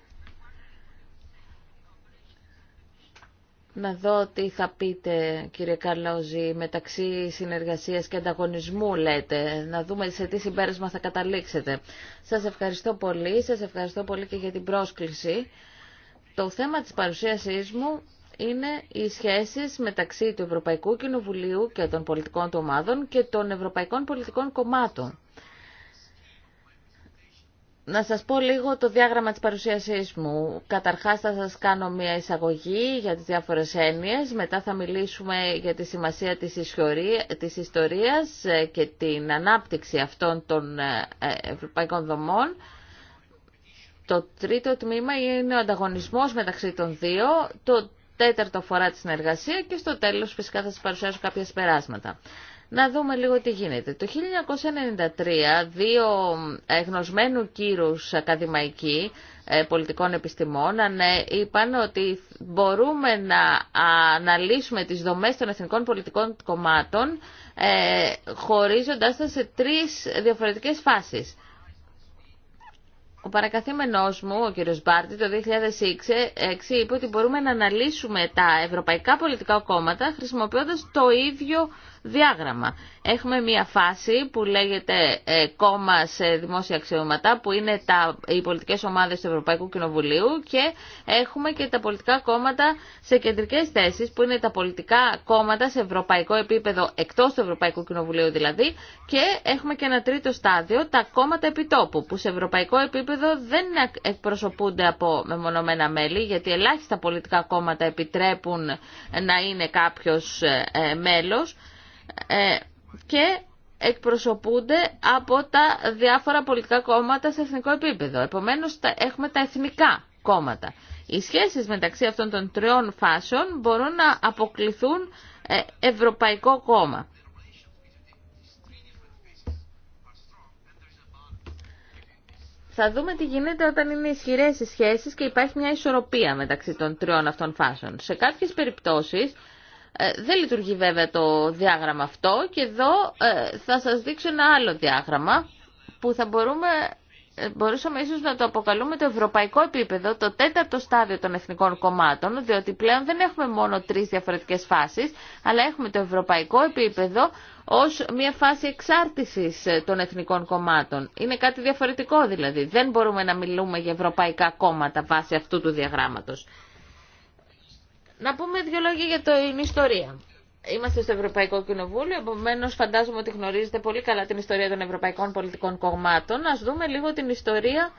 να δω τι θα πείτε, κύριε Καρλαουζή, μεταξύ συνεργασίας και ανταγωνισμού, λέτε. Να δούμε σε τι συμπέρασμα θα καταλήξετε. Σας ευχαριστώ πολύ. Σας ευχαριστώ πολύ και για την πρόσκληση. Το θέμα της παρουσίασής μου είναι οι σχέσεις μεταξύ του Ευρωπαϊκού Κοινοβουλίου και των πολιτικών του ομάδων και των ευρωπαϊκών πολιτικών κομμάτων. Να σας πω λίγο το διάγραμμα της παρουσίασής μου. Καταρχάς θα σας κάνω μια εισαγωγή για τις διάφορες έννοιες, μετά θα μιλήσουμε για τη σημασία της ιστορίας ε, και την ανάπτυξη αυτών των ε, ε, ευρωπαϊκών δομών. Το τρίτο τμήμα είναι ο ανταγωνισμός μεταξύ των δύο, το τέταρτο φορά τη συνεργασία και στο τέλος φυσικά θα σας παρουσιάσω κάποια συμπεράσματα. Να δούμε λίγο τι γίνεται. Το 1993 δύο εγνωσμένου κύρους ακαδημαϊκοί ε, πολιτικών επιστημών είπαν ότι μπορούμε να αναλύσουμε τις δομές των εθνικών πολιτικών κομμάτων ε, χωρίζοντάς τα σε τρεις διαφορετικές φάσεις. Ο παρακαθήμενός μου, ο κύριος Μπάρτι, το 2006 ε, είπε ότι μπορούμε να αναλύσουμε τα ευρωπαϊκά πολιτικά κόμματα χρησιμοποιώντας το ίδιο διάγραμμα. Έχουμε μία φάση που λέγεται ε, κόμμα σε δημόσια αξιώματα που είναι τα, οι πολιτικές ομάδες του Ευρωπαϊκού Κοινοβουλίου και έχουμε και τα πολιτικά κόμματα σε κεντρικές θέσεις που είναι τα πολιτικά κόμματα σε ευρωπαϊκό επίπεδο εκτός του Ευρωπαϊκού Κοινοβουλίου δηλαδή και έχουμε και ένα τρίτο στάδιο τα κόμματα επιτόπου που σε ευρωπαϊκό επίπεδο δεν εκπροσωπούνται από μεμονωμένα μέλη γιατί ελάχιστα πολιτικά κόμματα επιτρέπουν να είναι κάποιο ε, μέλος ε, και εκπροσωπούνται από τα διάφορα πολιτικά κόμματα σε εθνικό επίπεδο. Επομένως έχουμε τα εθνικά κόμματα. Οι σχέσεις μεταξύ αυτών των τριών φάσεων μπορούν να αποκληθούν ε, ευρωπαϊκό κόμμα. Θα δούμε τι γίνεται όταν είναι ισχυρές οι σχέσεις και υπάρχει μια ισορροπία μεταξύ των τριών αυτών φάσεων. Σε κάποιες περιπτώσεις ε, δεν λειτουργεί βέβαια το διάγραμμα αυτό και εδώ ε, θα σας δείξω ένα άλλο διάγραμμα που θα μπορούμε, ε, μπορούσαμε ίσως να το αποκαλούμε το ευρωπαϊκό επίπεδο, το τέταρτο στάδιο των εθνικών κομμάτων, διότι πλέον δεν έχουμε μόνο τρεις διαφορετικές φάσεις, αλλά έχουμε το ευρωπαϊκό επίπεδο ως μια φάση εξάρτησης των εθνικών κομμάτων. Είναι κάτι διαφορετικό δηλαδή. Δεν μπορούμε να μιλούμε για ευρωπαϊκά κόμματα βάσει αυτού του διαγράμματος. Να πούμε δύο λόγια για την ιστορία. Είμαστε στο Ευρωπαϊκό Κοινοβούλιο, επομένω φαντάζομαι ότι γνωρίζετε πολύ καλά την ιστορία των Ευρωπαϊκών Πολιτικών Κομμάτων. Α δούμε λίγο την ιστορία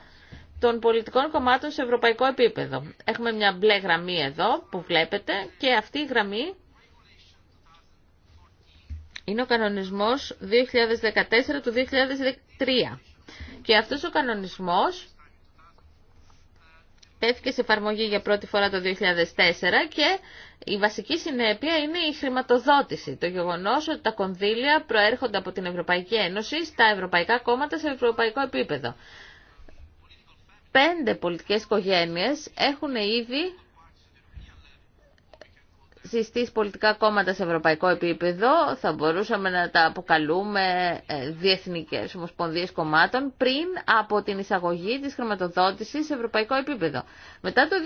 των πολιτικών κομμάτων σε ευρωπαϊκό επίπεδο. Έχουμε μια μπλε γραμμή εδώ που βλέπετε και αυτή η γραμμή είναι ο κανονισμός 2014 του 2013. Και αυτός ο κανονισμός τέθηκε σε εφαρμογή για πρώτη φορά το 2004 και η βασική συνέπεια είναι η χρηματοδότηση. Το γεγονός ότι τα κονδύλια προέρχονται από την Ευρωπαϊκή Ένωση στα ευρωπαϊκά κόμματα σε ευρωπαϊκό επίπεδο. Πέντε πολιτικές οικογένειες έχουν ήδη συστήσει πολιτικά κόμματα σε ευρωπαϊκό επίπεδο, θα μπορούσαμε να τα αποκαλούμε ε, διεθνικές ομοσπονδίες κομμάτων, πριν από την εισαγωγή της χρηματοδότησης σε ευρωπαϊκό επίπεδο. Μετά το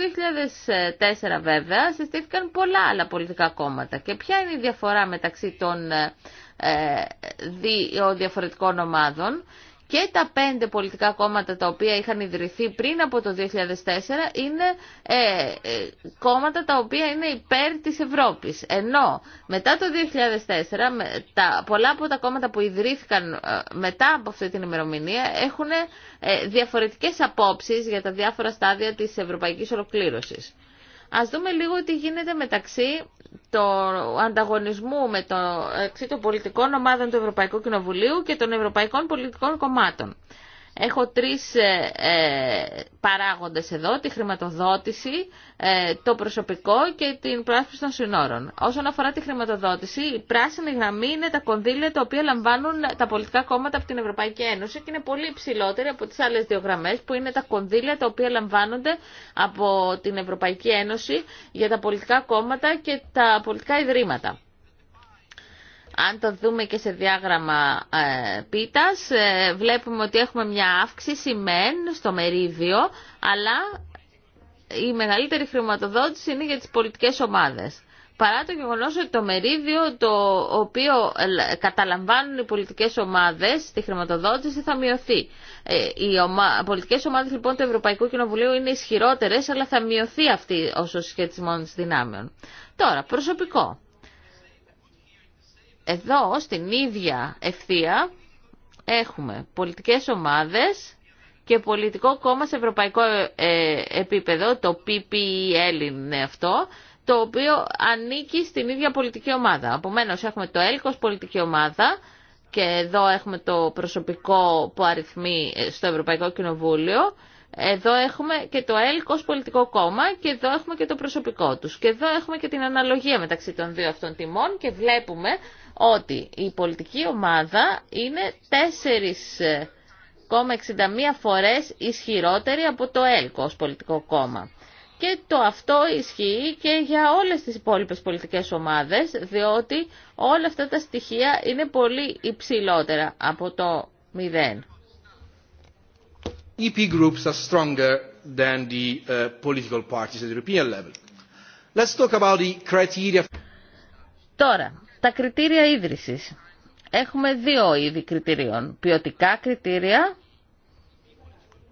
2004 βέβαια συστήθηκαν πολλά άλλα πολιτικά κόμματα. Και ποια είναι η διαφορά μεταξύ των ε, ε, δύο διαφορετικών ομάδων και τα πέντε πολιτικά κόμματα τα οποία είχαν ιδρυθεί πριν από το 2004 είναι ε, ε, κόμματα τα οποία είναι υπέρ της Ευρώπης. Ενώ μετά το 2004 τα, πολλά από τα κόμματα που ιδρύθηκαν ε, μετά από αυτή την ημερομηνία έχουν ε, διαφορετικές απόψεις για τα διάφορα στάδια της ευρωπαϊκής ολοκλήρωσης. Ας δούμε λίγο τι γίνεται μεταξύ του ανταγωνισμού με το, μεταξύ των πολιτικών ομάδων του Ευρωπαϊκού Κοινοβουλίου και των Ευρωπαϊκών Πολιτικών Κομμάτων. Έχω τρεις ε, ε, παράγοντες εδώ, τη χρηματοδότηση, ε, το προσωπικό και την πράσπιση των συνόρων. Όσον αφορά τη χρηματοδότηση, η πράσινη γραμμή είναι τα κονδύλια τα οποία λαμβάνουν τα πολιτικά κόμματα από την Ευρωπαϊκή Ένωση και είναι πολύ υψηλότερη από τις άλλες δύο γραμμές που είναι τα κονδύλια τα οποία λαμβάνονται από την Ευρωπαϊκή Ένωση για τα πολιτικά κόμματα και τα πολιτικά ιδρύματα. Αν το δούμε και σε διάγραμμα ε, πίτας, ε, βλέπουμε ότι έχουμε μια αύξηση μεν στο μερίδιο, αλλά η μεγαλύτερη χρηματοδότηση είναι για τις πολιτικές ομάδες. Παρά το γεγονός ότι το μερίδιο το οποίο ε, καταλαμβάνουν οι πολιτικές ομάδες στη χρηματοδότηση θα μειωθεί. Ε, οι πολιτικές ομάδες λοιπόν του Ευρωπαϊκού Κοινοβουλίου είναι ισχυρότερες αλλά θα μειωθεί αυτή ο συσχετισμός δυνάμεων. Τώρα, προσωπικό. Εδώ, στην ίδια ευθεία, έχουμε πολιτικές ομάδες και πολιτικό κόμμα σε ευρωπαϊκό ε, επίπεδο, το PPL e είναι αυτό, το οποίο ανήκει στην ίδια πολιτική ομάδα. Απομένως έχουμε το ΕΛΚΟΣ πολιτική ομάδα και εδώ έχουμε το προσωπικό που αριθμεί στο Ευρωπαϊκό Κοινοβούλιο εδώ έχουμε και το ΕΛΚ ως πολιτικό κόμμα και εδώ έχουμε και το προσωπικό τους. Και εδώ έχουμε και την αναλογία μεταξύ των δύο αυτών τιμών και βλέπουμε ότι η πολιτική ομάδα είναι 4,61 φορές ισχυρότερη από το ΕΛΚ ως πολιτικό κόμμα. Και το αυτό ισχύει και για όλες τις υπόλοιπες πολιτικές ομάδες, διότι όλα αυτά τα στοιχεία είναι πολύ υψηλότερα από το 0. EP groups are stronger than the uh, political parties at the European level. Let's talk about the criteria. Τώρα, τα κριτήρια ίδρυσης. Έχουμε δύο είδη κριτηρίων. Ποιοτικά κριτήρια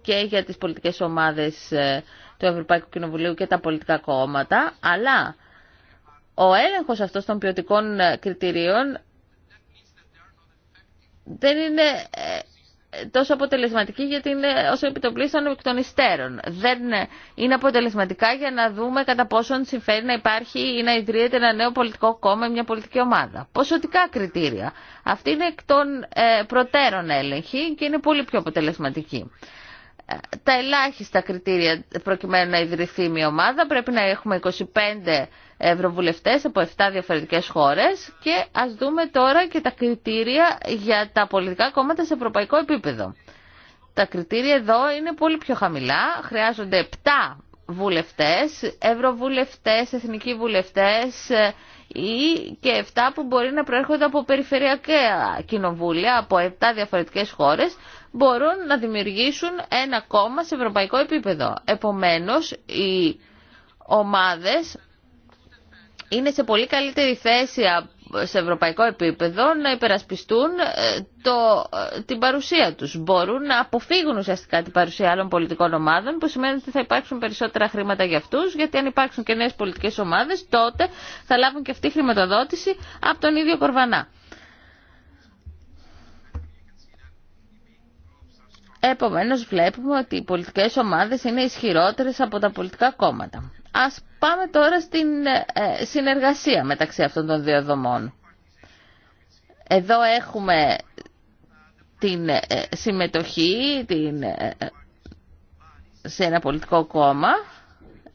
και για τις πολιτικές ομάδες ε, του Ευρωπαϊκού Κοινοβουλίου και τα πολιτικά κόμματα, αλλά ο έλεγχος αυτός των ποιοτικών ε, κριτηρίων δεν είναι ε, τόσο αποτελεσματική γιατί είναι όσο επιτοπλίσαν εκ των υστέρων. Δεν είναι αποτελεσματικά για να δούμε κατά πόσον συμφέρει να υπάρχει ή να ιδρύεται ένα νέο πολιτικό κόμμα ή μια πολιτική ομάδα. Ποσοτικά κριτήρια. Αυτή είναι εκ των ε, προτέρων έλεγχη και είναι πολύ πιο αποτελεσματική τα ελάχιστα κριτήρια προκειμένου να ιδρυθεί μια ομάδα. Πρέπει να έχουμε 25 ευρωβουλευτές από 7 διαφορετικές χώρες και ας δούμε τώρα και τα κριτήρια για τα πολιτικά κόμματα σε ευρωπαϊκό επίπεδο. Τα κριτήρια εδώ είναι πολύ πιο χαμηλά. Χρειάζονται 7 βουλευτές, ευρωβουλευτές, εθνικοί βουλευτές, ε, ή και 7 που μπορεί να προέρχονται από περιφερειακά κοινοβούλια, από 7 διαφορετικές χώρες, μπορούν να δημιουργήσουν ένα κόμμα σε ευρωπαϊκό επίπεδο. Επομένως, οι ομάδες είναι σε πολύ καλύτερη θέση σε ευρωπαϊκό επίπεδο να υπερασπιστούν ε, το, ε, την παρουσία τους. Μπορούν να αποφύγουν ουσιαστικά την παρουσία άλλων πολιτικών ομάδων που σημαίνει ότι θα υπάρξουν περισσότερα χρήματα για αυτούς γιατί αν υπάρξουν και νέες πολιτικές ομάδες τότε θα λάβουν και αυτή η χρηματοδότηση από τον ίδιο Κορβανά. Επομένως βλέπουμε ότι οι πολιτικές ομάδες είναι ισχυρότερες από τα πολιτικά κόμματα. Ας πάμε τώρα στην ε, συνεργασία μεταξύ αυτών των δύο δομών. Εδώ έχουμε την ε, συμμετοχή την, ε, σε ένα πολιτικό κόμμα,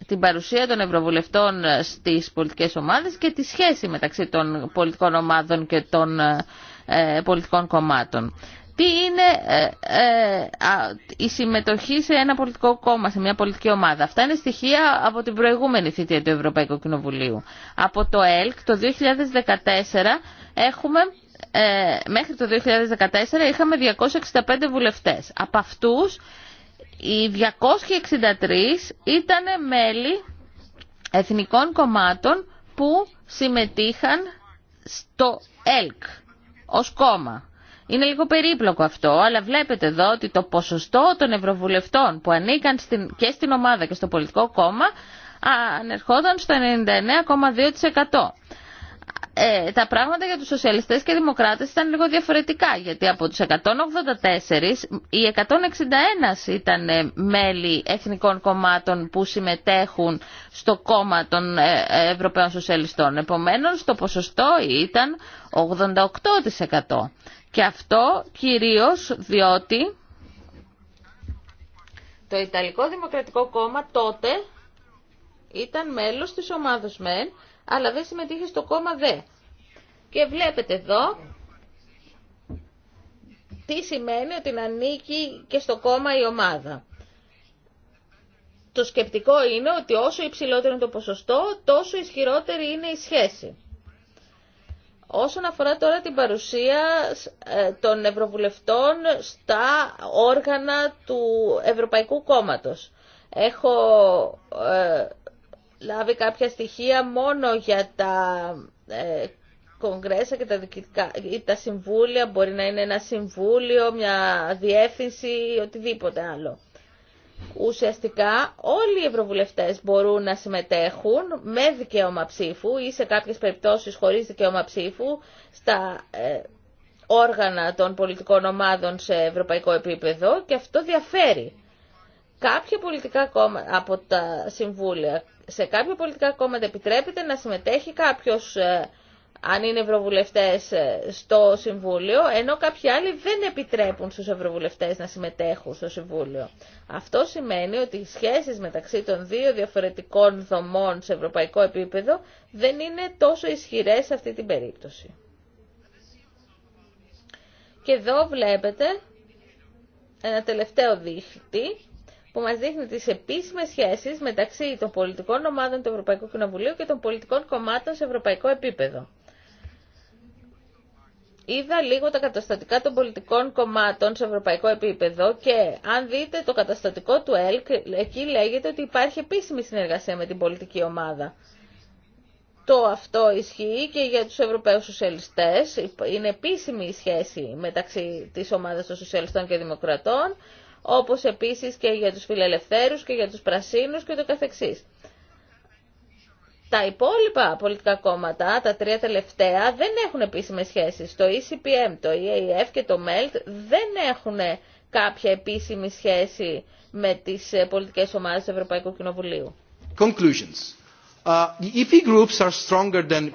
την παρουσία των ευρωβουλευτών στις πολιτικές ομάδες και τη σχέση μεταξύ των πολιτικών ομάδων και των πολιτικών κομμάτων. Τι είναι ε, ε η συμμετοχή σε ένα πολιτικό κόμμα, σε μια πολιτική ομάδα. Αυτά είναι στοιχεία από την προηγούμενη θητεία του Ευρωπαϊκού Κοινοβουλίου. Από το ΕΛΚ το 2014 έχουμε ε, μέχρι το 2014 είχαμε 265 βουλευτές. Από αυτούς οι 263 ήταν μέλη εθνικών κομμάτων που συμμετείχαν στο ΕΛΚ ως κόμμα. Είναι λίγο περίπλοκο αυτό, αλλά βλέπετε εδώ ότι το ποσοστό των ευρωβουλευτών που ανήκαν στην, και στην ομάδα και στο πολιτικό κόμμα ανερχόταν στο 99,2%. Ε, τα πράγματα για τους σοσιαλιστές και δημοκράτες ήταν λίγο διαφορετικά, γιατί από τους 184 οι 161 ήταν ε, μέλη εθνικών κομμάτων που συμμετέχουν στο κόμμα των ε, Ευρωπαίων Σοσιαλιστών. Επομένως το ποσοστό ήταν 88%. Και αυτό κυρίως διότι το Ιταλικό Δημοκρατικό Κόμμα τότε ήταν μέλος της ομάδος ΜΕΝ αλλά δεν συμμετείχε στο κόμμα ΔΕ. Και βλέπετε εδώ τι σημαίνει ότι να ανήκει και στο κόμμα η ομάδα. Το σκεπτικό είναι ότι όσο υψηλότερο είναι το ποσοστό, τόσο ισχυρότερη είναι η σχέση. Όσον αφορά τώρα την παρουσία ε, των Ευρωβουλευτών στα όργανα του Ευρωπαϊκού Κόμματος. Έχω ε, λάβει κάποια στοιχεία μόνο για τα ε, κογκρέσα και τα, ή τα συμβούλια, μπορεί να είναι ένα συμβούλιο, μια διεύθυνση ή οτιδήποτε άλλο. Ουσιαστικά όλοι οι ευρωβουλευτές μπορούν να συμμετέχουν με δικαίωμα ψήφου ή σε κάποιες περιπτώσεις χωρίς δικαίωμα ψήφου στα ε, όργανα των πολιτικών ομάδων σε ευρωπαϊκό επίπεδο και αυτό διαφέρει. Κάποια πολιτικά κόμματα από τα συμβούλια, σε κάποια πολιτικά κόμματα επιτρέπεται να συμμετέχει κάποιος ε, αν είναι ευρωβουλευτές ε, στο Συμβούλιο, ενώ κάποιοι άλλοι δεν επιτρέπουν στους ευρωβουλευτές να συμμετέχουν στο Συμβούλιο. Αυτό σημαίνει ότι οι σχέσεις μεταξύ των δύο διαφορετικών δομών σε ευρωπαϊκό επίπεδο δεν είναι τόσο ισχυρές σε αυτή την περίπτωση. Και εδώ βλέπετε ένα τελευταίο δείχτη που μας δείχνει τις επίσημες σχέσεις μεταξύ των πολιτικών ομάδων του Ευρωπαϊκού Κοινοβουλίου και των πολιτικών κομμάτων σε ευρωπαϊκό επίπεδο. Είδα λίγο τα καταστατικά των πολιτικών κομμάτων σε ευρωπαϊκό επίπεδο και αν δείτε το καταστατικό του ΕΛΚ, εκεί λέγεται ότι υπάρχει επίσημη συνεργασία με την πολιτική ομάδα. Το αυτό ισχύει και για τους Ευρωπαίους Σοσιαλιστές. Είναι επίσημη η σχέση μεταξύ της ομάδας των Σοσιαλιστών και Δημοκρατών όπως επίσης και για τους φιλελευθέρους και για τους πρασίνους και το καθεξής. Τα υπόλοιπα πολιτικά κόμματα, τα τρία τελευταία, δεν έχουν επίσημες σχέσεις. Το ECPM, το EAF και το MELT δεν έχουν κάποια επίσημη σχέση με τις πολιτικές ομάδες του Ευρωπαϊκού Κοινοβουλίου. Conclusions. Uh, e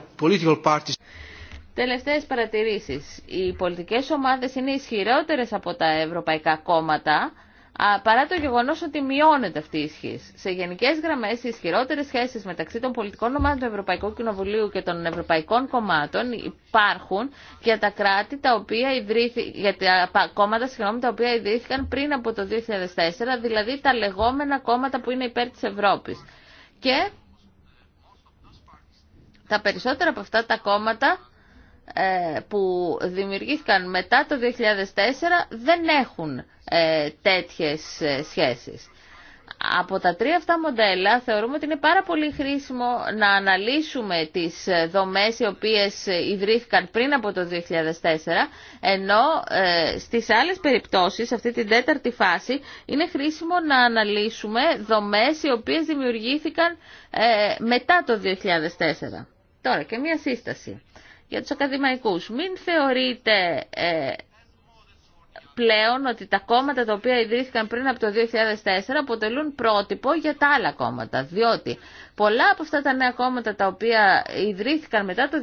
Τελευταίες παρατηρήσεις. Οι πολιτικές ομάδες είναι ισχυρότερες από τα ευρωπαϊκά κόμματα παρά το γεγονό ότι μειώνεται αυτή η ισχύ. Σε γενικές γραμμές οι ισχυρότερε σχέσεις μεταξύ των πολιτικών ομάδων του Ευρωπαϊκού Κοινοβουλίου και των ευρωπαϊκών κομμάτων υπάρχουν για τα κράτη τα οποία ιδρύθη, για τα κόμματα συγγνώμη, τα οποία ιδρύθηκαν πριν από το 2004, δηλαδή τα λεγόμενα κόμματα που είναι υπέρ τη Ευρώπη. Και τα περισσότερα από αυτά τα κόμματα ε, που δημιουργήθηκαν μετά το 2004 δεν έχουν ε, τέτοιες ε, σχέσεις. Από τα τρία αυτά μοντέλα θεωρούμε ότι είναι πάρα πολύ χρήσιμο να αναλύσουμε τις δομές οι οποίες ιδρύθηκαν πριν από το 2004, ενώ στις άλλες περιπτώσεις, αυτή την τέταρτη φάση, είναι χρήσιμο να αναλύσουμε δομές οι οποίες δημιουργήθηκαν μετά το 2004. Τώρα και μια σύσταση για τους ακαδημαϊκούς. Μην θεωρείτε ε, πλέον ότι τα κόμματα τα οποία ιδρύθηκαν πριν από το 2004 αποτελούν πρότυπο για τα άλλα κόμματα, διότι πολλά από αυτά τα νέα κόμματα τα οποία ιδρύθηκαν μετά το 2004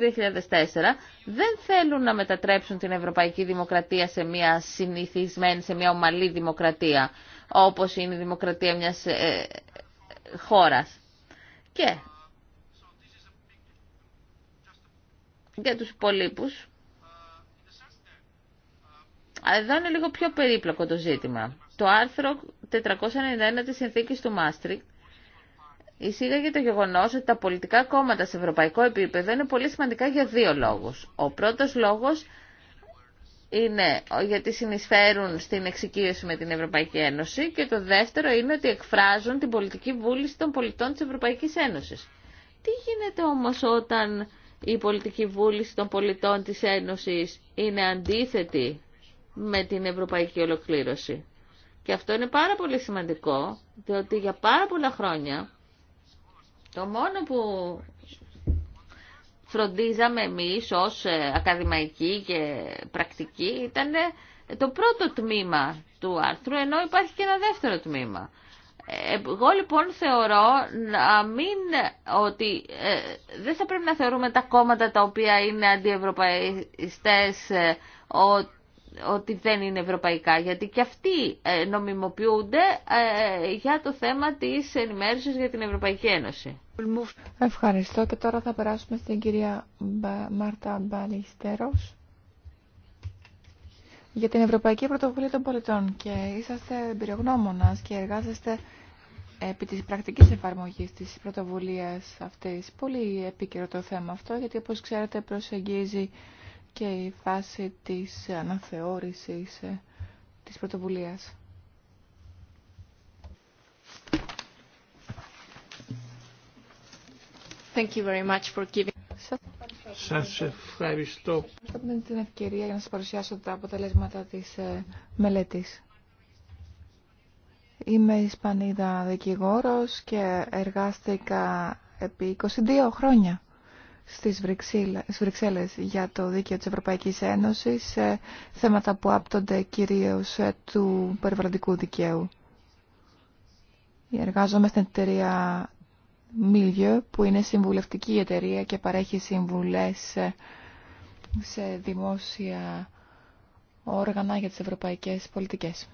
δεν θέλουν να μετατρέψουν την ευρωπαϊκή δημοκρατία σε μια συνηθισμένη, σε μια ομαλή δημοκρατία, όπως είναι η δημοκρατία μιας ε, χώρας. Και για τους υπολείπους. Εδώ είναι λίγο πιο περίπλοκο το ζήτημα. Το άρθρο 491 της συνθήκης του Μάστρικ εισήγαγε το γεγονός ότι τα πολιτικά κόμματα σε ευρωπαϊκό επίπεδο είναι πολύ σημαντικά για δύο λόγους. Ο πρώτος λόγος είναι γιατί συνεισφέρουν στην εξοικείωση με την Ευρωπαϊκή Ένωση και το δεύτερο είναι ότι εκφράζουν την πολιτική βούληση των πολιτών της Ευρωπαϊκής Ένωσης. Τι γίνεται όμως όταν η πολιτική βούληση των πολιτών της Ένωσης είναι αντίθετη με την ευρωπαϊκή ολοκλήρωση. Και αυτό είναι πάρα πολύ σημαντικό, διότι για πάρα πολλά χρόνια το μόνο που φροντίζαμε εμείς ως ε, ακαδημαϊκοί και πρακτικοί ήταν ε, το πρώτο τμήμα του άρθρου, ενώ υπάρχει και ένα δεύτερο τμήμα. Εγώ λοιπόν θεωρώ να μην, ότι ε, δεν θα πρέπει να θεωρούμε τα κόμματα τα οποία είναι αντιευρωπαϊστές ε, ο, ότι δεν είναι ευρωπαϊκά, γιατί και αυτοί ε, νομιμοποιούνται ε, για το θέμα της ενημέρωσης για την Ευρωπαϊκή Ένωση. Ευχαριστώ και τώρα θα περάσουμε στην κυρία Μάρτα Μπαλιστέρος για την Ευρωπαϊκή Πρωτοβουλία των Πολιτών και είσαστε εμπειρογνώμονας και εργάζεστε επί της πρακτικής εφαρμογής της πρωτοβουλίας αυτής. Πολύ επίκαιρο το θέμα αυτό, γιατί όπως ξέρετε προσεγγίζει και η φάση της αναθεώρησης ε, της πρωτοβουλίας. Thank you very much for giving... Σας ευχαριστώ. Σας ευχαριστώ την ευκαιρία για να σας παρουσιάσω τα αποτελέσματα της ε, μελέτης. Είμαι Ισπανίδα δικηγόρος και εργάστηκα επί 22 χρόνια στις Βρυξέλλες για το δίκαιο της Ευρωπαϊκής Ένωσης σε θέματα που άπτονται κυρίως ε, του περιβαλλοντικού δικαίου. Εργάζομαι στην εταιρεία Milieu που είναι συμβουλευτική εταιρεία και παρέχει συμβουλές ε, σε δημόσια όργανα για τις ευρωπαϊκές πολιτικές.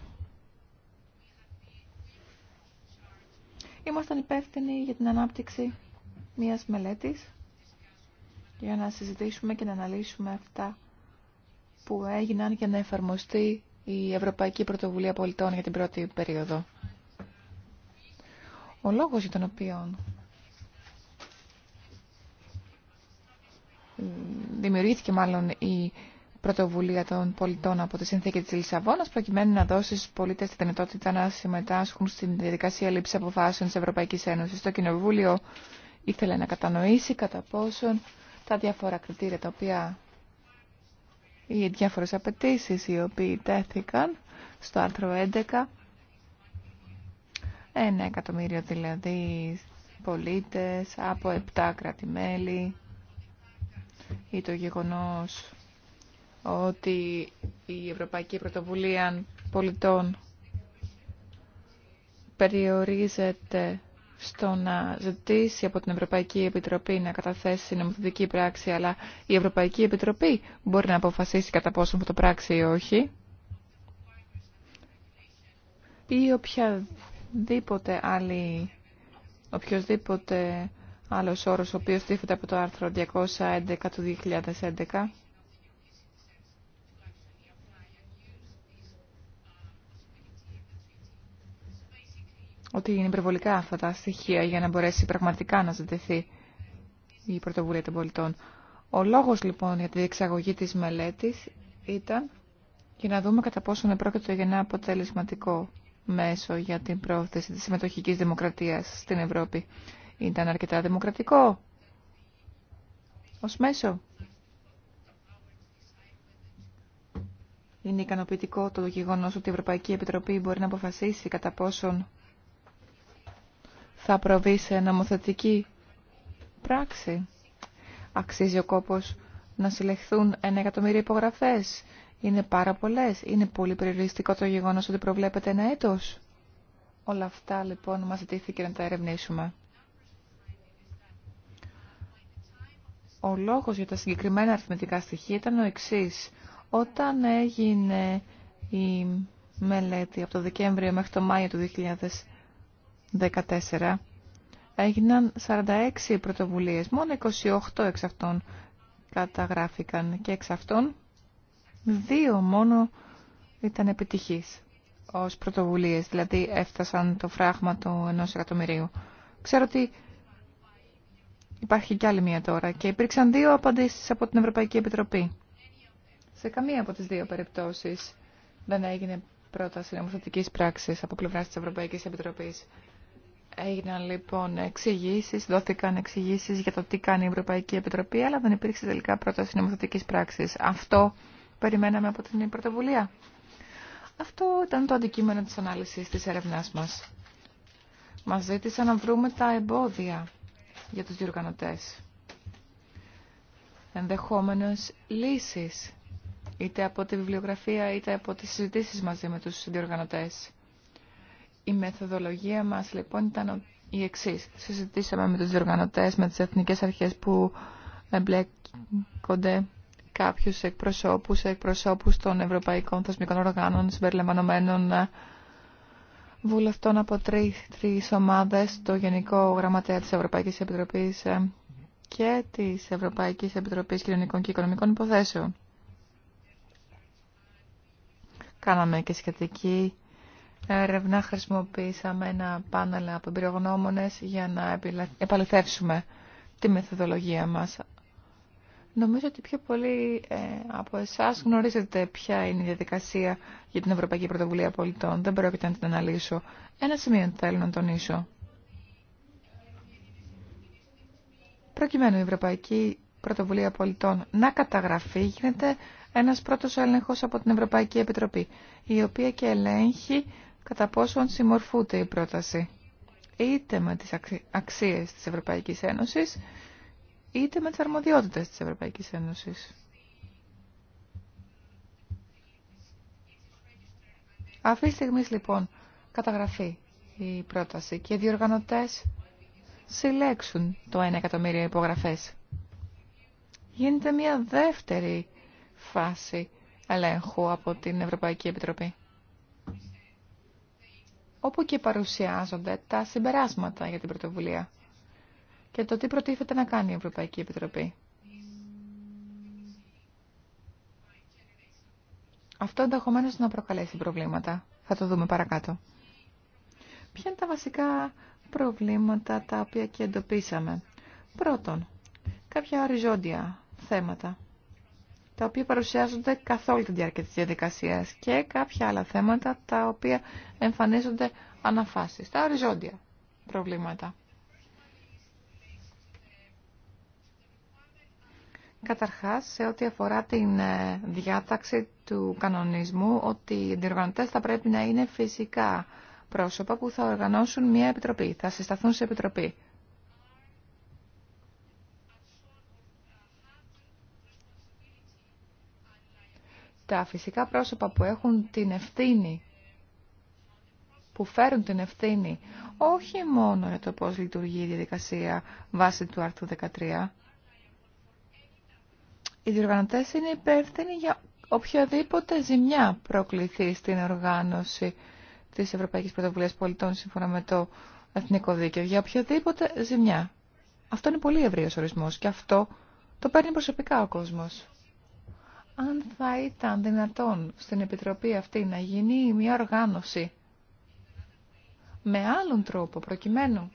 Ήμασταν υπεύθυνοι για την ανάπτυξη μιας μελέτης για να συζητήσουμε και να αναλύσουμε αυτά που έγιναν για να εφαρμοστεί η Ευρωπαϊκή Πρωτοβουλία Πολιτών για την πρώτη περίοδο. Ο λόγος για τον οποίο δημιουργήθηκε μάλλον η πρωτοβουλία των πολιτών από τη συνθήκη της Λισαβόνας προκειμένου να δώσει στους πολίτες τη δυνατότητα να συμμετάσχουν στην διαδικασία λήψη αποφάσεων της ευρωπαϊκή Ένωσης. Το Κοινοβούλιο ήθελε να κατανοήσει κατά πόσον τα διάφορα κριτήρια τα οποία οι διάφορε απαιτήσει οι οποίοι τέθηκαν στο άρθρο 11 ένα εκατομμύριο δηλαδή πολίτες από 7 κράτη-μέλη ή το γεγονός ότι η Ευρωπαϊκή Πρωτοβουλία Πολιτών περιορίζεται στο να ζητήσει από την Ευρωπαϊκή Επιτροπή να καταθέσει νομοθετική πράξη, αλλά η Ευρωπαϊκή Επιτροπή μπορεί να αποφασίσει κατά πόσο αυτό το πράξει ή όχι. Ή οποιαδήποτε άλλη, οποιοδήποτε άλλος όρος ο οποίος στήφεται από το άρθρο 211 του 2011 ότι είναι υπερβολικά αυτά τα στοιχεία για να μπορέσει πραγματικά να ζητηθεί η πρωτοβουλία των πολιτών. Ο λόγος λοιπόν για τη διεξαγωγή της μελέτης ήταν για να δούμε κατά πόσο πρόκειτο για ένα αποτελεσματικό μέσο για την πρόθεση της συμμετοχικής δημοκρατίας στην Ευρώπη. Ήταν αρκετά δημοκρατικό ως μέσο. Είναι ικανοποιητικό το γεγονός ότι η Ευρωπαϊκή Επιτροπή μπορεί να αποφασίσει κατά πόσον θα προβεί σε νομοθετική πράξη. Αξίζει ο κόπος να συλλεχθούν ένα εκατομμύριο υπογραφές. Είναι πάρα πολλές. Είναι πολύ περιοριστικό το γεγονός ότι προβλέπεται ένα έτος. Όλα αυτά λοιπόν μας ζητήθηκε να τα ερευνήσουμε. Ο λόγος για τα συγκεκριμένα αριθμητικά στοιχεία ήταν ο εξής. Όταν έγινε η μελέτη από το Δεκέμβριο μέχρι το Μάιο του 14. έγιναν 46 πρωτοβουλίες. Μόνο 28 εξ αυτών καταγράφηκαν και εξ αυτών δύο μόνο ήταν επιτυχείς ως πρωτοβουλίες, δηλαδή έφτασαν το φράγμα του ενός εκατομμυρίου. Ξέρω ότι υπάρχει κι άλλη μία τώρα και υπήρξαν δύο απαντήσεις από την Ευρωπαϊκή Επιτροπή. Σε καμία από τις δύο περιπτώσεις δεν έγινε πρόταση νομοθετικής πράξης από πλευράς της Ευρωπαϊκής Επιτροπής. Έγιναν λοιπόν εξηγήσει, δόθηκαν εξηγήσει για το τι κάνει η Ευρωπαϊκή Επιτροπή, αλλά δεν υπήρξε τελικά πρόταση νομοθετική πράξη. Αυτό περιμέναμε από την πρωτοβουλία. Αυτό ήταν το αντικείμενο της ανάλυσης της έρευνάς μας. Μας ζήτησαν να βρούμε τα εμπόδια για τους διοργανωτές. Ενδεχόμενες λύσεις, είτε από τη βιβλιογραφία είτε από τις συζητήσεις μαζί με τους διοργανωτές. Η μεθοδολογία μας λοιπόν ήταν η εξή. Συζητήσαμε με τους διοργανωτές, με τις εθνικές αρχές που εμπλέκονται κάποιους εκπροσώπους, εκπροσώπους των ευρωπαϊκών θεσμικών οργάνων συμπεριλαμβανομένων ε, βουλευτών από τρει, τρεις ομάδες, το Γενικό Γραμματέα της Ευρωπαϊκής Επιτροπής ε, και της Ευρωπαϊκής Επιτροπής Κοινωνικών και Οικονομικών Υποθέσεων. Κάναμε και σχετική έρευνα χρησιμοποίησαμε ένα πάνελ από εμπειρογνώμονες για να επαληθεύσουμε τη μεθοδολογία μας. Νομίζω ότι πιο πολλοί ε, από εσάς γνωρίζετε ποια είναι η διαδικασία για την Ευρωπαϊκή Πρωτοβουλία Πολιτών. Δεν πρόκειται να την αναλύσω. Ένα σημείο θέλω να τονίσω. Προκειμένου η Ευρωπαϊκή Πρωτοβουλία Πολιτών να καταγραφεί, γίνεται ένας πρώτος έλεγχος από την Ευρωπαϊκή Επιτροπή, η οποία και ελέγχει κατά πόσον συμμορφούνται η πρόταση είτε με τις αξίες της Ευρωπαϊκής Ένωσης, είτε με τις αρμοδιότητες της Ευρωπαϊκής Ένωσης. Αυτή τη στιγμή λοιπόν καταγραφεί η πρόταση και οι διοργανωτές συλλέξουν το 1 εκατομμύριο υπογραφές. Γίνεται μια δεύτερη φάση ελέγχου από την Ευρωπαϊκή Επιτροπή όπου και παρουσιάζονται τα συμπεράσματα για την πρωτοβουλία και το τι προτίθεται να κάνει η Ευρωπαϊκή Επιτροπή. Αυτό ενδεχομένω να προκαλέσει προβλήματα. Θα το δούμε παρακάτω. Ποια είναι τα βασικά προβλήματα τα οποία και εντοπίσαμε. Πρώτον, κάποια οριζόντια θέματα τα οποία παρουσιάζονται καθ' όλη τη διάρκεια της διαδικασίας και κάποια άλλα θέματα τα οποία εμφανίζονται αναφάσεις, τα οριζόντια προβλήματα. Καταρχάς, σε ό,τι αφορά την ε, διάταξη του κανονισμού, ότι οι διοργανωτές θα πρέπει να είναι φυσικά πρόσωπα που θα οργανώσουν μια επιτροπή, θα συσταθούν σε επιτροπή. τα φυσικά πρόσωπα που έχουν την ευθύνη, που φέρουν την ευθύνη, όχι μόνο για το πώς λειτουργεί η διαδικασία βάσει του άρθρου 13. Οι διοργανωτές είναι υπεύθυνοι για οποιαδήποτε ζημιά προκληθεί στην οργάνωση της Ευρωπαϊκής Πρωτοβουλίας Πολιτών σύμφωνα με το Εθνικό Δίκαιο, για οποιαδήποτε ζημιά. Αυτό είναι πολύ ευρύος ορισμός και αυτό το παίρνει προσωπικά ο κόσμος αν θα ήταν δυνατόν στην Επιτροπή αυτή να γίνει μια οργάνωση με άλλον τρόπο προκειμένου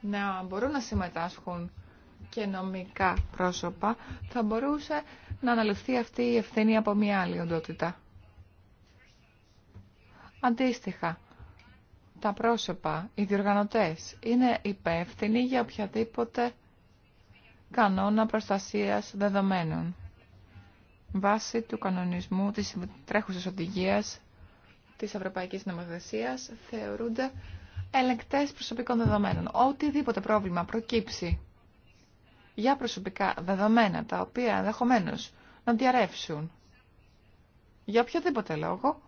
να μπορούν να συμμετάσχουν και νομικά πρόσωπα, θα μπορούσε να αναλυφθεί αυτή η ευθύνη από μια άλλη οντότητα. Αντίστοιχα, τα πρόσωπα, οι διοργανωτές, είναι υπεύθυνοι για οποιαδήποτε κανόνα προστασίας δεδομένων βάσει του κανονισμού της τρέχουσας οδηγίας της Ευρωπαϊκής Νομοθεσίας θεωρούνται ελεκτές προσωπικών δεδομένων. Οτιδήποτε πρόβλημα προκύψει για προσωπικά δεδομένα τα οποία ενδεχομένω να διαρρεύσουν για οποιοδήποτε λόγο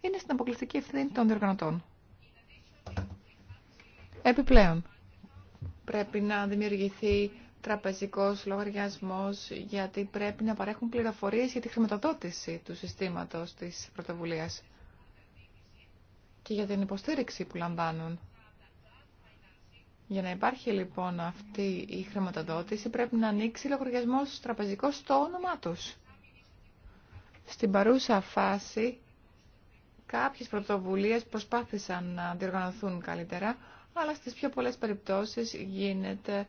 είναι στην αποκλειστική ευθύνη των διοργανωτών. Επιπλέον, πρέπει να δημιουργηθεί τραπεζικός λογαριασμός, γιατί πρέπει να παρέχουν πληροφορίες για τη χρηματοδότηση του συστήματος της πρωτοβουλίας και για την υποστήριξη που λαμβάνουν. Για να υπάρχει λοιπόν αυτή η χρηματοδότηση πρέπει να ανοίξει λογαριασμός τραπεζικός στο όνομά τους. Στην παρούσα φάση κάποιες πρωτοβουλίες προσπάθησαν να διοργανωθούν καλύτερα, αλλά στις πιο πολλές περιπτώσεις γίνεται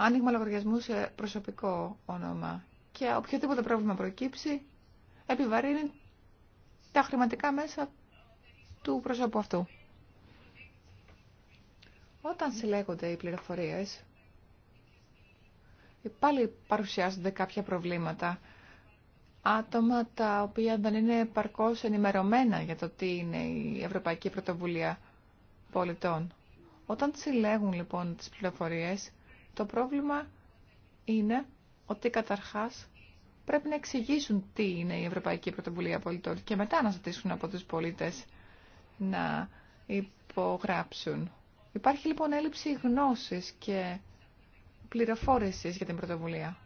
άνοιγμα λογαριασμού σε προσωπικό όνομα και οποιοδήποτε πρόβλημα προκύψει επιβαρύνει τα χρηματικά μέσα του προσώπου αυτού. Όταν συλλέγονται οι πληροφορίες, πάλι παρουσιάζονται κάποια προβλήματα. Άτομα τα οποία δεν είναι παρκώς ενημερωμένα για το τι είναι η Ευρωπαϊκή Πρωτοβουλία Πολιτών. Όταν συλλέγουν λοιπόν τις πληροφορίες, το πρόβλημα είναι ότι καταρχάς πρέπει να εξηγήσουν τι είναι η Ευρωπαϊκή Πρωτοβουλία Πολιτών και μετά να ζητήσουν από τους πολίτες να υπογράψουν. Υπάρχει λοιπόν έλλειψη γνώσης και πληροφόρησης για την πρωτοβουλία.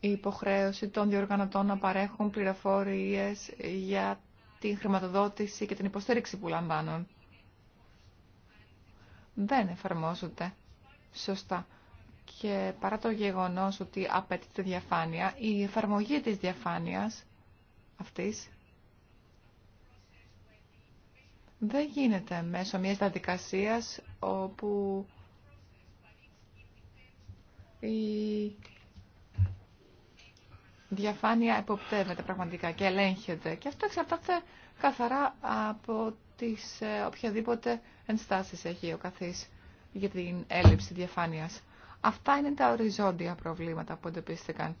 Η υποχρέωση των διοργανωτών να παρέχουν πληροφορίες για την χρηματοδότηση και την υποστήριξη που λαμβάνουν. Δεν εφαρμόζονται σωστά. Και παρά το γεγονός ότι απαιτείται διαφάνεια, η εφαρμογή της διαφάνειας αυτής δεν γίνεται μέσω μιας διαδικασίας όπου η διαφάνεια εποπτεύεται πραγματικά και ελέγχεται. Και αυτό εξαρτάται καθαρά από τις ε, οποιαδήποτε ενστάσεις έχει ο καθής για την έλλειψη διαφάνειας. Αυτά είναι τα οριζόντια προβλήματα που εντοπίστηκαν.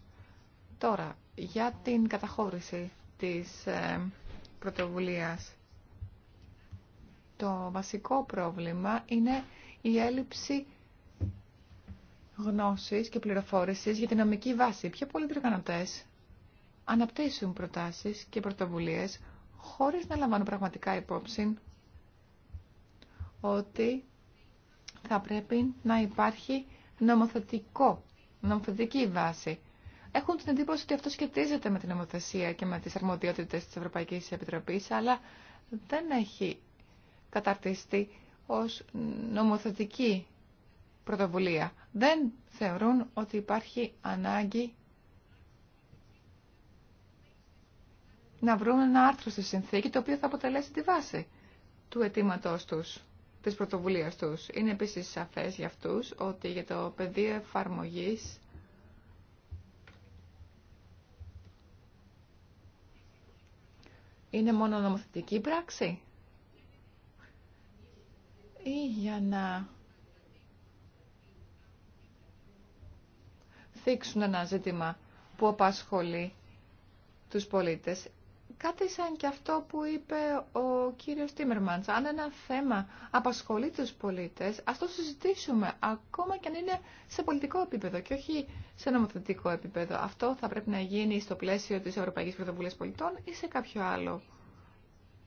Τώρα, για την καταχώρηση της ε, πρωτοβουλίας. Το βασικό πρόβλημα είναι η έλλειψη Γνώσει και πληροφόρηση για την νομική βάση. Πιο πολλοί τρικανοτές αναπτύσσουν προτάσεις και πρωτοβουλίε χωρίς να λαμβάνουν πραγματικά υπόψη ότι θα πρέπει να υπάρχει νομοθετικό, νομοθετική βάση. Έχουν την εντύπωση ότι αυτό σχετίζεται με την νομοθεσία και με τις αρμοδιότητες της Ευρωπαϊκής Επιτροπής, αλλά δεν έχει καταρτιστεί ως νομοθετική πρωτοβουλία. Δεν θεωρούν ότι υπάρχει ανάγκη να βρουν ένα άρθρο στη συνθήκη το οποίο θα αποτελέσει τη βάση του αιτήματό τους, της πρωτοβουλίας τους. Είναι επίσης σαφές για αυτούς ότι για το πεδίο εφαρμογής είναι μόνο νομοθετική πράξη ή για να θίξουν ένα ζήτημα που απασχολεί τους πολίτες. Κάτι σαν και αυτό που είπε ο κύριος Τίμερμαντς. Αν ένα θέμα απασχολεί τους πολίτες, ας το συζητήσουμε ακόμα και αν είναι σε πολιτικό επίπεδο και όχι σε νομοθετικό επίπεδο. Αυτό θα πρέπει να γίνει στο πλαίσιο της Ευρωπαϊκής Πρωτοβουλίας Πολιτών ή σε κάποιο άλλο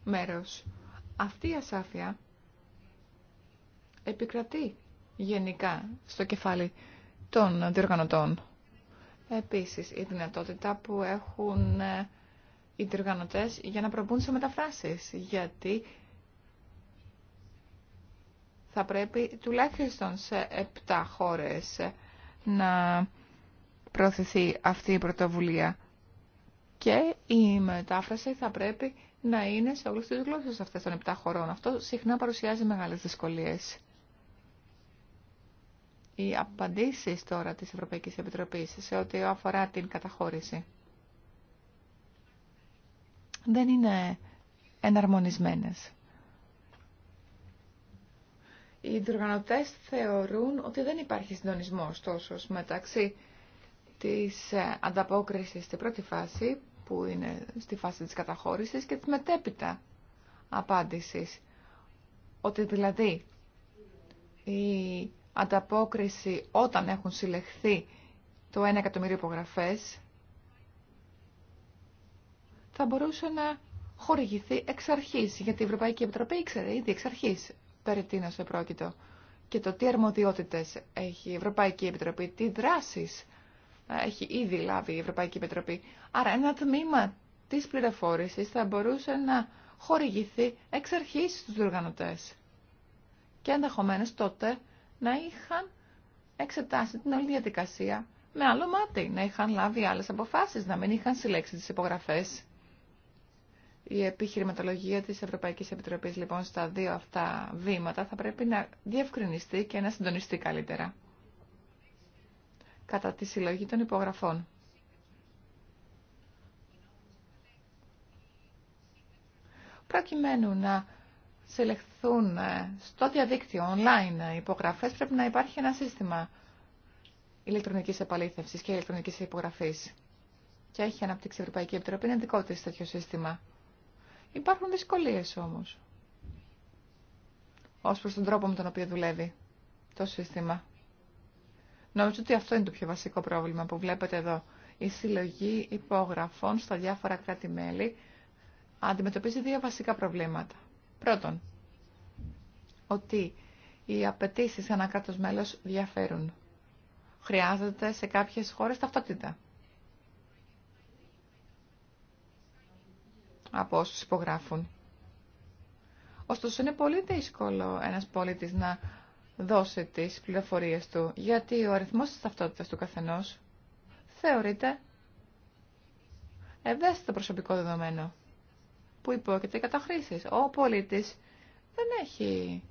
μέρος. Αυτή η ασάφεια επικρατεί γενικά στο κεφάλι των διοργανωτών. Επίσης, η δυνατότητα που έχουν ε, οι διοργανωτές για να προβούν σε μεταφράσεις, γιατί θα πρέπει τουλάχιστον σε 7 χώρες ε, να προωθηθεί αυτή η πρωτοβουλία. Και η μετάφραση θα πρέπει να είναι σε όλες τις γλώσσες αυτές των 7 χωρών. Αυτό συχνά παρουσιάζει μεγάλες δυσκολίες οι απαντήσεις τώρα της Ευρωπαϊκής Επιτροπής σε ό,τι αφορά την καταχώρηση δεν είναι εναρμονισμένες. Οι διοργανωτές θεωρούν ότι δεν υπάρχει συντονισμός τόσο μεταξύ της ε, ανταπόκρισης στην πρώτη φάση, που είναι στη φάση της καταχώρησης, και της μετέπειτα απάντησης. Ότι δηλαδή η ανταπόκριση όταν έχουν συλλεχθεί το 1 εκατομμύριο υπογραφές θα μπορούσε να χορηγηθεί εξ αρχή, γιατί η Ευρωπαϊκή Επιτροπή ήξερε ήδη εξ αρχή περί τίνο και το τι αρμοδιότητε έχει η Ευρωπαϊκή Επιτροπή, τι δράσεις έχει ήδη λάβει η Ευρωπαϊκή Επιτροπή. Άρα ένα τμήμα τη πληροφόρηση θα μπορούσε να χορηγηθεί εξ αρχή στου διοργανωτέ. Και ενδεχομένω τότε να είχαν εξετάσει την όλη διαδικασία με άλλο μάτι, να είχαν λάβει άλλες αποφάσεις, να μην είχαν συλλέξει τις υπογραφές. Η επιχειρηματολογία της Ευρωπαϊκής Επιτροπής λοιπόν στα δύο αυτά βήματα θα πρέπει να διευκρινιστεί και να συντονιστεί καλύτερα κατά τη συλλογή των υπογραφών. Προκειμένου να συλλεχθούν ε, στο διαδίκτυο, online ε, υπογραφές, πρέπει να υπάρχει ένα σύστημα ηλεκτρονικής επαλήθευσης και ηλεκτρονικής υπογραφής. Και έχει αναπτύξει η Ευρωπαϊκή Επιτροπή, είναι δικό της τέτοιο σύστημα. Υπάρχουν δυσκολίες όμως, ως προς τον τρόπο με τον οποίο δουλεύει το σύστημα. Νομίζω ότι αυτό είναι το πιο βασικό πρόβλημα που βλέπετε εδώ. Η συλλογή υπογραφών στα διάφορα κράτη-μέλη αντιμετωπίζει δύο βασικά προβλήματα. Πρώτον, ότι οι απαιτήσει ανά κράτος μέλος διαφέρουν. Χρειάζεται σε κάποιες χώρες ταυτότητα. Από όσου υπογράφουν. Ωστόσο είναι πολύ δύσκολο ένας πολίτης να δώσει τις πληροφορίες του, γιατί ο αριθμός τη ταυτότητα του καθενός θεωρείται ευαίσθητο προσωπικό δεδομένο που υπόκειται κατά χρήσης. Ο πολίτης δεν έχει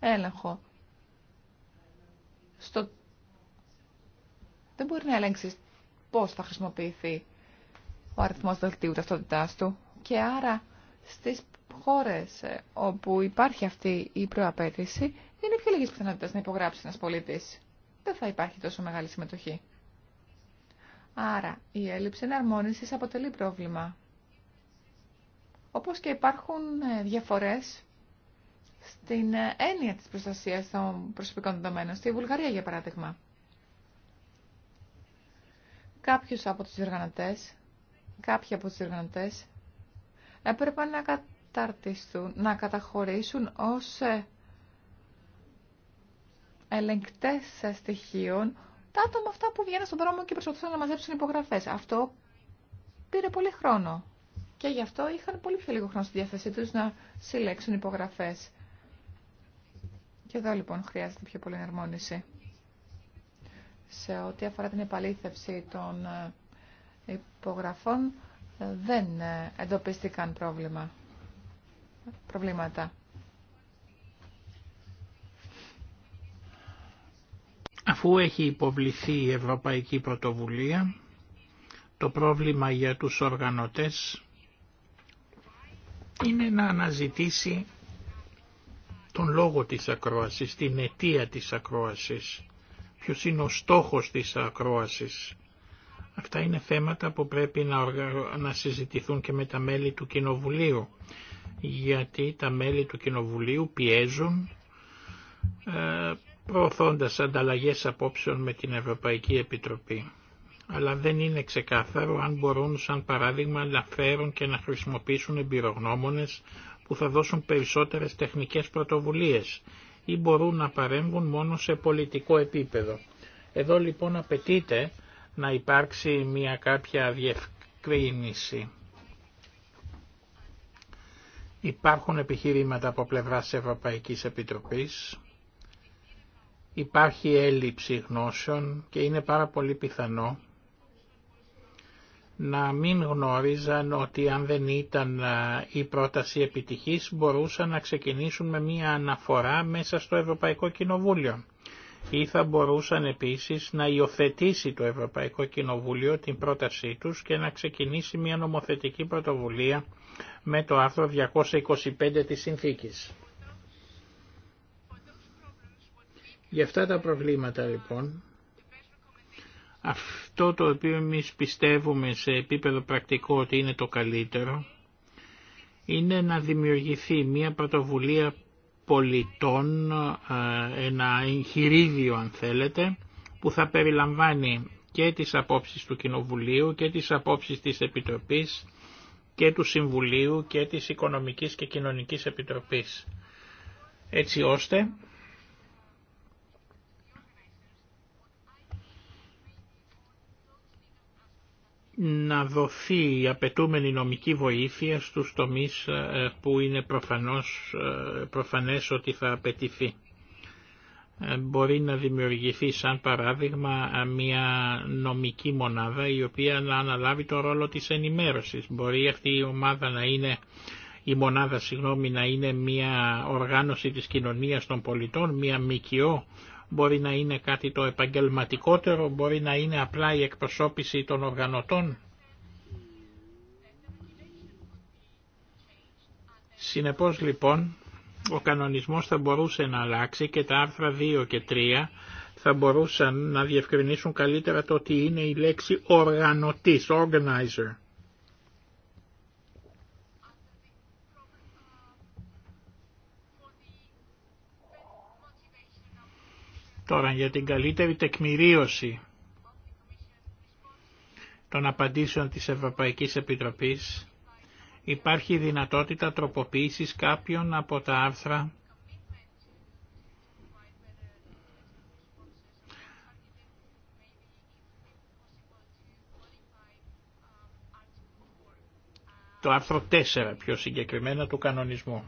έλεγχο. Στο... Δεν μπορεί να ελέγξει πώς θα χρησιμοποιηθεί ο αριθμός δελτίου ταυτότητάς του. Και άρα στις χώρες ε, όπου υπάρχει αυτή η προαπέτηση είναι πιο λίγες πιθανότητες να υπογράψει ένας πολίτης. Δεν θα υπάρχει τόσο μεγάλη συμμετοχή. Άρα η έλλειψη εναρμόνισης αποτελεί πρόβλημα. Όπως και υπάρχουν ε, διαφορές στην ε, έννοια της προστασίας των προσωπικών δεδομένων, στη Βουλγαρία για παράδειγμα. Κάποιους από τους διοργανωτές, κάποιοι από τους διοργανωτές έπρεπε να καταρτιστούν, να καταχωρήσουν ως ε, ελεγκτές στοιχείων τα άτομα αυτά που βγαίνουν στον δρόμο και προσπαθούσαν να μαζέψουν υπογραφές. Αυτό πήρε πολύ χρόνο και γι' αυτό είχαν πολύ πιο λίγο χρόνο στη διάθεσή τους να συλλέξουν υπογραφές. Και εδώ λοιπόν χρειάζεται πιο πολύ εναρμόνιση. Σε ό,τι αφορά την επαλήθευση των ε, υπογραφών ε, δεν ε, εντοπίστηκαν πρόβλημα. προβλήματα. Αφού έχει υποβληθεί η Ευρωπαϊκή Πρωτοβουλία, το πρόβλημα για τους οργανωτές είναι να αναζητήσει τον λόγο της ακρόασης, την αιτία της ακρόασης, ποιος είναι ο στόχος της ακρόασης. Αυτά είναι θέματα που πρέπει να, να συζητηθούν και με τα μέλη του Κοινοβουλίου, γιατί τα μέλη του Κοινοβουλίου πιέζουν ε, προωθώντας ανταλλαγές απόψεων με την Ευρωπαϊκή Επιτροπή αλλά δεν είναι ξεκάθαρο αν μπορούν σαν παράδειγμα να φέρουν και να χρησιμοποιήσουν εμπειρογνώμονες που θα δώσουν περισσότερες τεχνικές πρωτοβουλίες ή μπορούν να παρέμβουν μόνο σε πολιτικό επίπεδο. Εδώ λοιπόν απαιτείται να υπάρξει μια κάποια διευκρίνηση. Υπάρχουν επιχειρήματα από πλευράς Ευρωπαϊκής Επιτροπής, υπάρχει έλλειψη γνώσεων και είναι πάρα πολύ πιθανό να μην γνώριζαν ότι αν δεν ήταν η πρόταση επιτυχής μπορούσαν να ξεκινήσουν με μία αναφορά μέσα στο Ευρωπαϊκό Κοινοβούλιο. Ή θα μπορούσαν επίσης να υιοθετήσει το Ευρωπαϊκό Κοινοβούλιο την πρότασή τους και να ξεκινήσει μία νομοθετική πρωτοβουλία με το άρθρο 225 της Συνθήκης. Για αυτά τα προβλήματα λοιπόν αυτό το οποίο εμείς πιστεύουμε σε επίπεδο πρακτικό ότι είναι το καλύτερο, είναι να δημιουργηθεί μια πρωτοβουλία πολιτών, ένα εγχειρίδιο αν θέλετε, που θα περιλαμβάνει και τις απόψεις του Κοινοβουλίου και τις απόψεις της Επιτροπής και του Συμβουλίου και της Οικονομικής και Κοινωνικής Επιτροπής. Έτσι ώστε να δοθεί η απαιτούμενη νομική βοήθεια στους τομείς ε, που είναι προφανώς, ε, προφανές ότι θα απαιτηθεί. Ε, μπορεί να δημιουργηθεί σαν παράδειγμα μια νομική μονάδα η οποία να αναλάβει το ρόλο της ενημέρωσης. Μπορεί αυτή η ομάδα να είναι η μονάδα συγγνώμη να είναι μια οργάνωση της κοινωνίας των πολιτών, μια μικιό μπορεί να είναι κάτι το επαγγελματικότερο, μπορεί να είναι απλά η εκπροσώπηση των οργανωτών. Συνεπώς λοιπόν ο κανονισμός θα μπορούσε να αλλάξει και τα άρθρα 2 και 3 θα μπορούσαν να διευκρινίσουν καλύτερα το ότι είναι η λέξη οργανωτής, organizer. Τώρα για την καλύτερη τεκμηρίωση των απαντήσεων της Ευρωπαϊκής Επιτροπής υπάρχει δυνατότητα τροποποίησης κάποιων από τα άρθρα το άρθρο 4 πιο συγκεκριμένα του κανονισμού.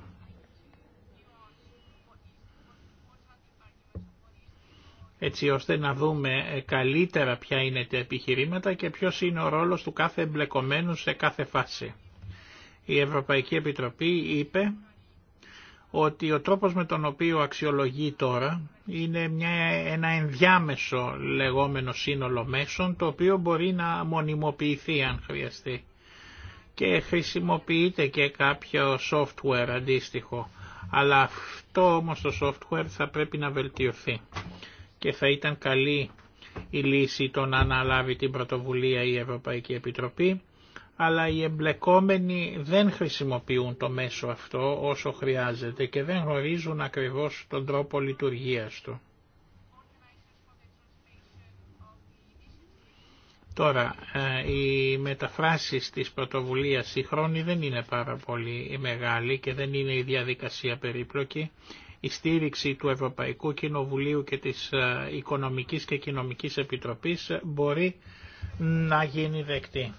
έτσι ώστε να δούμε ε, καλύτερα ποια είναι τα επιχειρήματα και ποιος είναι ο ρόλος του κάθε εμπλεκομένου σε κάθε φάση. Η Ευρωπαϊκή Επιτροπή είπε ότι ο τρόπος με τον οποίο αξιολογεί τώρα είναι μια, ένα ενδιάμεσο λεγόμενο σύνολο μέσων το οποίο μπορεί να μονιμοποιηθεί αν χρειαστεί και χρησιμοποιείται και κάποιο software αντίστοιχο αλλά αυτό όμως το software θα πρέπει να βελτιωθεί και θα ήταν καλή η λύση το να αναλάβει την πρωτοβουλία η Ευρωπαϊκή Επιτροπή, αλλά οι εμπλεκόμενοι δεν χρησιμοποιούν το μέσο αυτό όσο χρειάζεται και δεν γνωρίζουν ακριβώς τον τρόπο λειτουργίας του. Τώρα, ε, οι μεταφράσεις της πρωτοβουλίας η δεν είναι πάρα πολύ μεγάλη και δεν είναι η διαδικασία περίπλοκη η στήριξη του Ευρωπαϊκού Κοινοβουλίου και της ε, Οικονομικής και Κοινομικής Επιτροπής μπορεί να γίνει δεκτή.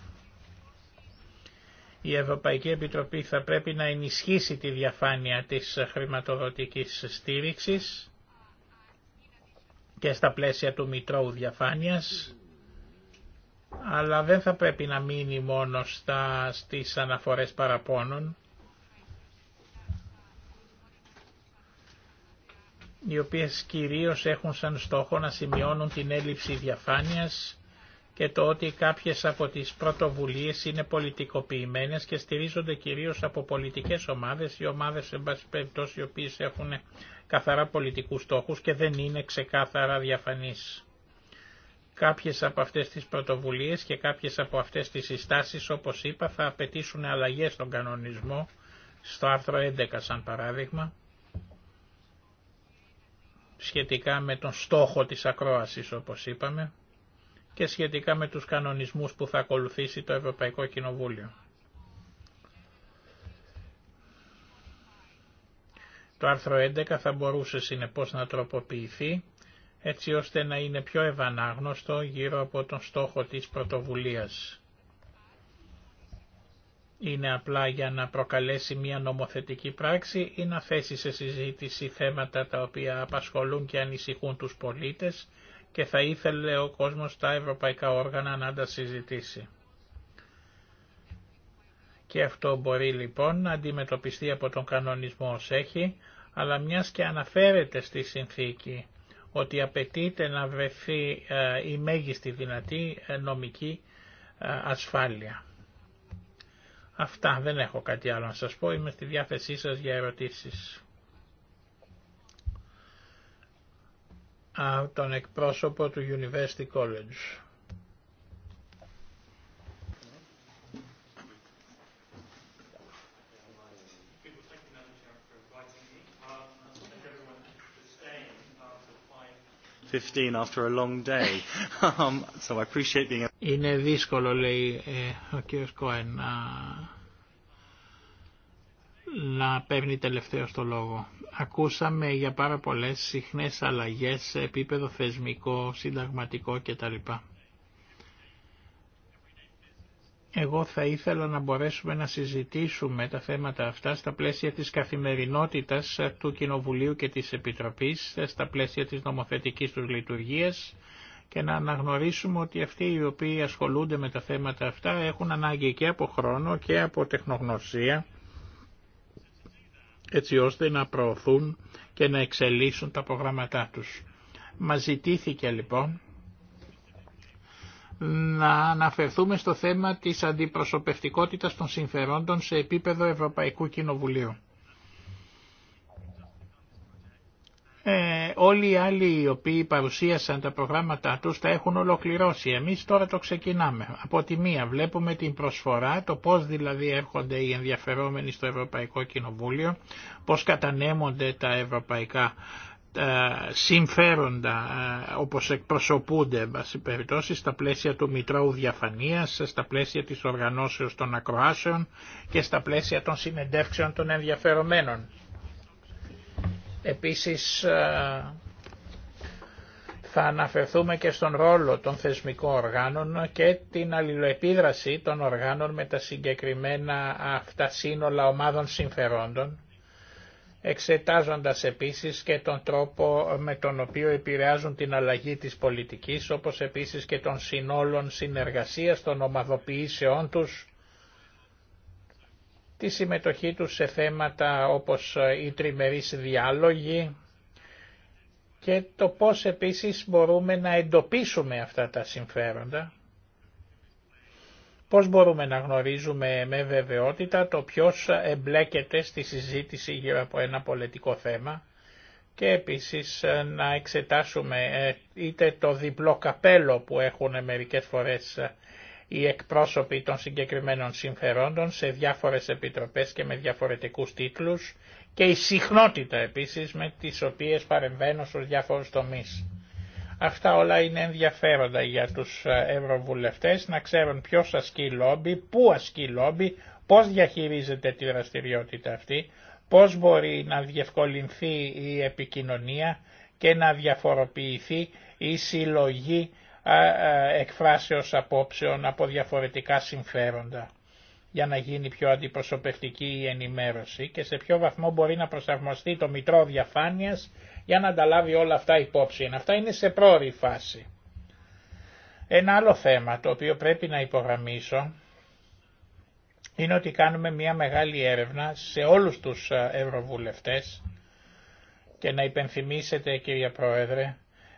Η Ευρωπαϊκή Επιτροπή θα πρέπει να ενισχύσει τη διαφάνεια της χρηματοδοτικής στήριξης και στα πλαίσια του Μητρώου Διαφάνειας, αλλά δεν θα πρέπει να μείνει μόνο στα, στις αναφορές παραπώνων. οι οποίες κυρίως έχουν σαν στόχο να σημειώνουν την έλλειψη διαφάνειας και το ότι κάποιες από τις πρωτοβουλίες είναι πολιτικοποιημένες και στηρίζονται κυρίως από πολιτικές ομάδες ή ομάδες εν πάση περιπτώσει οι οποίες έχουν καθαρά πολιτικούς στόχους και δεν είναι ξεκάθαρα διαφανείς. Κάποιες από αυτές τις πρωτοβουλίες και κάποιες από αυτές τις συστάσεις όπως είπα θα απαιτήσουν αλλαγές στον κανονισμό, στο άρθρο 11 σαν παράδειγμα, σχετικά με τον στόχο της ακρόασης όπως είπαμε και σχετικά με τους κανονισμούς που θα ακολουθήσει το Ευρωπαϊκό Κοινοβούλιο. Το άρθρο 11 θα μπορούσε συνεπώς να τροποποιηθεί έτσι ώστε να είναι πιο ευανάγνωστο γύρω από τον στόχο της πρωτοβουλίας είναι απλά για να προκαλέσει μια νομοθετική πράξη ή να θέσει σε συζήτηση θέματα τα οποία απασχολούν και ανησυχούν τους πολίτες και θα ήθελε ο κόσμος τα ευρωπαϊκά όργανα να τα συζητήσει. Και αυτό μπορεί λοιπόν να αντιμετωπιστεί από τον κανονισμό ως έχει, αλλά μιας και αναφέρεται στη συνθήκη ότι απαιτείται να βρεθεί ε, η μέγιστη δυνατή ε, νομική ε, ασφάλεια. Αυτά, δεν έχω κάτι άλλο να σας πω, είμαι στη διάθεσή σας για ερωτήσεις. Α, τον εκπρόσωπο του University College. Είναι δύσκολο, λέει ε, ο κ. Κόεν, να... να παίρνει τελευταίο το λόγο. Ακούσαμε για πάρα πολλές συχνές αλλαγές σε επίπεδο θεσμικό, συνταγματικό κτλ εγώ θα ήθελα να μπορέσουμε να συζητήσουμε τα θέματα αυτά στα πλαίσια της καθημερινότητας του Κοινοβουλίου και της Επιτροπής, στα πλαίσια της νομοθετικής του λειτουργίας και να αναγνωρίσουμε ότι αυτοί οι οποίοι ασχολούνται με τα θέματα αυτά έχουν ανάγκη και από χρόνο και από τεχνογνωσία έτσι ώστε να προωθούν και να εξελίσσουν τα προγραμματά τους. Μα ζητήθηκε λοιπόν να αναφερθούμε στο θέμα της αντιπροσωπευτικότητας των συμφερόντων σε επίπεδο Ευρωπαϊκού Κοινοβουλίου. Ε, όλοι οι άλλοι οι οποίοι παρουσίασαν τα προγράμματα τους τα έχουν ολοκληρώσει. Εμείς τώρα το ξεκινάμε. Από τη μία βλέπουμε την προσφορά, το πώς δηλαδή έρχονται οι ενδιαφερόμενοι στο Ευρωπαϊκό Κοινοβούλιο, πώς κατανέμονται τα ευρωπαϊκά ε, συμφέροντα ε, όπως εκπροσωπούνται βάση περιπτώσει στα πλαίσια του Μητρώου Διαφανείας, στα πλαίσια της οργανώσεως των ακροάσεων και στα πλαίσια των συνεντεύξεων των ενδιαφερομένων. Επίσης ε, θα αναφερθούμε και στον ρόλο των θεσμικών οργάνων και την αλληλοεπίδραση των οργάνων με τα συγκεκριμένα αυτά σύνολα ομάδων συμφερόντων εξετάζοντας επίσης και τον τρόπο με τον οποίο επηρεάζουν την αλλαγή της πολιτικής, όπως επίσης και των συνόλων συνεργασίας, των ομαδοποιήσεών τους, τη συμμετοχή τους σε θέματα όπως οι τριμερείς διάλογοι και το πώς επίσης μπορούμε να εντοπίσουμε αυτά τα συμφέροντα Πώς μπορούμε να γνωρίζουμε με βεβαιότητα το ποιος εμπλέκεται στη συζήτηση γύρω από ένα πολιτικό θέμα και επίσης ε, να εξετάσουμε ε, είτε το διπλό καπέλο που έχουν μερικές φορές ε, οι εκπρόσωποι των συγκεκριμένων συμφερόντων σε διάφορες επιτροπές και με διαφορετικούς τίτλους και η συχνότητα επίσης με τις οποίες παρεμβαίνω στους διάφορους τομείς. Αυτά όλα είναι ενδιαφέροντα για τους ε, ευρωβουλευτές να ξέρουν ποιος ασκεί λόμπι, πού ασκεί λόμπι, πώς διαχειρίζεται τη δραστηριότητα αυτή, πώς μπορεί να διευκολυνθεί η επικοινωνία και να διαφοροποιηθεί η συλλογή ε, ε, εκφράσεως απόψεων από διαφορετικά συμφέροντα για να γίνει πιο αντιπροσωπευτική η ενημέρωση και σε ποιο βαθμό μπορεί να προσαρμοστεί το Μητρό Διαφάνειας για να ανταλάβει όλα αυτά υπόψη. Αυτά είναι σε πρόορη φάση. Ένα άλλο θέμα το οποίο πρέπει να υπογραμμίσω είναι ότι κάνουμε μια μεγάλη έρευνα σε όλους τους ε, ευρωβουλευτές και να υπενθυμίσετε κύριε Πρόεδρε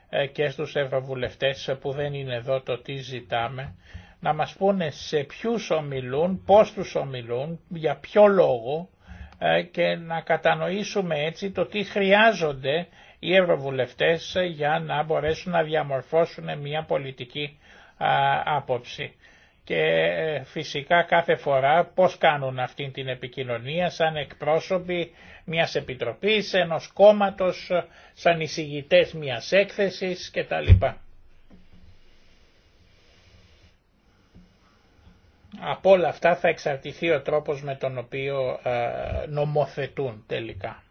ε, και στους ευρωβουλευτές που δεν είναι εδώ το τι ζητάμε να μας πούνε σε ποιους ομιλούν, πώς τους ομιλούν, για ποιο λόγο ε, και να κατανοήσουμε έτσι το τι χρειάζονται οι ευρωβουλευτές για να μπορέσουν να διαμορφώσουν μια πολιτική άποψη. Και ε, φυσικά κάθε φορά πώς κάνουν αυτή την επικοινωνία σαν εκπρόσωποι μιας επιτροπής, ενός κόμματος, σαν εισηγητές μιας έκθεσης κτλ. Από όλα αυτά θα εξαρτηθεί ο τρόπος με τον οποίο ε, νομοθετούν τελικά.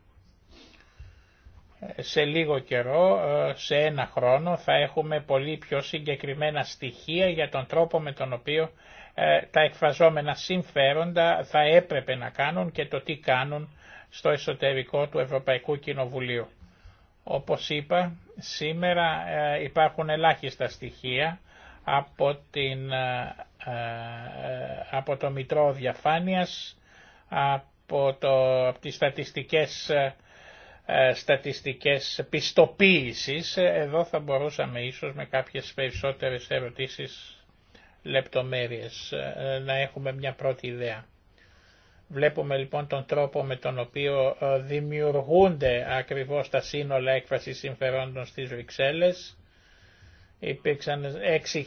Ε, σε λίγο καιρό, ε, σε ένα χρόνο, θα έχουμε πολύ πιο συγκεκριμένα στοιχεία για τον τρόπο με τον οποίο τα εκφραζόμενα συμφέροντα θα έπρεπε να κάνουν και το τι κάνουν στο εσωτερικό του Ευρωπαϊκού Κοινοβουλίου. Όπως είπα, σήμερα υπάρχουν ελάχιστα στοιχεία από την ε, ε, από το Μητρό Διαφάνειας, από, το, από τις στατιστικές, ε, στατιστικές πιστοποίησης. Εδώ θα μπορούσαμε ίσως με κάποιες περισσότερες ερωτήσεις λεπτομέρειες να έχουμε μια πρώτη ιδέα. Βλέπουμε λοιπόν τον τρόπο με τον οποίο δημιουργούνται ακριβώς τα σύνολα έκφρασης συμφερόντων στις Βρυξέλλες Υπήρξαν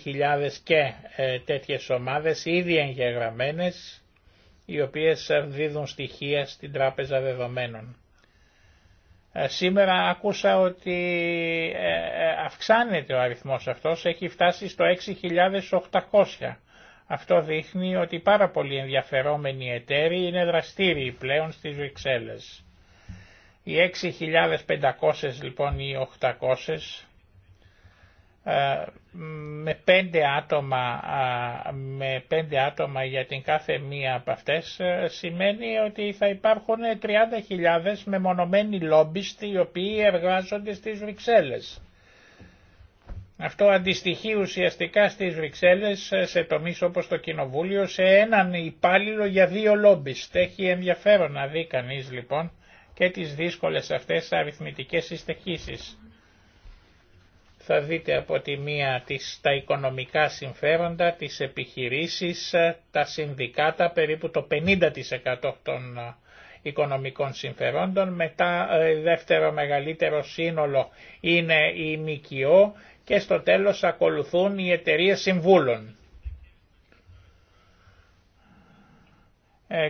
6.000 και ε, τέτοιες ομάδες ήδη εγγεγραμμένες, οι οποίες ε, δίδουν στοιχεία στην τράπεζα δεδομένων. Ε, σήμερα άκουσα ότι αυξάνεται ο αριθμός αυτός, έχει φτάσει στο 6.800. Αυτό δείχνει ότι πάρα πολλοί ενδιαφερόμενοι εταίροι είναι δραστήριοι πλέον στις Βρυξέλλες. Οι 6.500 λοιπόν ή 800 ε, με πέντε άτομα, με πέντε άτομα για την κάθε μία από αυτές ε, σημαίνει ότι θα υπάρχουν 30.000 μεμονωμένοι λόμπιστοι οι οποίοι εργάζονται στις Βρυξέλλες. Αυτό αντιστοιχεί ουσιαστικά στις Βρυξέλλες ε, σε τομείς όπως το Κοινοβούλιο σε έναν υπάλληλο για δύο λόμπιστ. Έχει ενδιαφέρον να δει κανείς λοιπόν και τις δύσκολες αυτές αριθμητικές συστοιχήσεις θα δείτε από τη μία τις, τα οικονομικά συμφέροντα, τις επιχειρήσεις, τα συνδικάτα, περίπου το 50% των ε, οικονομικών συμφερόντων. Μετά ε, δεύτερο μεγαλύτερο σύνολο είναι η ΜΚΟ και στο τέλος ακολουθούν οι εταιρείε συμβούλων. Ε,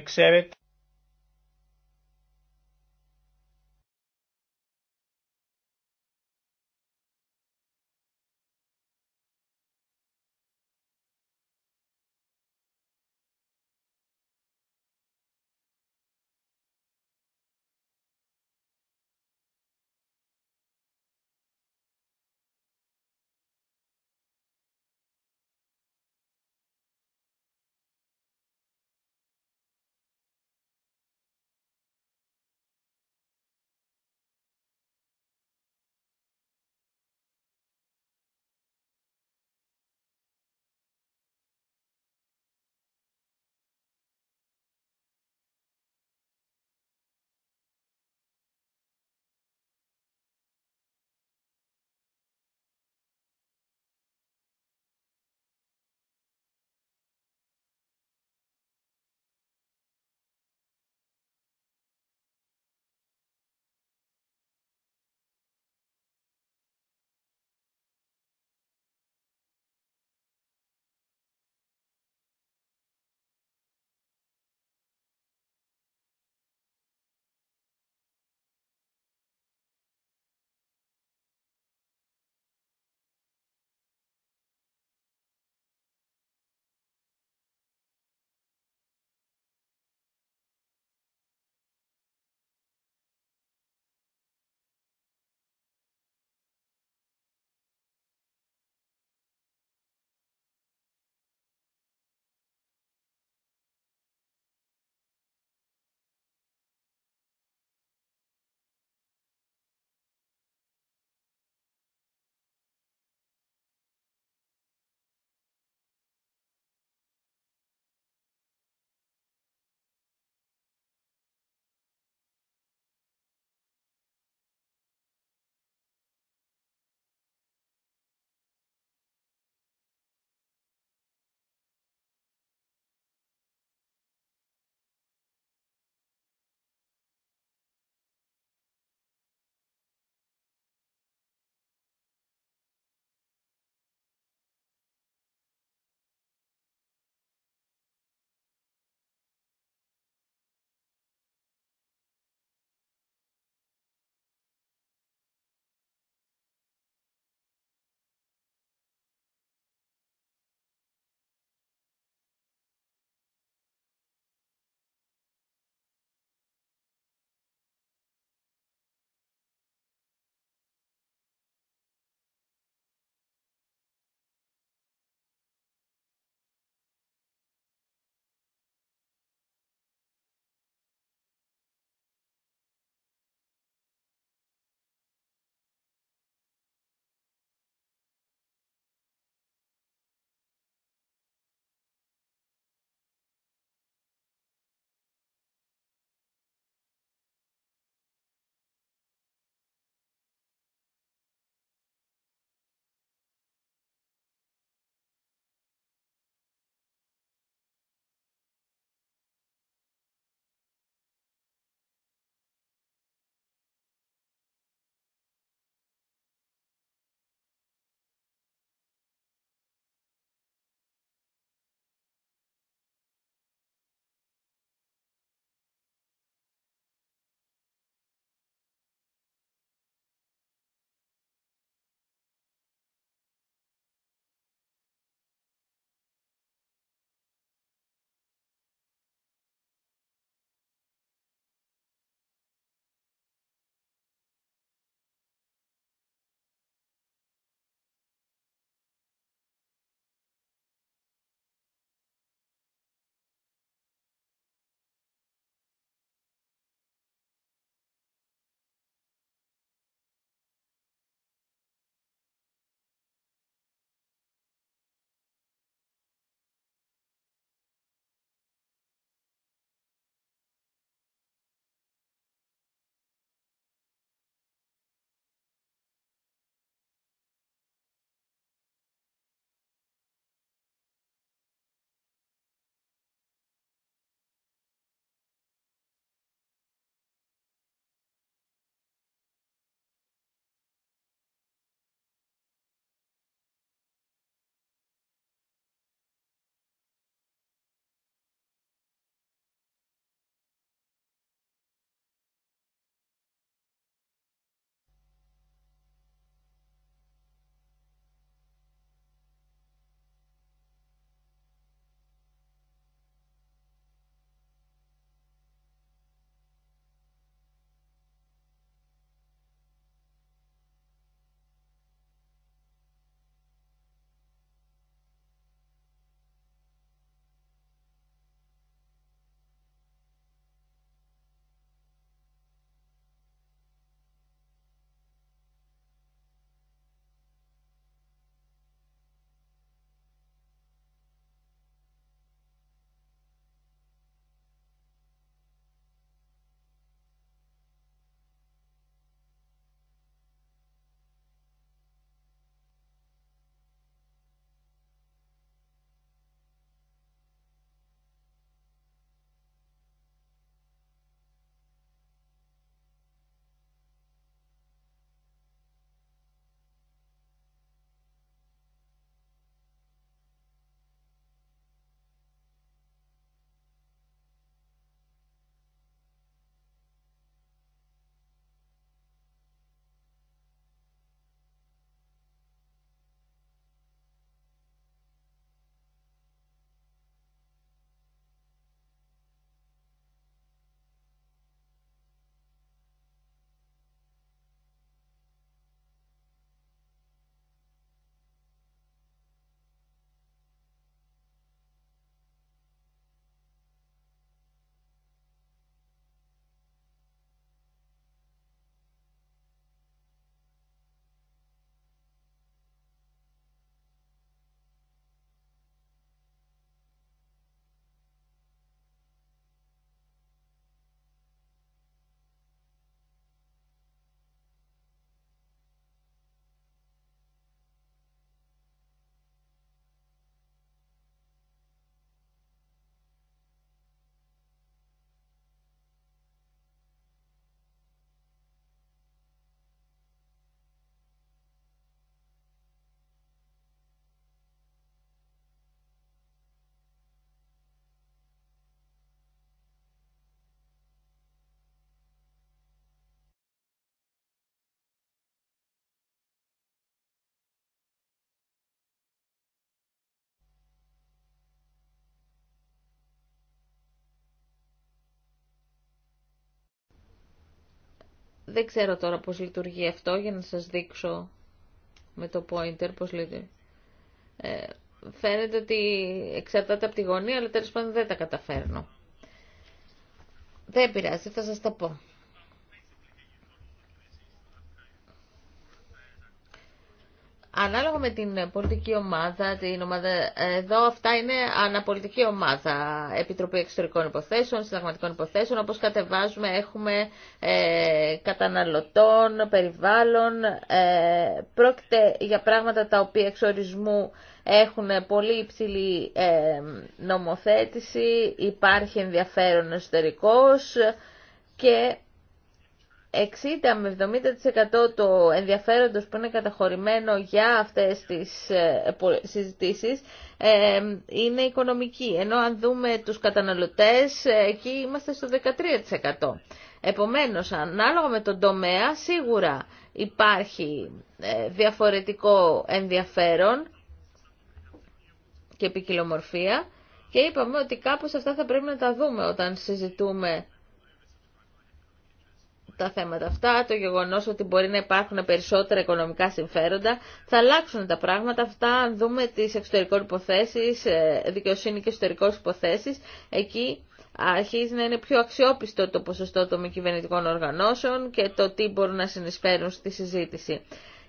Δεν ξέρω τώρα πώς λειτουργεί αυτό για να σας δείξω με το pointer πώς λειτουργεί. Ε, φαίνεται ότι εξαρτάται από τη γωνία, αλλά τέλος πάντων δεν τα καταφέρνω. Δεν πειράζει, θα σας τα πω. Ανάλογα με την πολιτική ομάδα, την ομάδα, εδώ αυτά είναι αναπολιτική ομάδα. Επιτροπή Εξωτερικών Υποθέσεων, Συνταγματικών Υποθέσεων, όπως κατεβάζουμε έχουμε ε, καταναλωτών, περιβάλλον. Ε, πρόκειται για πράγματα τα οποία εξορισμού έχουν πολύ υψηλή ε, νομοθέτηση, υπάρχει ενδιαφέρον εσωτερικός και 60 με 70% το ενδιαφέροντος που είναι καταχωρημένο για αυτές τις ε, συζητήσεις ε, είναι οικονομική. Ενώ αν δούμε τους καταναλωτές, ε, εκεί είμαστε στο 13%. Επομένως, ανάλογα με τον τομέα, σίγουρα υπάρχει διαφορετικό ενδιαφέρον και επικοινομορφία και είπαμε ότι κάπως αυτά θα πρέπει να τα δούμε όταν συζητούμε τα θέματα αυτά, το γεγονός ότι μπορεί να υπάρχουν περισσότερα οικονομικά συμφέροντα, θα αλλάξουν τα πράγματα αυτά αν δούμε τις εξωτερικές υποθέσεις, ε, δικαιοσύνη και εξωτερικές υποθέσεις, εκεί αρχίζει να είναι πιο αξιόπιστο το ποσοστό των μη κυβερνητικών οργανώσεων και το τι μπορούν να συνεισφέρουν στη συζήτηση.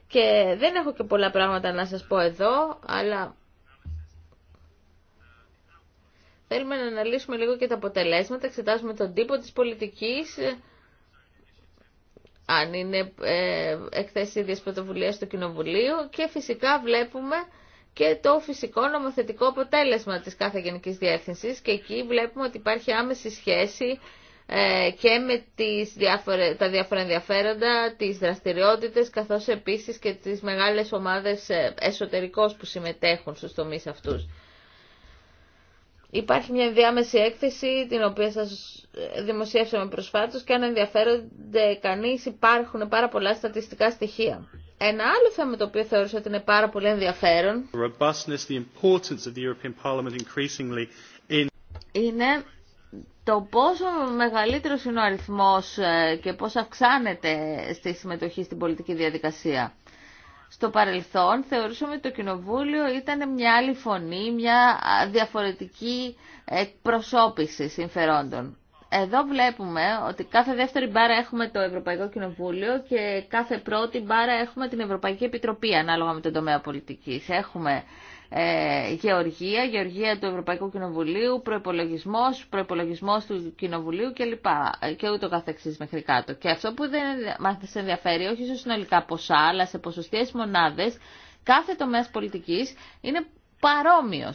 Και δεν έχω και πολλά πράγματα να σας πω εδώ, αλλά θέλουμε να αναλύσουμε λίγο και τα αποτελέσματα, εξετάσουμε τον τύπο της πολιτικής, αν είναι ε, εκθέσεις ίδιες στο του Κοινοβουλίου και φυσικά βλέπουμε και το φυσικό νομοθετικό αποτέλεσμα της κάθε Γενικής Διεύθυνσης και εκεί βλέπουμε ότι υπάρχει άμεση σχέση ε, και με τις διάφορε, τα διάφορα ενδιαφέροντα, τις δραστηριότητες καθώς επίσης και τις μεγάλες ομάδες ε, εσωτερικώς που συμμετέχουν στους τομείς αυτούς. Υπάρχει μια ενδιάμεση έκθεση την οποία σας δημοσιεύσαμε προσφάτως και αν ενδιαφέρονται κανείς υπάρχουν πάρα πολλά στατιστικά στοιχεία. Ένα άλλο θέμα το οποίο θεωρούσα ότι είναι πάρα πολύ ενδιαφέρον είναι το πόσο μεγαλύτερος είναι ο αριθμός ε, και πώς αυξάνεται στη συμμετοχή στην πολιτική διαδικασία στο παρελθόν θεωρούσαμε ότι το Κοινοβούλιο ήταν μια άλλη φωνή, μια διαφορετική εκπροσώπηση συμφερόντων. Εδώ βλέπουμε ότι κάθε δεύτερη μπάρα έχουμε το Ευρωπαϊκό Κοινοβούλιο και κάθε πρώτη μπάρα έχουμε την Ευρωπαϊκή Επιτροπή ανάλογα με τον τομέα πολιτικής. Έχουμε ε, γεωργία, γεωργία του Ευρωπαϊκού Κοινοβουλίου, προπολογισμό, προπολογισμό του Κοινοβουλίου κλπ. Ε, και ούτω καθεξής μέχρι κάτω. Και αυτό που δεν μα ενδιαφέρει, όχι σε συνολικά ποσά, αλλά σε ποσοστέ μονάδε, κάθε τομέα πολιτική είναι παρόμοιο.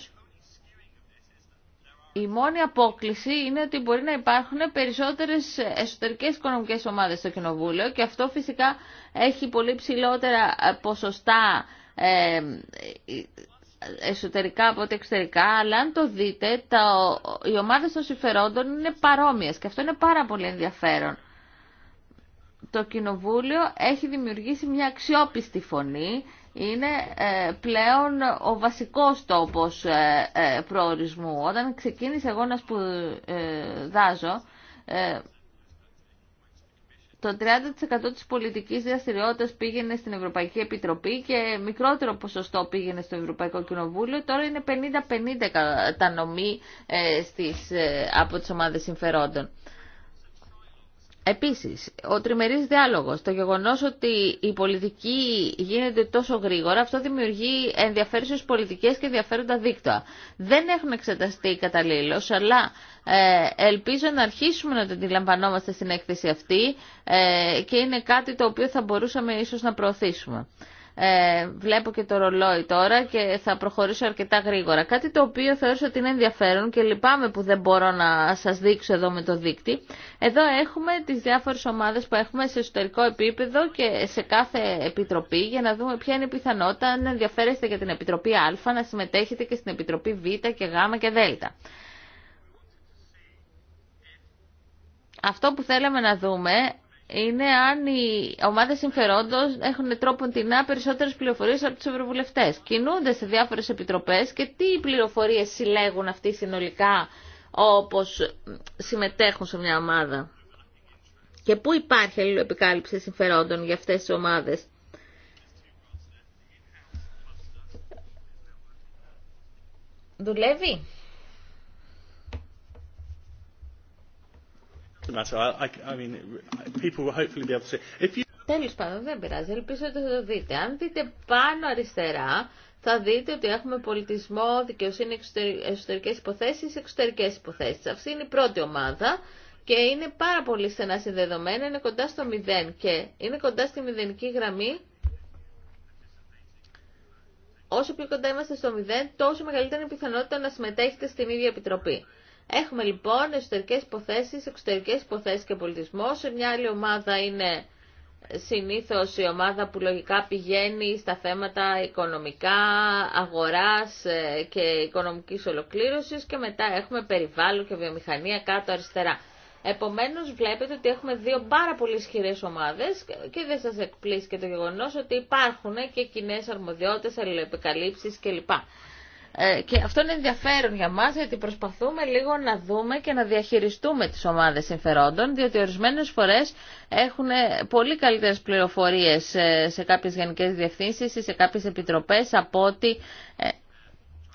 Η μόνη απόκληση είναι ότι μπορεί να υπάρχουν περισσότερες εσωτερικές οικονομικές ομάδες στο Κοινοβούλιο και αυτό φυσικά έχει πολύ ψηλότερα ποσοστά ε, εσωτερικά από ό,τι εξωτερικά, αλλά αν το δείτε, τα, οι ομάδες των συμφερόντων είναι παρόμοιες και αυτό είναι πάρα πολύ ενδιαφέρον. Το Κοινοβούλιο έχει δημιουργήσει μια αξιόπιστη φωνή, είναι ε, πλέον ο βασικός τόπος ε, ε, προορισμού. Όταν ξεκίνησα εγώ να σπουδάζω, το 30% της πολιτικής διαστηριότητας πήγαινε στην Ευρωπαϊκή Επιτροπή και μικρότερο ποσοστό πήγαινε στο Ευρωπαϊκό Κοινοβούλιο. Τώρα είναι 50-50 τα ε, στις, ε, από τις ομάδες συμφερόντων. Επίσης, ο τριμερής διάλογος, το γεγονός ότι η πολιτική γίνεται τόσο γρήγορα, αυτό δημιουργεί ενδιαφέρουσες πολιτικές και ενδιαφέροντα δίκτυα. Δεν έχουν εξεταστεί καταλήλως, αλλά ε, ελπίζω να αρχίσουμε να το αντιλαμβανόμαστε στην έκθεση αυτή ε, και είναι κάτι το οποίο θα μπορούσαμε ίσως να προωθήσουμε. Ε, βλέπω και το ρολόι τώρα και θα προχωρήσω αρκετά γρήγορα. Κάτι το οποίο θεωρώ ότι είναι ενδιαφέρον και λυπάμαι που δεν μπορώ να σας δείξω εδώ με το δίκτυ. Εδώ έχουμε τις διάφορες ομάδες που έχουμε σε εσωτερικό επίπεδο και σε κάθε επιτροπή για να δούμε ποια είναι η πιθανότητα αν ενδιαφέρεστε για την Επιτροπή Α να συμμετέχετε και στην Επιτροπή Β και Γ και Δ. Αυτό που θέλαμε να δούμε είναι αν οι ομάδες συμφερόντων έχουν τρόπον την περισσότερες πληροφορίες από τους ευρωβουλευτές. Κινούνται σε διάφορες επιτροπές και τι πληροφορίες συλλέγουν αυτοί συνολικά όπως συμμετέχουν σε μια ομάδα. Και πού υπάρχει αλληλοεπικάλυψη συμφερόντων για αυτές τις ομάδες. Δουλεύει. Τέλο πάντων, δεν πειράζει. Ελπίζω ότι θα το δείτε. Αν δείτε πάνω αριστερά, θα δείτε ότι έχουμε πολιτισμό, δικαιοσύνη, εσωτερικές υποθέσεις, εξωτερικέ υποθέσει. Αυτή είναι η πρώτη ομάδα και είναι πάρα πολύ στενά συνδεδομένα, είναι κοντά στο μηδέν και είναι κοντά στη μηδενική γραμμή. Όσο πιο κοντά είμαστε στο μηδέν, τόσο μεγαλύτερη είναι η πιθανότητα να συμμετέχετε στην ίδια επιτροπή. Έχουμε λοιπόν εσωτερικές υποθέσεις, εξωτερικές υποθέσεις και πολιτισμό. Σε μια άλλη ομάδα είναι συνήθως η ομάδα που λογικά πηγαίνει στα θέματα οικονομικά, αγοράς ε, και οικονομικής ολοκλήρωσης και μετά έχουμε περιβάλλον και βιομηχανία κάτω αριστερά. Επομένως βλέπετε ότι έχουμε δύο πάρα πολύ ισχυρέ ομάδες και δεν σας εκπλήσει και το γεγονός ότι υπάρχουν και κοινέ αρμοδιότητες, αλληλεπικαλύψεις κλπ. Ε, και αυτό είναι ενδιαφέρον για μας γιατί προσπαθούμε λίγο να δούμε και να διαχειριστούμε τις ομάδες συμφερόντων διότι ορισμένες φορές έχουν ε, πολύ καλύτερες πληροφορίες ε, σε κάποιες γενικές διευθύνσεις ή σε κάποιες επιτροπές από ότι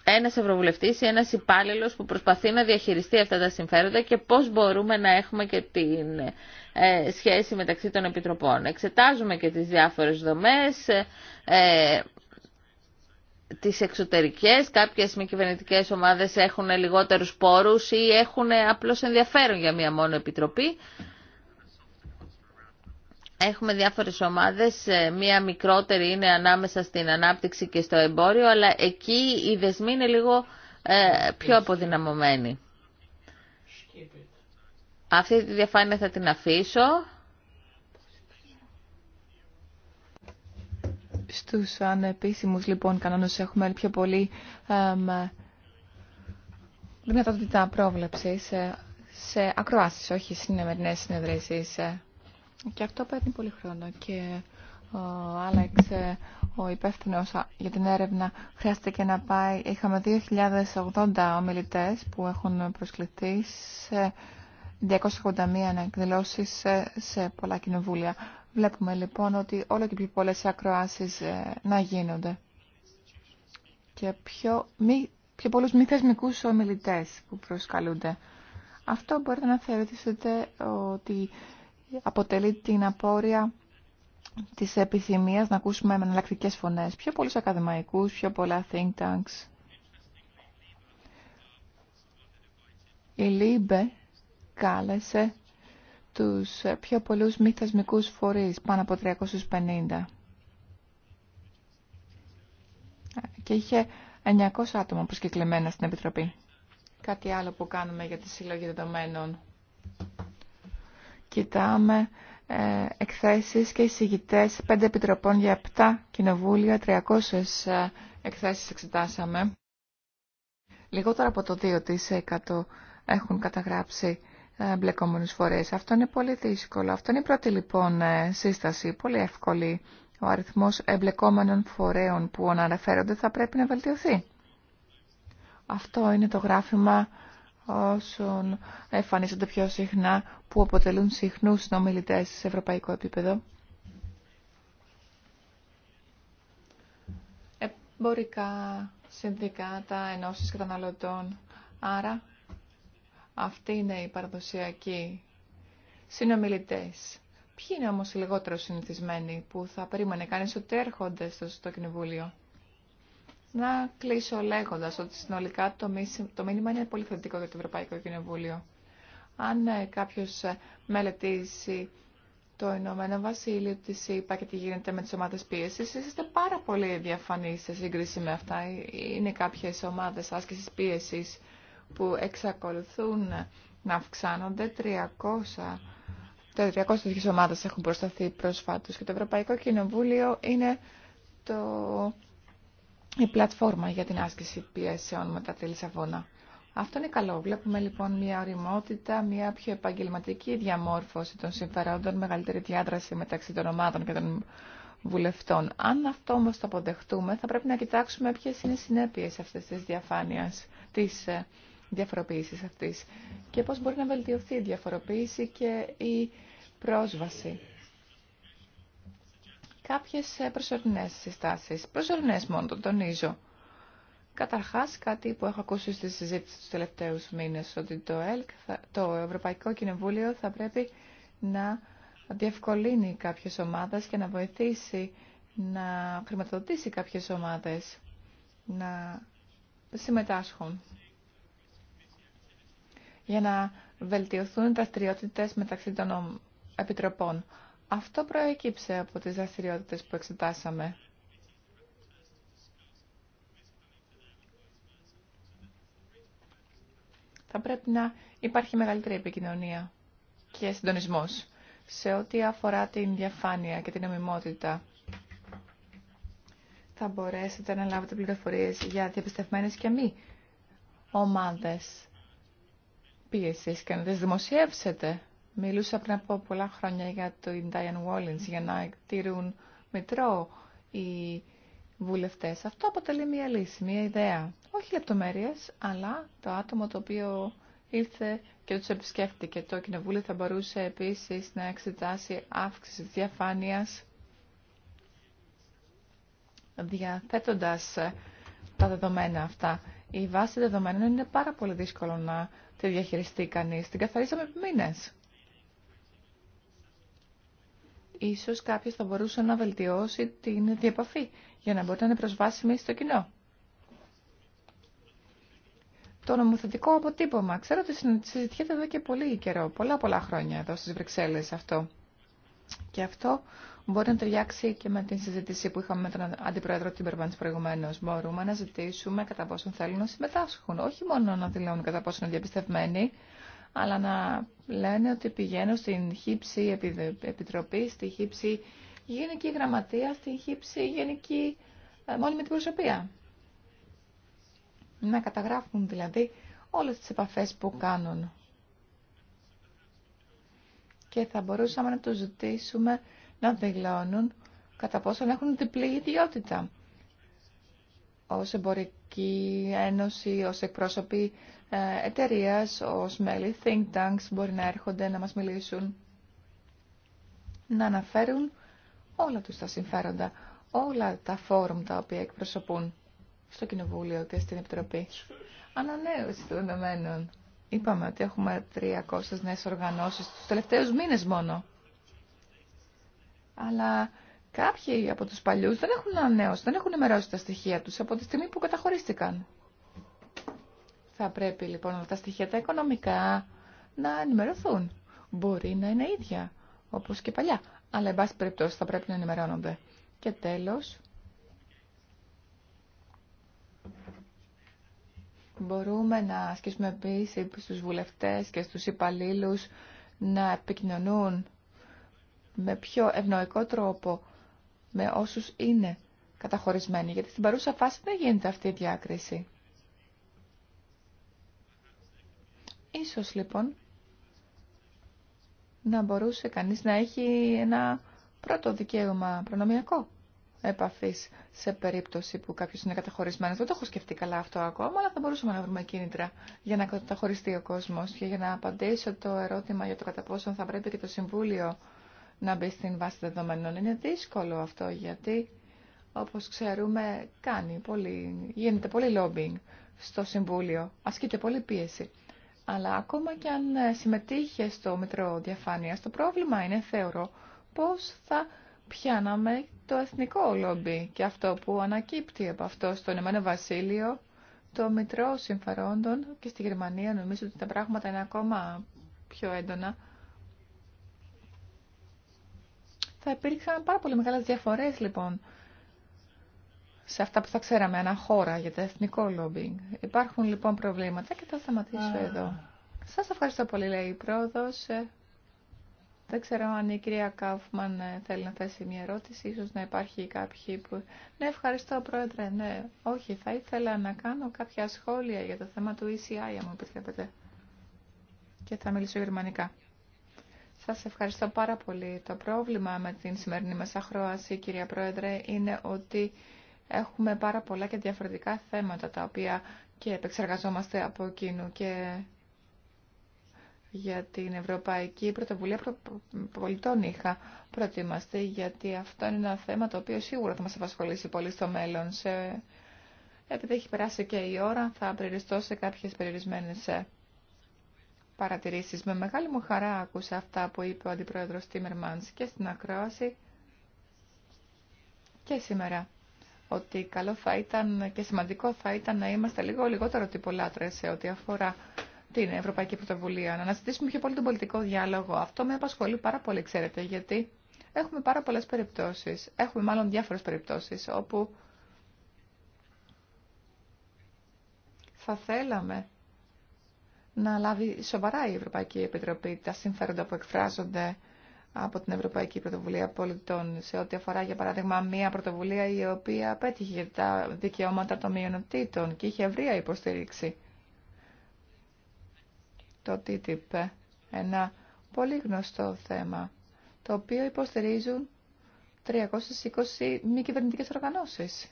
ένας ευρωβουλευτής ή ένας υπάλληλο που προσπαθεί να διαχειριστεί αυτά τα συμφέροντα και πώς μπορούμε να έχουμε και την σχέση μεταξύ των επιτροπών. Εξετάζουμε και τις διάφορες δομές, τις εξωτερικές, κάποιες μη κυβερνητικέ ομάδες έχουν λιγότερους πόρους ή έχουν απλώς ενδιαφέρον για μία μόνο επιτροπή. Έχουμε διάφορες ομάδες, ε, μία μικρότερη είναι ανάμεσα στην ανάπτυξη και στο εμπόριο, αλλά εκεί οι δεσμοί είναι λίγο ε, πιο αποδυναμωμένοι. Αυτή τη διαφάνεια θα την αφήσω. Στους ανεπίσημους λοιπόν κανόνες έχουμε πιο πολύ δυνατότητα πρόβλεψης ε, σε ακροάσεις, όχι συνεμερινές συνεδρίσεις. Ε, και αυτό παίρνει πολύ χρόνο και ο Άλεξ, ε, ο υπεύθυνο για την έρευνα, χρειάστηκε να πάει. Είχαμε 2.080 ομιλητέ που έχουν προσκληθεί σε 281 εκδηλώσει σε πολλά κοινοβούλια. Βλέπουμε λοιπόν ότι όλο και πιο πολλές ακροάσεις ε, να γίνονται και πιο, μη, πιο πολλούς μη θεσμικούς ομιλητές που προσκαλούνται. Αυτό μπορείτε να θεωρήσετε ότι αποτελεί την απόρρια της επιθυμίας να ακούσουμε με εναλλακτικέ φωνές. Πιο πολλούς ακαδημαϊκούς, πιο πολλά think tanks. Η Λίμπε κάλεσε τους ε, πιο πολλούς μη θεσμικούς φορείς, πάνω από 350. Και είχε 900 άτομα προσκεκλημένα στην Επιτροπή. Κάτι άλλο που κάνουμε για τη συλλογή δεδομένων. Κοιτάμε ε, εκθέσεις και εισηγητές 5 επιτροπών για 7 κοινοβούλια, 300 ε, εκθέσεις εξετάσαμε. Λιγότερο από το 2% έχουν καταγράψει Εμπλεκόμενε φορείς. Αυτό είναι πολύ δύσκολο. Αυτό είναι η πρώτη λοιπόν ε, σύσταση, πολύ εύκολη. Ο αριθμός εμπλεκόμενων φορέων που αναφέρονται θα πρέπει να βελτιωθεί. Αυτό είναι το γράφημα όσων εμφανίζονται πιο συχνά που αποτελούν συχνούς συνομιλητές σε ευρωπαϊκό επίπεδο. Εμπορικά συνδικάτα, ενώσεις καταναλωτών. Άρα αυτοί είναι οι παραδοσιακοί συνομιλητές. Ποιοι είναι όμως οι λιγότερο συνηθισμένοι που θα περίμενε κανείς ότι έρχονται στο, κοινοβούλιο. Να κλείσω λέγοντας ότι συνολικά το, το μήνυμα είναι πολύ θετικό για το Ευρωπαϊκό Κοινοβούλιο. Αν ε, κάποιος ε, μελετήσει το Ηνωμένο Βασίλειο, τη ΣΥΠΑ και τι γίνεται με τις ομάδες πίεσης, είστε πάρα πολύ διαφανείς σε σύγκριση με αυτά. Ε, είναι κάποιες ομάδες άσκησης πίεσης που εξακολουθούν να αυξάνονται. 300 τα 300 τέτοιες ομάδες έχουν προσταθεί προσφάτως και το Ευρωπαϊκό Κοινοβούλιο είναι το... η πλατφόρμα για την άσκηση πιέσεων μετά τη Λισαβόνα. Αυτό είναι καλό. Βλέπουμε λοιπόν μια οριμότητα, μια πιο επαγγελματική διαμόρφωση των συμφερόντων, μεγαλύτερη διάδραση μεταξύ των ομάδων και των βουλευτών. Αν αυτό όμως το αποδεχτούμε, θα πρέπει να κοιτάξουμε ποιες είναι οι συνέπειες αυτή της διαφάνειας, ε, διαφοροποίησης αυτής και πώς μπορεί να βελτιωθεί η διαφοροποίηση και η πρόσβαση. Κάποιες προσωρινές συστάσεις, προσωρινές μόνο το τονίζω. Καταρχάς, κάτι που έχω ακούσει στη συζήτηση του τελευταίους μήνες, ότι το, ΕΛΚ, το Ευρωπαϊκό Κοινοβούλιο θα πρέπει να διευκολύνει κάποιες ομάδες και να βοηθήσει να χρηματοδοτήσει κάποιες ομάδες να συμμετάσχουν για να βελτιωθούν οι δραστηριότητε μεταξύ των επιτροπών. Αυτό προέκυψε από τις δραστηριότητε που εξετάσαμε. Θα πρέπει να υπάρχει μεγαλύτερη επικοινωνία και συντονισμός σε ό,τι αφορά την διαφάνεια και την νομιμότητα. Θα μπορέσετε να λάβετε πληροφορίες για διαπιστευμένες και μη ομάδες πίεση και να τι δημοσιεύσετε. Μιλούσα πριν από πολλά χρόνια για το Diane Wallins για να εκτήρουν μητρό οι βουλευτέ. Αυτό αποτελεί μια λύση, μια ιδέα. Όχι λεπτομέρειε, αλλά το άτομο το οποίο ήρθε και του επισκέφτηκε. Το Κοινοβούλιο θα μπορούσε επίση να εξετάσει αύξηση διαφάνεια διαφάνειας τα δεδομένα αυτά. Η βάση δεδομένων είναι πάρα πολύ δύσκολο να τη διαχειριστεί κανείς. Την καθαρίσαμε επί μήνες. Ίσως κάποιος θα μπορούσε να βελτιώσει την διαπαφή για να μπορεί να είναι προσβάσιμη στο κοινό. Το νομοθετικό αποτύπωμα. Ξέρω ότι συζητιέται εδώ και πολύ καιρό, πολλά πολλά χρόνια εδώ στις Βρυξέλλες αυτό. Και αυτό μπορεί να ταιριάξει και με την συζήτηση που είχαμε με τον Αντιπρόεδρο Τίμπερμαντ προηγουμένω. Μπορούμε να ζητήσουμε κατά πόσον θέλουν να συμμετάσχουν. Όχι μόνο να δηλώνουν κατά πόσον είναι διαπιστευμένοι, αλλά να λένε ότι πηγαίνω στην ΧΥΠΣΗ επιτροπή, στη ΧΥΠΣΗ γενική γραμματεία, στη ΧΥΠΣΗ γενική ε, μόνιμη προσωπία. Να καταγράφουν δηλαδή όλες τις επαφές που κάνουν. Και θα μπορούσαμε να τους ζητήσουμε να δηλώνουν κατά πόσο έχουν διπλή ιδιότητα. Ως εμπορική ένωση, ως εκπρόσωποι ε, εταιρεία, ως μέλη think tanks μπορεί να έρχονται να μας μιλήσουν, να αναφέρουν όλα τους τα συμφέροντα, όλα τα φόρουμ τα οποία εκπροσωπούν στο Κοινοβούλιο και στην Επιτροπή. Ανανέωση των δεδομένων. Είπαμε ότι έχουμε 300 νέες οργανώσεις τους τελευταίους μήνες μόνο. Αλλά κάποιοι από τους παλιούς δεν έχουν ανέωσει, δεν έχουν ενημερώσει τα στοιχεία τους από τη στιγμή που καταχωρίστηκαν. Θα πρέπει λοιπόν τα στοιχεία τα οικονομικά να ενημερωθούν. Μπορεί να είναι ίδια, όπως και παλιά. Αλλά, εν πάση περιπτώσει, θα πρέπει να ενημερώνονται. Και τέλος, μπορούμε να ασκήσουμε επίσης στους βουλευτές και στους υπαλλήλους να επικοινωνούν με πιο ευνοϊκό τρόπο με όσους είναι καταχωρισμένοι, γιατί στην παρούσα φάση δεν γίνεται αυτή η διάκριση. Ίσως λοιπόν να μπορούσε κανείς να έχει ένα πρώτο δικαίωμα προνομιακό επαφής σε περίπτωση που κάποιος είναι καταχωρισμένος. Δεν το έχω σκεφτεί καλά αυτό ακόμα, αλλά θα μπορούσαμε να βρούμε κίνητρα για να καταχωριστεί ο κόσμος και για να απαντήσω το ερώτημα για το κατά πόσο θα πρέπει και το Συμβούλιο να μπει στην βάση δεδομένων. Είναι δύσκολο αυτό γιατί, όπως ξέρουμε, κάνει πολύ, γίνεται πολύ lobbying στο Συμβούλιο, ασκείται πολύ πίεση. Αλλά ακόμα και αν ε, συμμετείχε στο Μητρό Διαφάνεια, το πρόβλημα είναι, θεωρώ, πώς θα πιάναμε το εθνικό λόμπι και αυτό που ανακύπτει από αυτό στον Ηνωμένο Βασίλειο, το Μητρό Συμφερόντων και στη Γερμανία νομίζω ότι τα πράγματα είναι ακόμα πιο έντονα. θα υπήρξαν πάρα πολύ μεγάλες διαφορές λοιπόν σε αυτά που θα ξέραμε ένα χώρα για το εθνικό λόμπινγκ. Υπάρχουν λοιπόν προβλήματα και θα σταματήσω εδώ. Σας ευχαριστώ πολύ λέει η πρόοδος. Ε, δεν ξέρω αν η κυρία Κάουφμαν ε, θέλει να θέσει μια ερώτηση, ίσως να υπάρχει κάποιοι που... Ναι, ευχαριστώ πρόεδρε, ναι. Όχι, θα ήθελα να κάνω κάποια σχόλια για το θέμα του ECI, αν μου επιτρέπετε. Και θα μιλήσω γερμανικά. Σας ευχαριστώ πάρα πολύ. Το πρόβλημα με την σημερινή μας αχρόαση, κυρία Πρόεδρε, είναι ότι έχουμε πάρα πολλά και διαφορετικά θέματα τα οποία και επεξεργαζόμαστε από εκείνου και για την Ευρωπαϊκή Πρωτοβουλία Πολιτών είχα προετοιμαστεί γιατί αυτό είναι ένα θέμα το οποίο σίγουρα θα μας απασχολήσει πολύ στο μέλλον. Επειδή έχει περάσει και η ώρα θα περιοριστώ σε κάποιες περιορισμένες παρατηρήσεις. Με μεγάλη μου χαρά άκουσα αυτά που είπε ο Αντιπρόεδρος Τίμερμανς και στην ακρόαση και σήμερα. Ότι καλό θα ήταν και σημαντικό θα ήταν να είμαστε λίγο λιγότερο τυπολάτρε σε ό,τι αφορά την Ευρωπαϊκή Πρωτοβουλία. Να αναζητήσουμε πιο πολύ τον πολιτικό διάλογο. Αυτό με απασχολεί πάρα πολύ, ξέρετε, γιατί έχουμε πάρα πολλέ περιπτώσει. Έχουμε μάλλον διάφορε περιπτώσει όπου θα θέλαμε να λάβει σοβαρά η Ευρωπαϊκή Επιτροπή τα συμφέροντα που εκφράζονται από την Ευρωπαϊκή Πρωτοβουλία Πολιτών σε ό,τι αφορά, για παράδειγμα, μια πρωτοβουλία η οποία πέτυχε τα δικαιώματα των μειονοτήτων και είχε ευρεία υποστήριξη. Το TTIP, ένα πολύ γνωστό θέμα, το οποίο υποστηρίζουν 320 μη κυβερνητικέ οργανώσεις.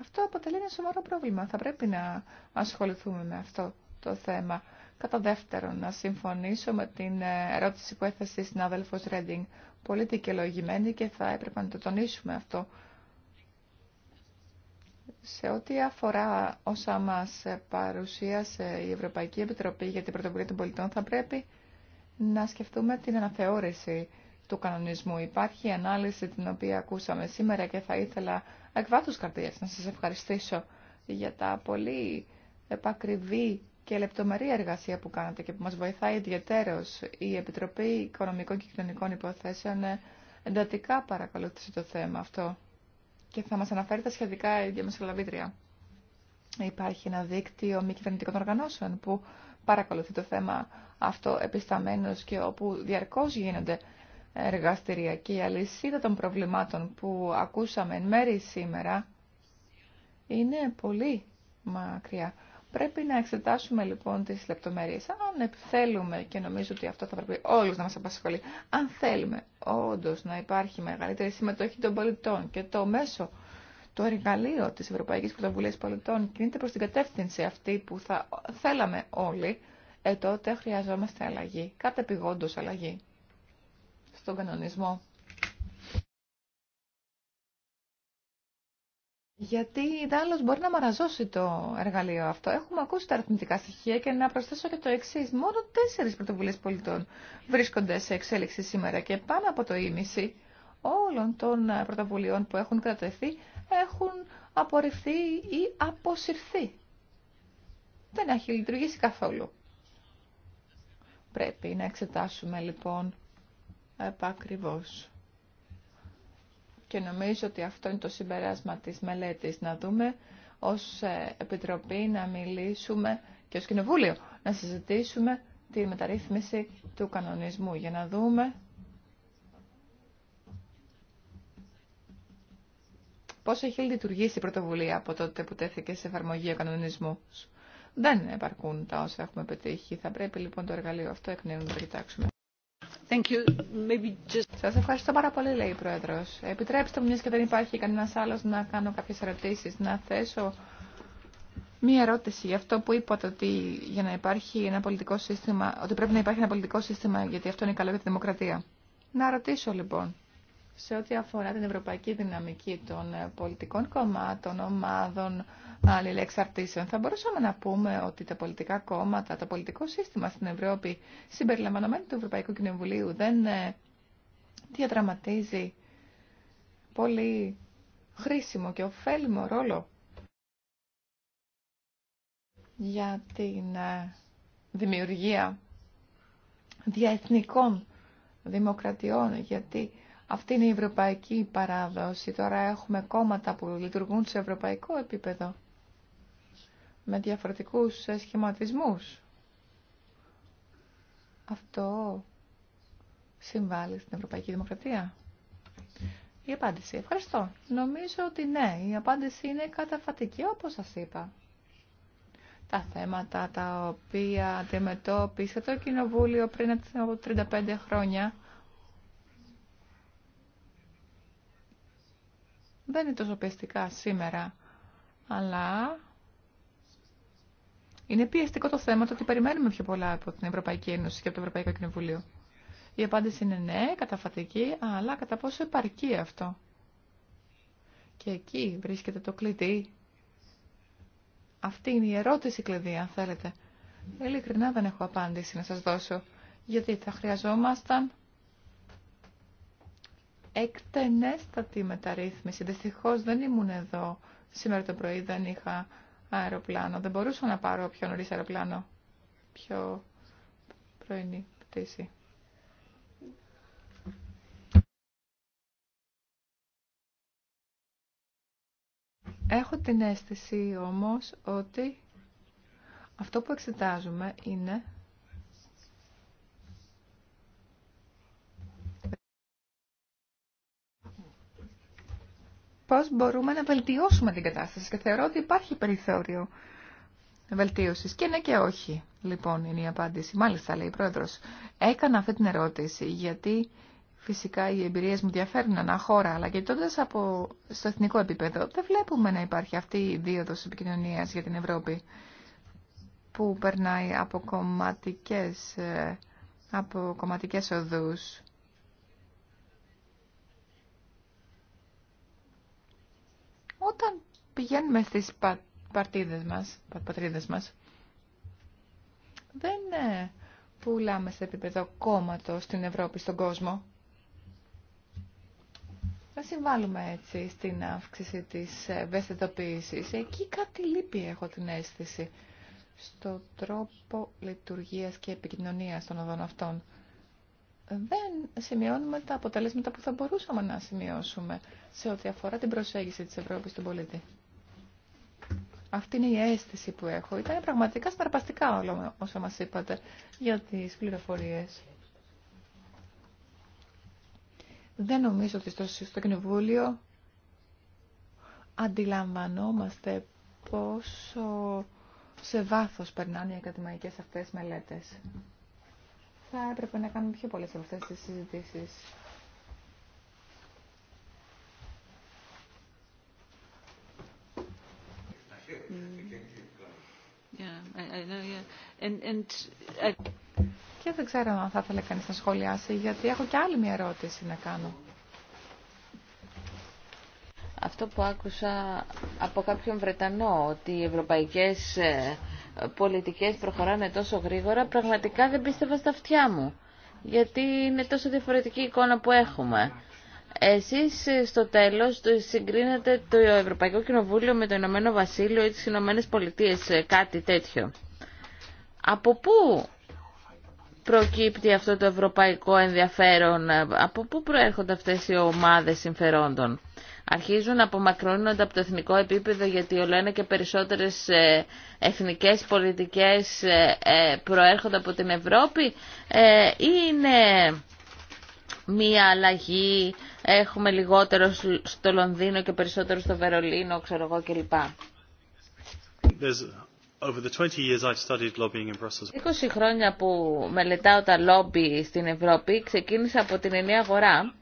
Αυτό αποτελεί ένα σοβαρό πρόβλημα. Θα πρέπει να ασχοληθούμε με αυτό το θέμα. Κατά δεύτερον, να συμφωνήσω με την ε, ερώτηση που έθεσε η συνάδελφος Ρέντινγκ. Πολύ δικαιολογημένη και θα έπρεπε να το τονίσουμε αυτό. Σε ό,τι αφορά όσα μας παρουσίασε η Ευρωπαϊκή Επιτροπή για την Πρωτοβουλία των Πολιτών, θα πρέπει να σκεφτούμε την αναθεώρηση του κανονισμού. Υπάρχει ανάλυση την οποία ακούσαμε σήμερα και θα ήθελα εκ βάθους καρδίας να σας ευχαριστήσω για τα πολύ επακριβή και λεπτομερή εργασία που κάνατε και που μας βοηθάει ιδιαίτερως. Η Επιτροπή Οικονομικών και Κοινωνικών Υποθέσεων ε, εντατικά παρακολούθησε το θέμα αυτό και θα μας αναφέρει τα σχετικά η διαμεσολαβήτρια. Υπάρχει ένα δίκτυο μη κυβερνητικών οργανώσεων που παρακολουθεί το θέμα αυτό επισταμένως και όπου διαρκώς γίνονται εργαστηρία και η αλυσίδα των προβλημάτων που ακούσαμε εν μέρη σήμερα είναι πολύ μακριά Πρέπει να εξετάσουμε λοιπόν τις λεπτομέρειες. Αν θέλουμε, και νομίζω ότι αυτό θα πρέπει όλους να μας απασχολεί, αν θέλουμε όντως να υπάρχει μεγαλύτερη συμμετοχή των πολιτών και το μέσο, το εργαλείο της Ευρωπαϊκής Πρωτοβουλίας Πολιτών κινείται προς την κατεύθυνση αυτή που θα θέλαμε όλοι, ε, τότε χρειαζόμαστε αλλαγή, επιγόντως αλλαγή στον κανονισμό. Γιατί άλλο μπορεί να μαραζώσει το εργαλείο αυτό. Έχουμε ακούσει τα αριθμητικά στοιχεία και να προσθέσω και το εξή. Μόνο τέσσερι πρωτοβουλίε πολιτών βρίσκονται σε εξέλιξη σήμερα και πάνω από το ίμιση όλων των πρωτοβουλίων που έχουν κρατεθεί έχουν απορριφθεί ή αποσυρθεί. Δεν έχει λειτουργήσει καθόλου. Πρέπει να εξετάσουμε λοιπόν επακριβώς και νομίζω ότι αυτό είναι το συμπεράσμα της μελέτης, να δούμε ως ε, Επιτροπή να μιλήσουμε και ως Κοινοβούλιο να συζητήσουμε τη μεταρρύθμιση του κανονισμού για να δούμε πώς έχει λειτουργήσει η πρωτοβουλία από τότε που τέθηκε σε εφαρμογή ο κανονισμός. Δεν επαρκούν τα όσα έχουμε πετύχει. Θα πρέπει λοιπόν το εργαλείο αυτό εκ νέου να το κοιτάξουμε. Σας ευχαριστώ πάρα πολύ, λέει η Πρόεδρος. Επιτρέψτε μου, μιας και δεν υπάρχει κανένας άλλος, να κάνω κάποιες ερωτήσεις, να θέσω μία ερώτηση για αυτό που είπατε ότι για να υπάρχει ένα πολιτικό σύστημα, ότι πρέπει να υπάρχει ένα πολιτικό σύστημα γιατί αυτό είναι καλό για τη δημοκρατία. Να ρωτήσω λοιπόν σε ό,τι αφορά την ευρωπαϊκή δυναμική των ε, πολιτικών κομμάτων, ομάδων, αλληλεξαρτήσεων. Θα μπορούσαμε να πούμε ότι τα πολιτικά κόμματα, το πολιτικό σύστημα στην Ευρώπη, συμπεριλαμβανομένου του Ευρωπαϊκού Κοινοβουλίου, δεν ε, διαδραματίζει πολύ χρήσιμο και ωφέλιμο ρόλο για την ε, δημιουργία διεθνικών δημοκρατιών, γιατί αυτή είναι η ευρωπαϊκή παράδοση. Τώρα έχουμε κόμματα που λειτουργούν σε ευρωπαϊκό επίπεδο με διαφορετικούς σχηματισμούς. Αυτό συμβάλλει στην ευρωπαϊκή δημοκρατία. Η απάντηση. Ευχαριστώ. Νομίζω ότι ναι, η απάντηση είναι καταφατική όπως σας είπα. Τα θέματα τα οποία αντιμετώπισε το Κοινοβούλιο πριν από 35 χρόνια δεν είναι τόσο πιεστικά σήμερα, αλλά είναι πιεστικό το θέμα το ότι περιμένουμε πιο πολλά από την Ευρωπαϊκή Ένωση και από το Ευρωπαϊκό Κοινοβουλίο. Η απάντηση είναι ναι, καταφατική, αλλά κατά πόσο επαρκεί αυτό. Και εκεί βρίσκεται το κλειδί. Αυτή είναι η ερώτηση κλειδί, αν θέλετε. Ειλικρινά δεν έχω απάντηση να σας δώσω, γιατί θα χρειαζόμασταν εκτενέστατη μεταρρύθμιση. Δυστυχώ δεν ήμουν εδώ σήμερα το πρωί, δεν είχα αεροπλάνο. Δεν μπορούσα να πάρω πιο νωρί αεροπλάνο, πιο πρωινή πτήση. Έχω την αίσθηση όμως ότι αυτό που εξετάζουμε είναι πώς μπορούμε να βελτιώσουμε την κατάσταση. Και θεωρώ ότι υπάρχει περιθώριο βελτίωσης. Και ναι και όχι, λοιπόν, είναι η απάντηση. Μάλιστα, λέει η Πρόεδρος, έκανα αυτή την ερώτηση, γιατί φυσικά οι εμπειρίες μου διαφέρουν ανά χώρα, αλλά και τότε από στο εθνικό επίπεδο δεν βλέπουμε να υπάρχει αυτή η δίωδο επικοινωνία για την Ευρώπη που περνάει από κομματικέ ε, από οδούς Όταν πηγαίνουμε στις πα, παρτίδες μας, πα, πατρίδες μας, δεν ε, πουλάμε σε επίπεδο κόμματο στην Ευρώπη, στον κόσμο. Δεν συμβάλλουμε έτσι στην αύξηση της ευαισθητοποίησης. Εκεί κάτι λείπει, έχω την αίσθηση, στο τρόπο λειτουργίας και επικοινωνίας των οδών αυτών. Δεν σημειώνουμε τα αποτελέσματα που θα μπορούσαμε να σημειώσουμε σε ό,τι αφορά την προσέγγιση της Ευρώπης στον πολίτη. Αυτή είναι η αίσθηση που έχω. Ήταν πραγματικά σταρπαστικά όλα όσα μας είπατε για τις πληροφορίες. Δεν νομίζω ότι στο, στο Κοινοβούλιο αντιλαμβανόμαστε πόσο σε βάθος περνάνε οι ακαδημαϊκές αυτές μελέτες. Θα έπρεπε να κάνουμε πιο πολλές από αυτές τις συζητήσεις. Uh, και δεν ξέρω αν θα ήθελε κανείς να σχολιάσει, γιατί έχω και άλλη μια ερώτηση να κάνω. Αυτό που άκουσα από κάποιον Βρετανό, ότι οι ευρωπαϊκές ε, πολιτικές προχωράνε τόσο γρήγορα, πραγματικά δεν πίστευα στα αυτιά μου. Γιατί είναι τόσο διαφορετική εικόνα που έχουμε. Εσείς ε, στο τέλος συγκρίνετε το Ευρωπαϊκό Κοινοβούλιο με το Ηνωμένο Βασίλειο ή τις Ηνωμένε Πολιτείες, ε, κάτι τέτοιο. Από πού προκύπτει αυτό το ευρωπαϊκό ενδιαφέρον, από πού προέρχονται αυτές οι ομάδες συμφερόντων. Αρχίζουν να απομακρύνονται από το εθνικό επίπεδο γιατί όλο και περισσότερες ε, εθνικές πολιτικές ε, ε, προέρχονται από την Ευρώπη ή είναι μία αλλαγή, έχουμε λιγότερο στο Λονδίνο και περισσότερο στο Βερολίνο, ξέρω εγώ κλπ. 20 χρόνια που μελετάω τα λόμπι στην Ευρώπη ξεκίνησα από την ενιαία αγορά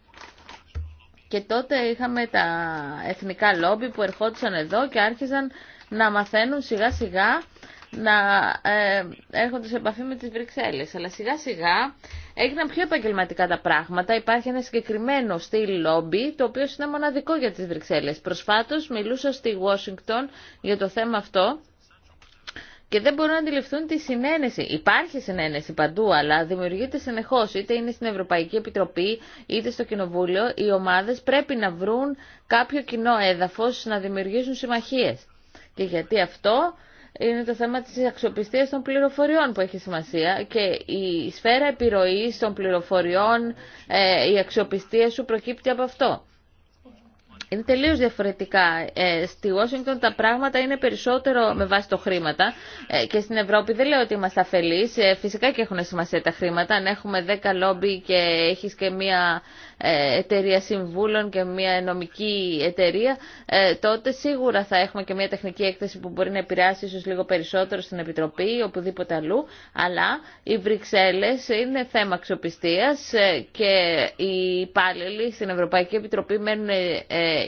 και τότε είχαμε τα εθνικά λόμπι που ερχόντουσαν εδώ και άρχιζαν να μαθαίνουν σιγά σιγά να ε, έρχονται σε επαφή με τις Βρυξέλλες. Αλλά σιγά σιγά έγιναν πιο επαγγελματικά τα πράγματα. Υπάρχει ένα συγκεκριμένο στυλ λόμπι, το οποίο είναι μοναδικό για τις Βρυξέλλες. Προσφάτως μιλούσα στη Washington για το θέμα αυτό και δεν μπορούν να αντιληφθούν τη συνένεση. Υπάρχει συνένεση παντού, αλλά δημιουργείται συνεχώ. Είτε είναι στην Ευρωπαϊκή Επιτροπή, είτε στο Κοινοβούλιο. Οι ομάδε πρέπει να βρουν κάποιο κοινό έδαφο να δημιουργήσουν συμμαχίε. Και γιατί αυτό είναι το θέμα της αξιοπιστίας των πληροφοριών που έχει σημασία και η σφαίρα επιρροή των πληροφοριών, ε, η αξιοπιστία σου προκύπτει από αυτό είναι τελείω διαφορετικά. Ε, στη Washington τα πράγματα είναι περισσότερο με βάση το χρήματα ε, και στην Ευρώπη δεν λέω ότι είμαστε αφελεί. Ε, φυσικά και έχουν σημασία τα χρήματα. Αν έχουμε 10 λόμπι και έχει και μία ε, εταιρεία συμβούλων και μια νομική εταιρεία, ε, τότε σίγουρα θα έχουμε και μια τεχνική έκθεση που μπορεί να επηρεάσει ίσως λίγο περισσότερο στην Επιτροπή ή οπουδήποτε αλλού, αλλά οι Βρυξέλλες είναι θέμα αξιοπιστίας ε, και οι υπάλληλοι στην Ευρωπαϊκή Επιτροπή μένουν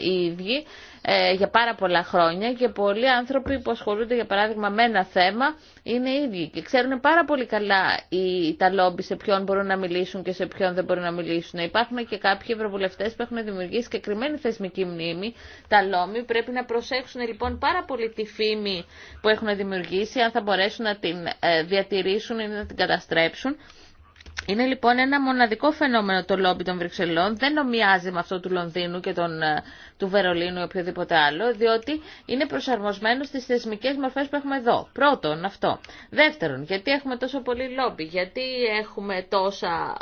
οι ίδιοι ε, για πάρα πολλά χρόνια και πολλοί άνθρωποι που ασχολούνται για παράδειγμα με ένα θέμα είναι ίδιοι και ξέρουν πάρα πολύ καλά οι, τα λόμπι σε ποιον μπορούν να μιλήσουν και σε ποιον δεν μπορούν να μιλήσουν. Υπάρχουν και κάποιοι ευρωβουλευτέ που έχουν δημιουργήσει συγκεκριμένη θεσμική μνήμη, τα λόμπι. Πρέπει να προσέξουν λοιπόν πάρα πολύ τη φήμη που έχουν δημιουργήσει, αν θα μπορέσουν να την ε, διατηρήσουν ή να την καταστρέψουν. Είναι λοιπόν ένα μοναδικό φαινόμενο το λόμπι των Βρυξελών, δεν ομοιάζει με αυτό του Λονδίνου και τον, ε, του Βερολίνου ή οποιοδήποτε άλλο, διότι είναι προσαρμοσμένο στις θεσμικές μορφές που έχουμε εδώ. Πρώτον αυτό. Δεύτερον, γιατί έχουμε τόσο πολύ λόμπι, γιατί έχουμε τόσα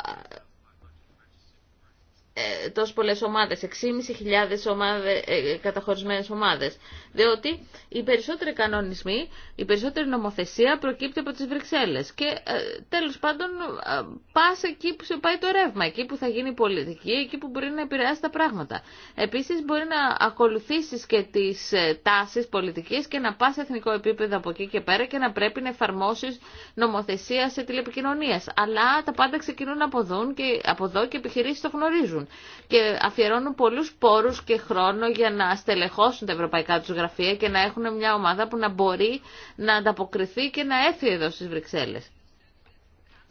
ε, τόσες πολλές ομάδες, 6.500 ομάδε, ε, καταχωρισμένες ομάδες. Διότι οι περισσότεροι κανονισμοί, η περισσότερη νομοθεσία προκύπτει από τις Βρυξέλλες. Και ε, τέλος πάντων ε, πας εκεί που σε πάει το ρεύμα, εκεί που θα γίνει η πολιτική, εκεί που μπορεί να επηρεάσει τα πράγματα. Επίσης μπορεί να ακολουθήσεις και τις ε, τάσεις πολιτικής και να πας σε εθνικό επίπεδο από εκεί και πέρα και να πρέπει να εφαρμόσεις νομοθεσία σε τηλεπικοινωνίας. Αλλά τα πάντα ξεκινούν από, δουν και, από εδώ και επιχειρήσεις το γνωρίζουν και αφιερώνουν πολλούς πόρους και χρόνο για να στελεχώσουν τα ευρωπαϊκά τους γραφεία και να έχουν μια ομάδα που να μπορεί να ανταποκριθεί και να έρθει εδώ στις Βρυξέλλες.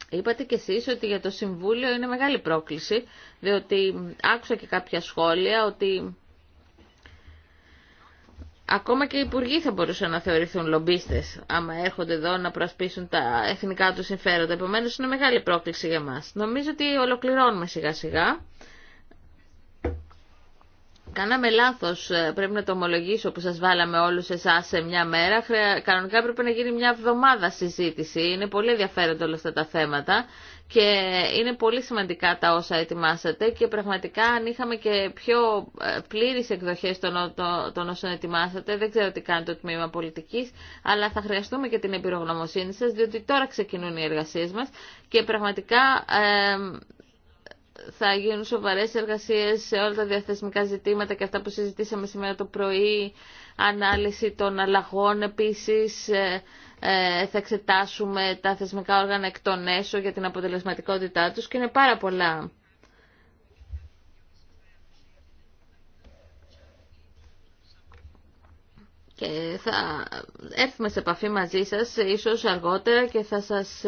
Είπατε κι εσείς ότι για το Συμβούλιο είναι μεγάλη πρόκληση, διότι άκουσα και κάποια σχόλια ότι Ακόμα και οι υπουργοί θα μπορούσαν να θεωρηθούν λομπίστε, άμα έρχονται εδώ να προσπίσουν τα εθνικά του συμφέροντα. Επομένω, είναι μεγάλη πρόκληση για μα. Νομίζω ότι ολοκληρώνουμε σιγά-σιγά. Κάναμε λάθος, ε, πρέπει να το ομολογήσω που σας βάλαμε όλους εσάς σε μια μέρα. Κανονικά πρέπει να γίνει μια εβδομάδα συζήτηση. Είναι πολύ ενδιαφέροντα όλα αυτά τα θέματα και είναι πολύ σημαντικά τα όσα ετοιμάσατε και πραγματικά αν είχαμε και πιο ε, πλήρε εκδοχές των, όσων ετοιμάσατε, δεν ξέρω τι κάνει το τμήμα πολιτικής, αλλά θα χρειαστούμε και την εμπειρογνωμοσύνη σας, διότι τώρα ξεκινούν οι εργασίες μας και πραγματικά... Ε, θα γίνουν σοβαρές εργασίες σε όλα τα διαθεσμικά ζητήματα και αυτά που συζητήσαμε σήμερα το πρωί, ανάλυση των αλλαγών επίσης, ε, ε, θα εξετάσουμε τα θεσμικά όργανα εκ των έσω για την αποτελεσματικότητά τους και είναι πάρα πολλά. Και θα έρθουμε σε επαφή μαζί σας, ίσως αργότερα, και θα σας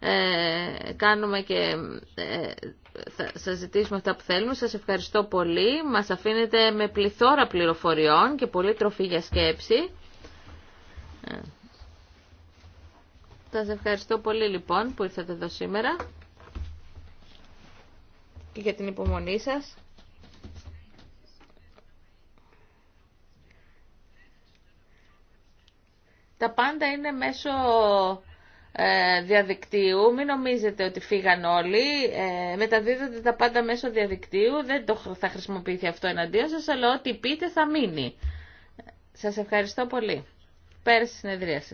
ε, κάνουμε και θα σας ζητήσουμε αυτά που θέλουμε. Σας ευχαριστώ πολύ. Μας αφήνετε με πληθώρα πληροφοριών και πολύ τροφή για σκέψη. Ε. Σας ευχαριστώ πολύ λοιπόν που ήρθατε εδώ σήμερα και για την υπομονή σας. Τα πάντα είναι μέσω ε, διαδικτύου. Μην νομίζετε ότι φύγαν όλοι. Ε, τα πάντα μέσω διαδικτύου. Δεν το, θα χρησιμοποιηθεί αυτό εναντίον σας, αλλά ό,τι πείτε θα μείνει. Σας ευχαριστώ πολύ. Πέρασε τη συνεδρία σας.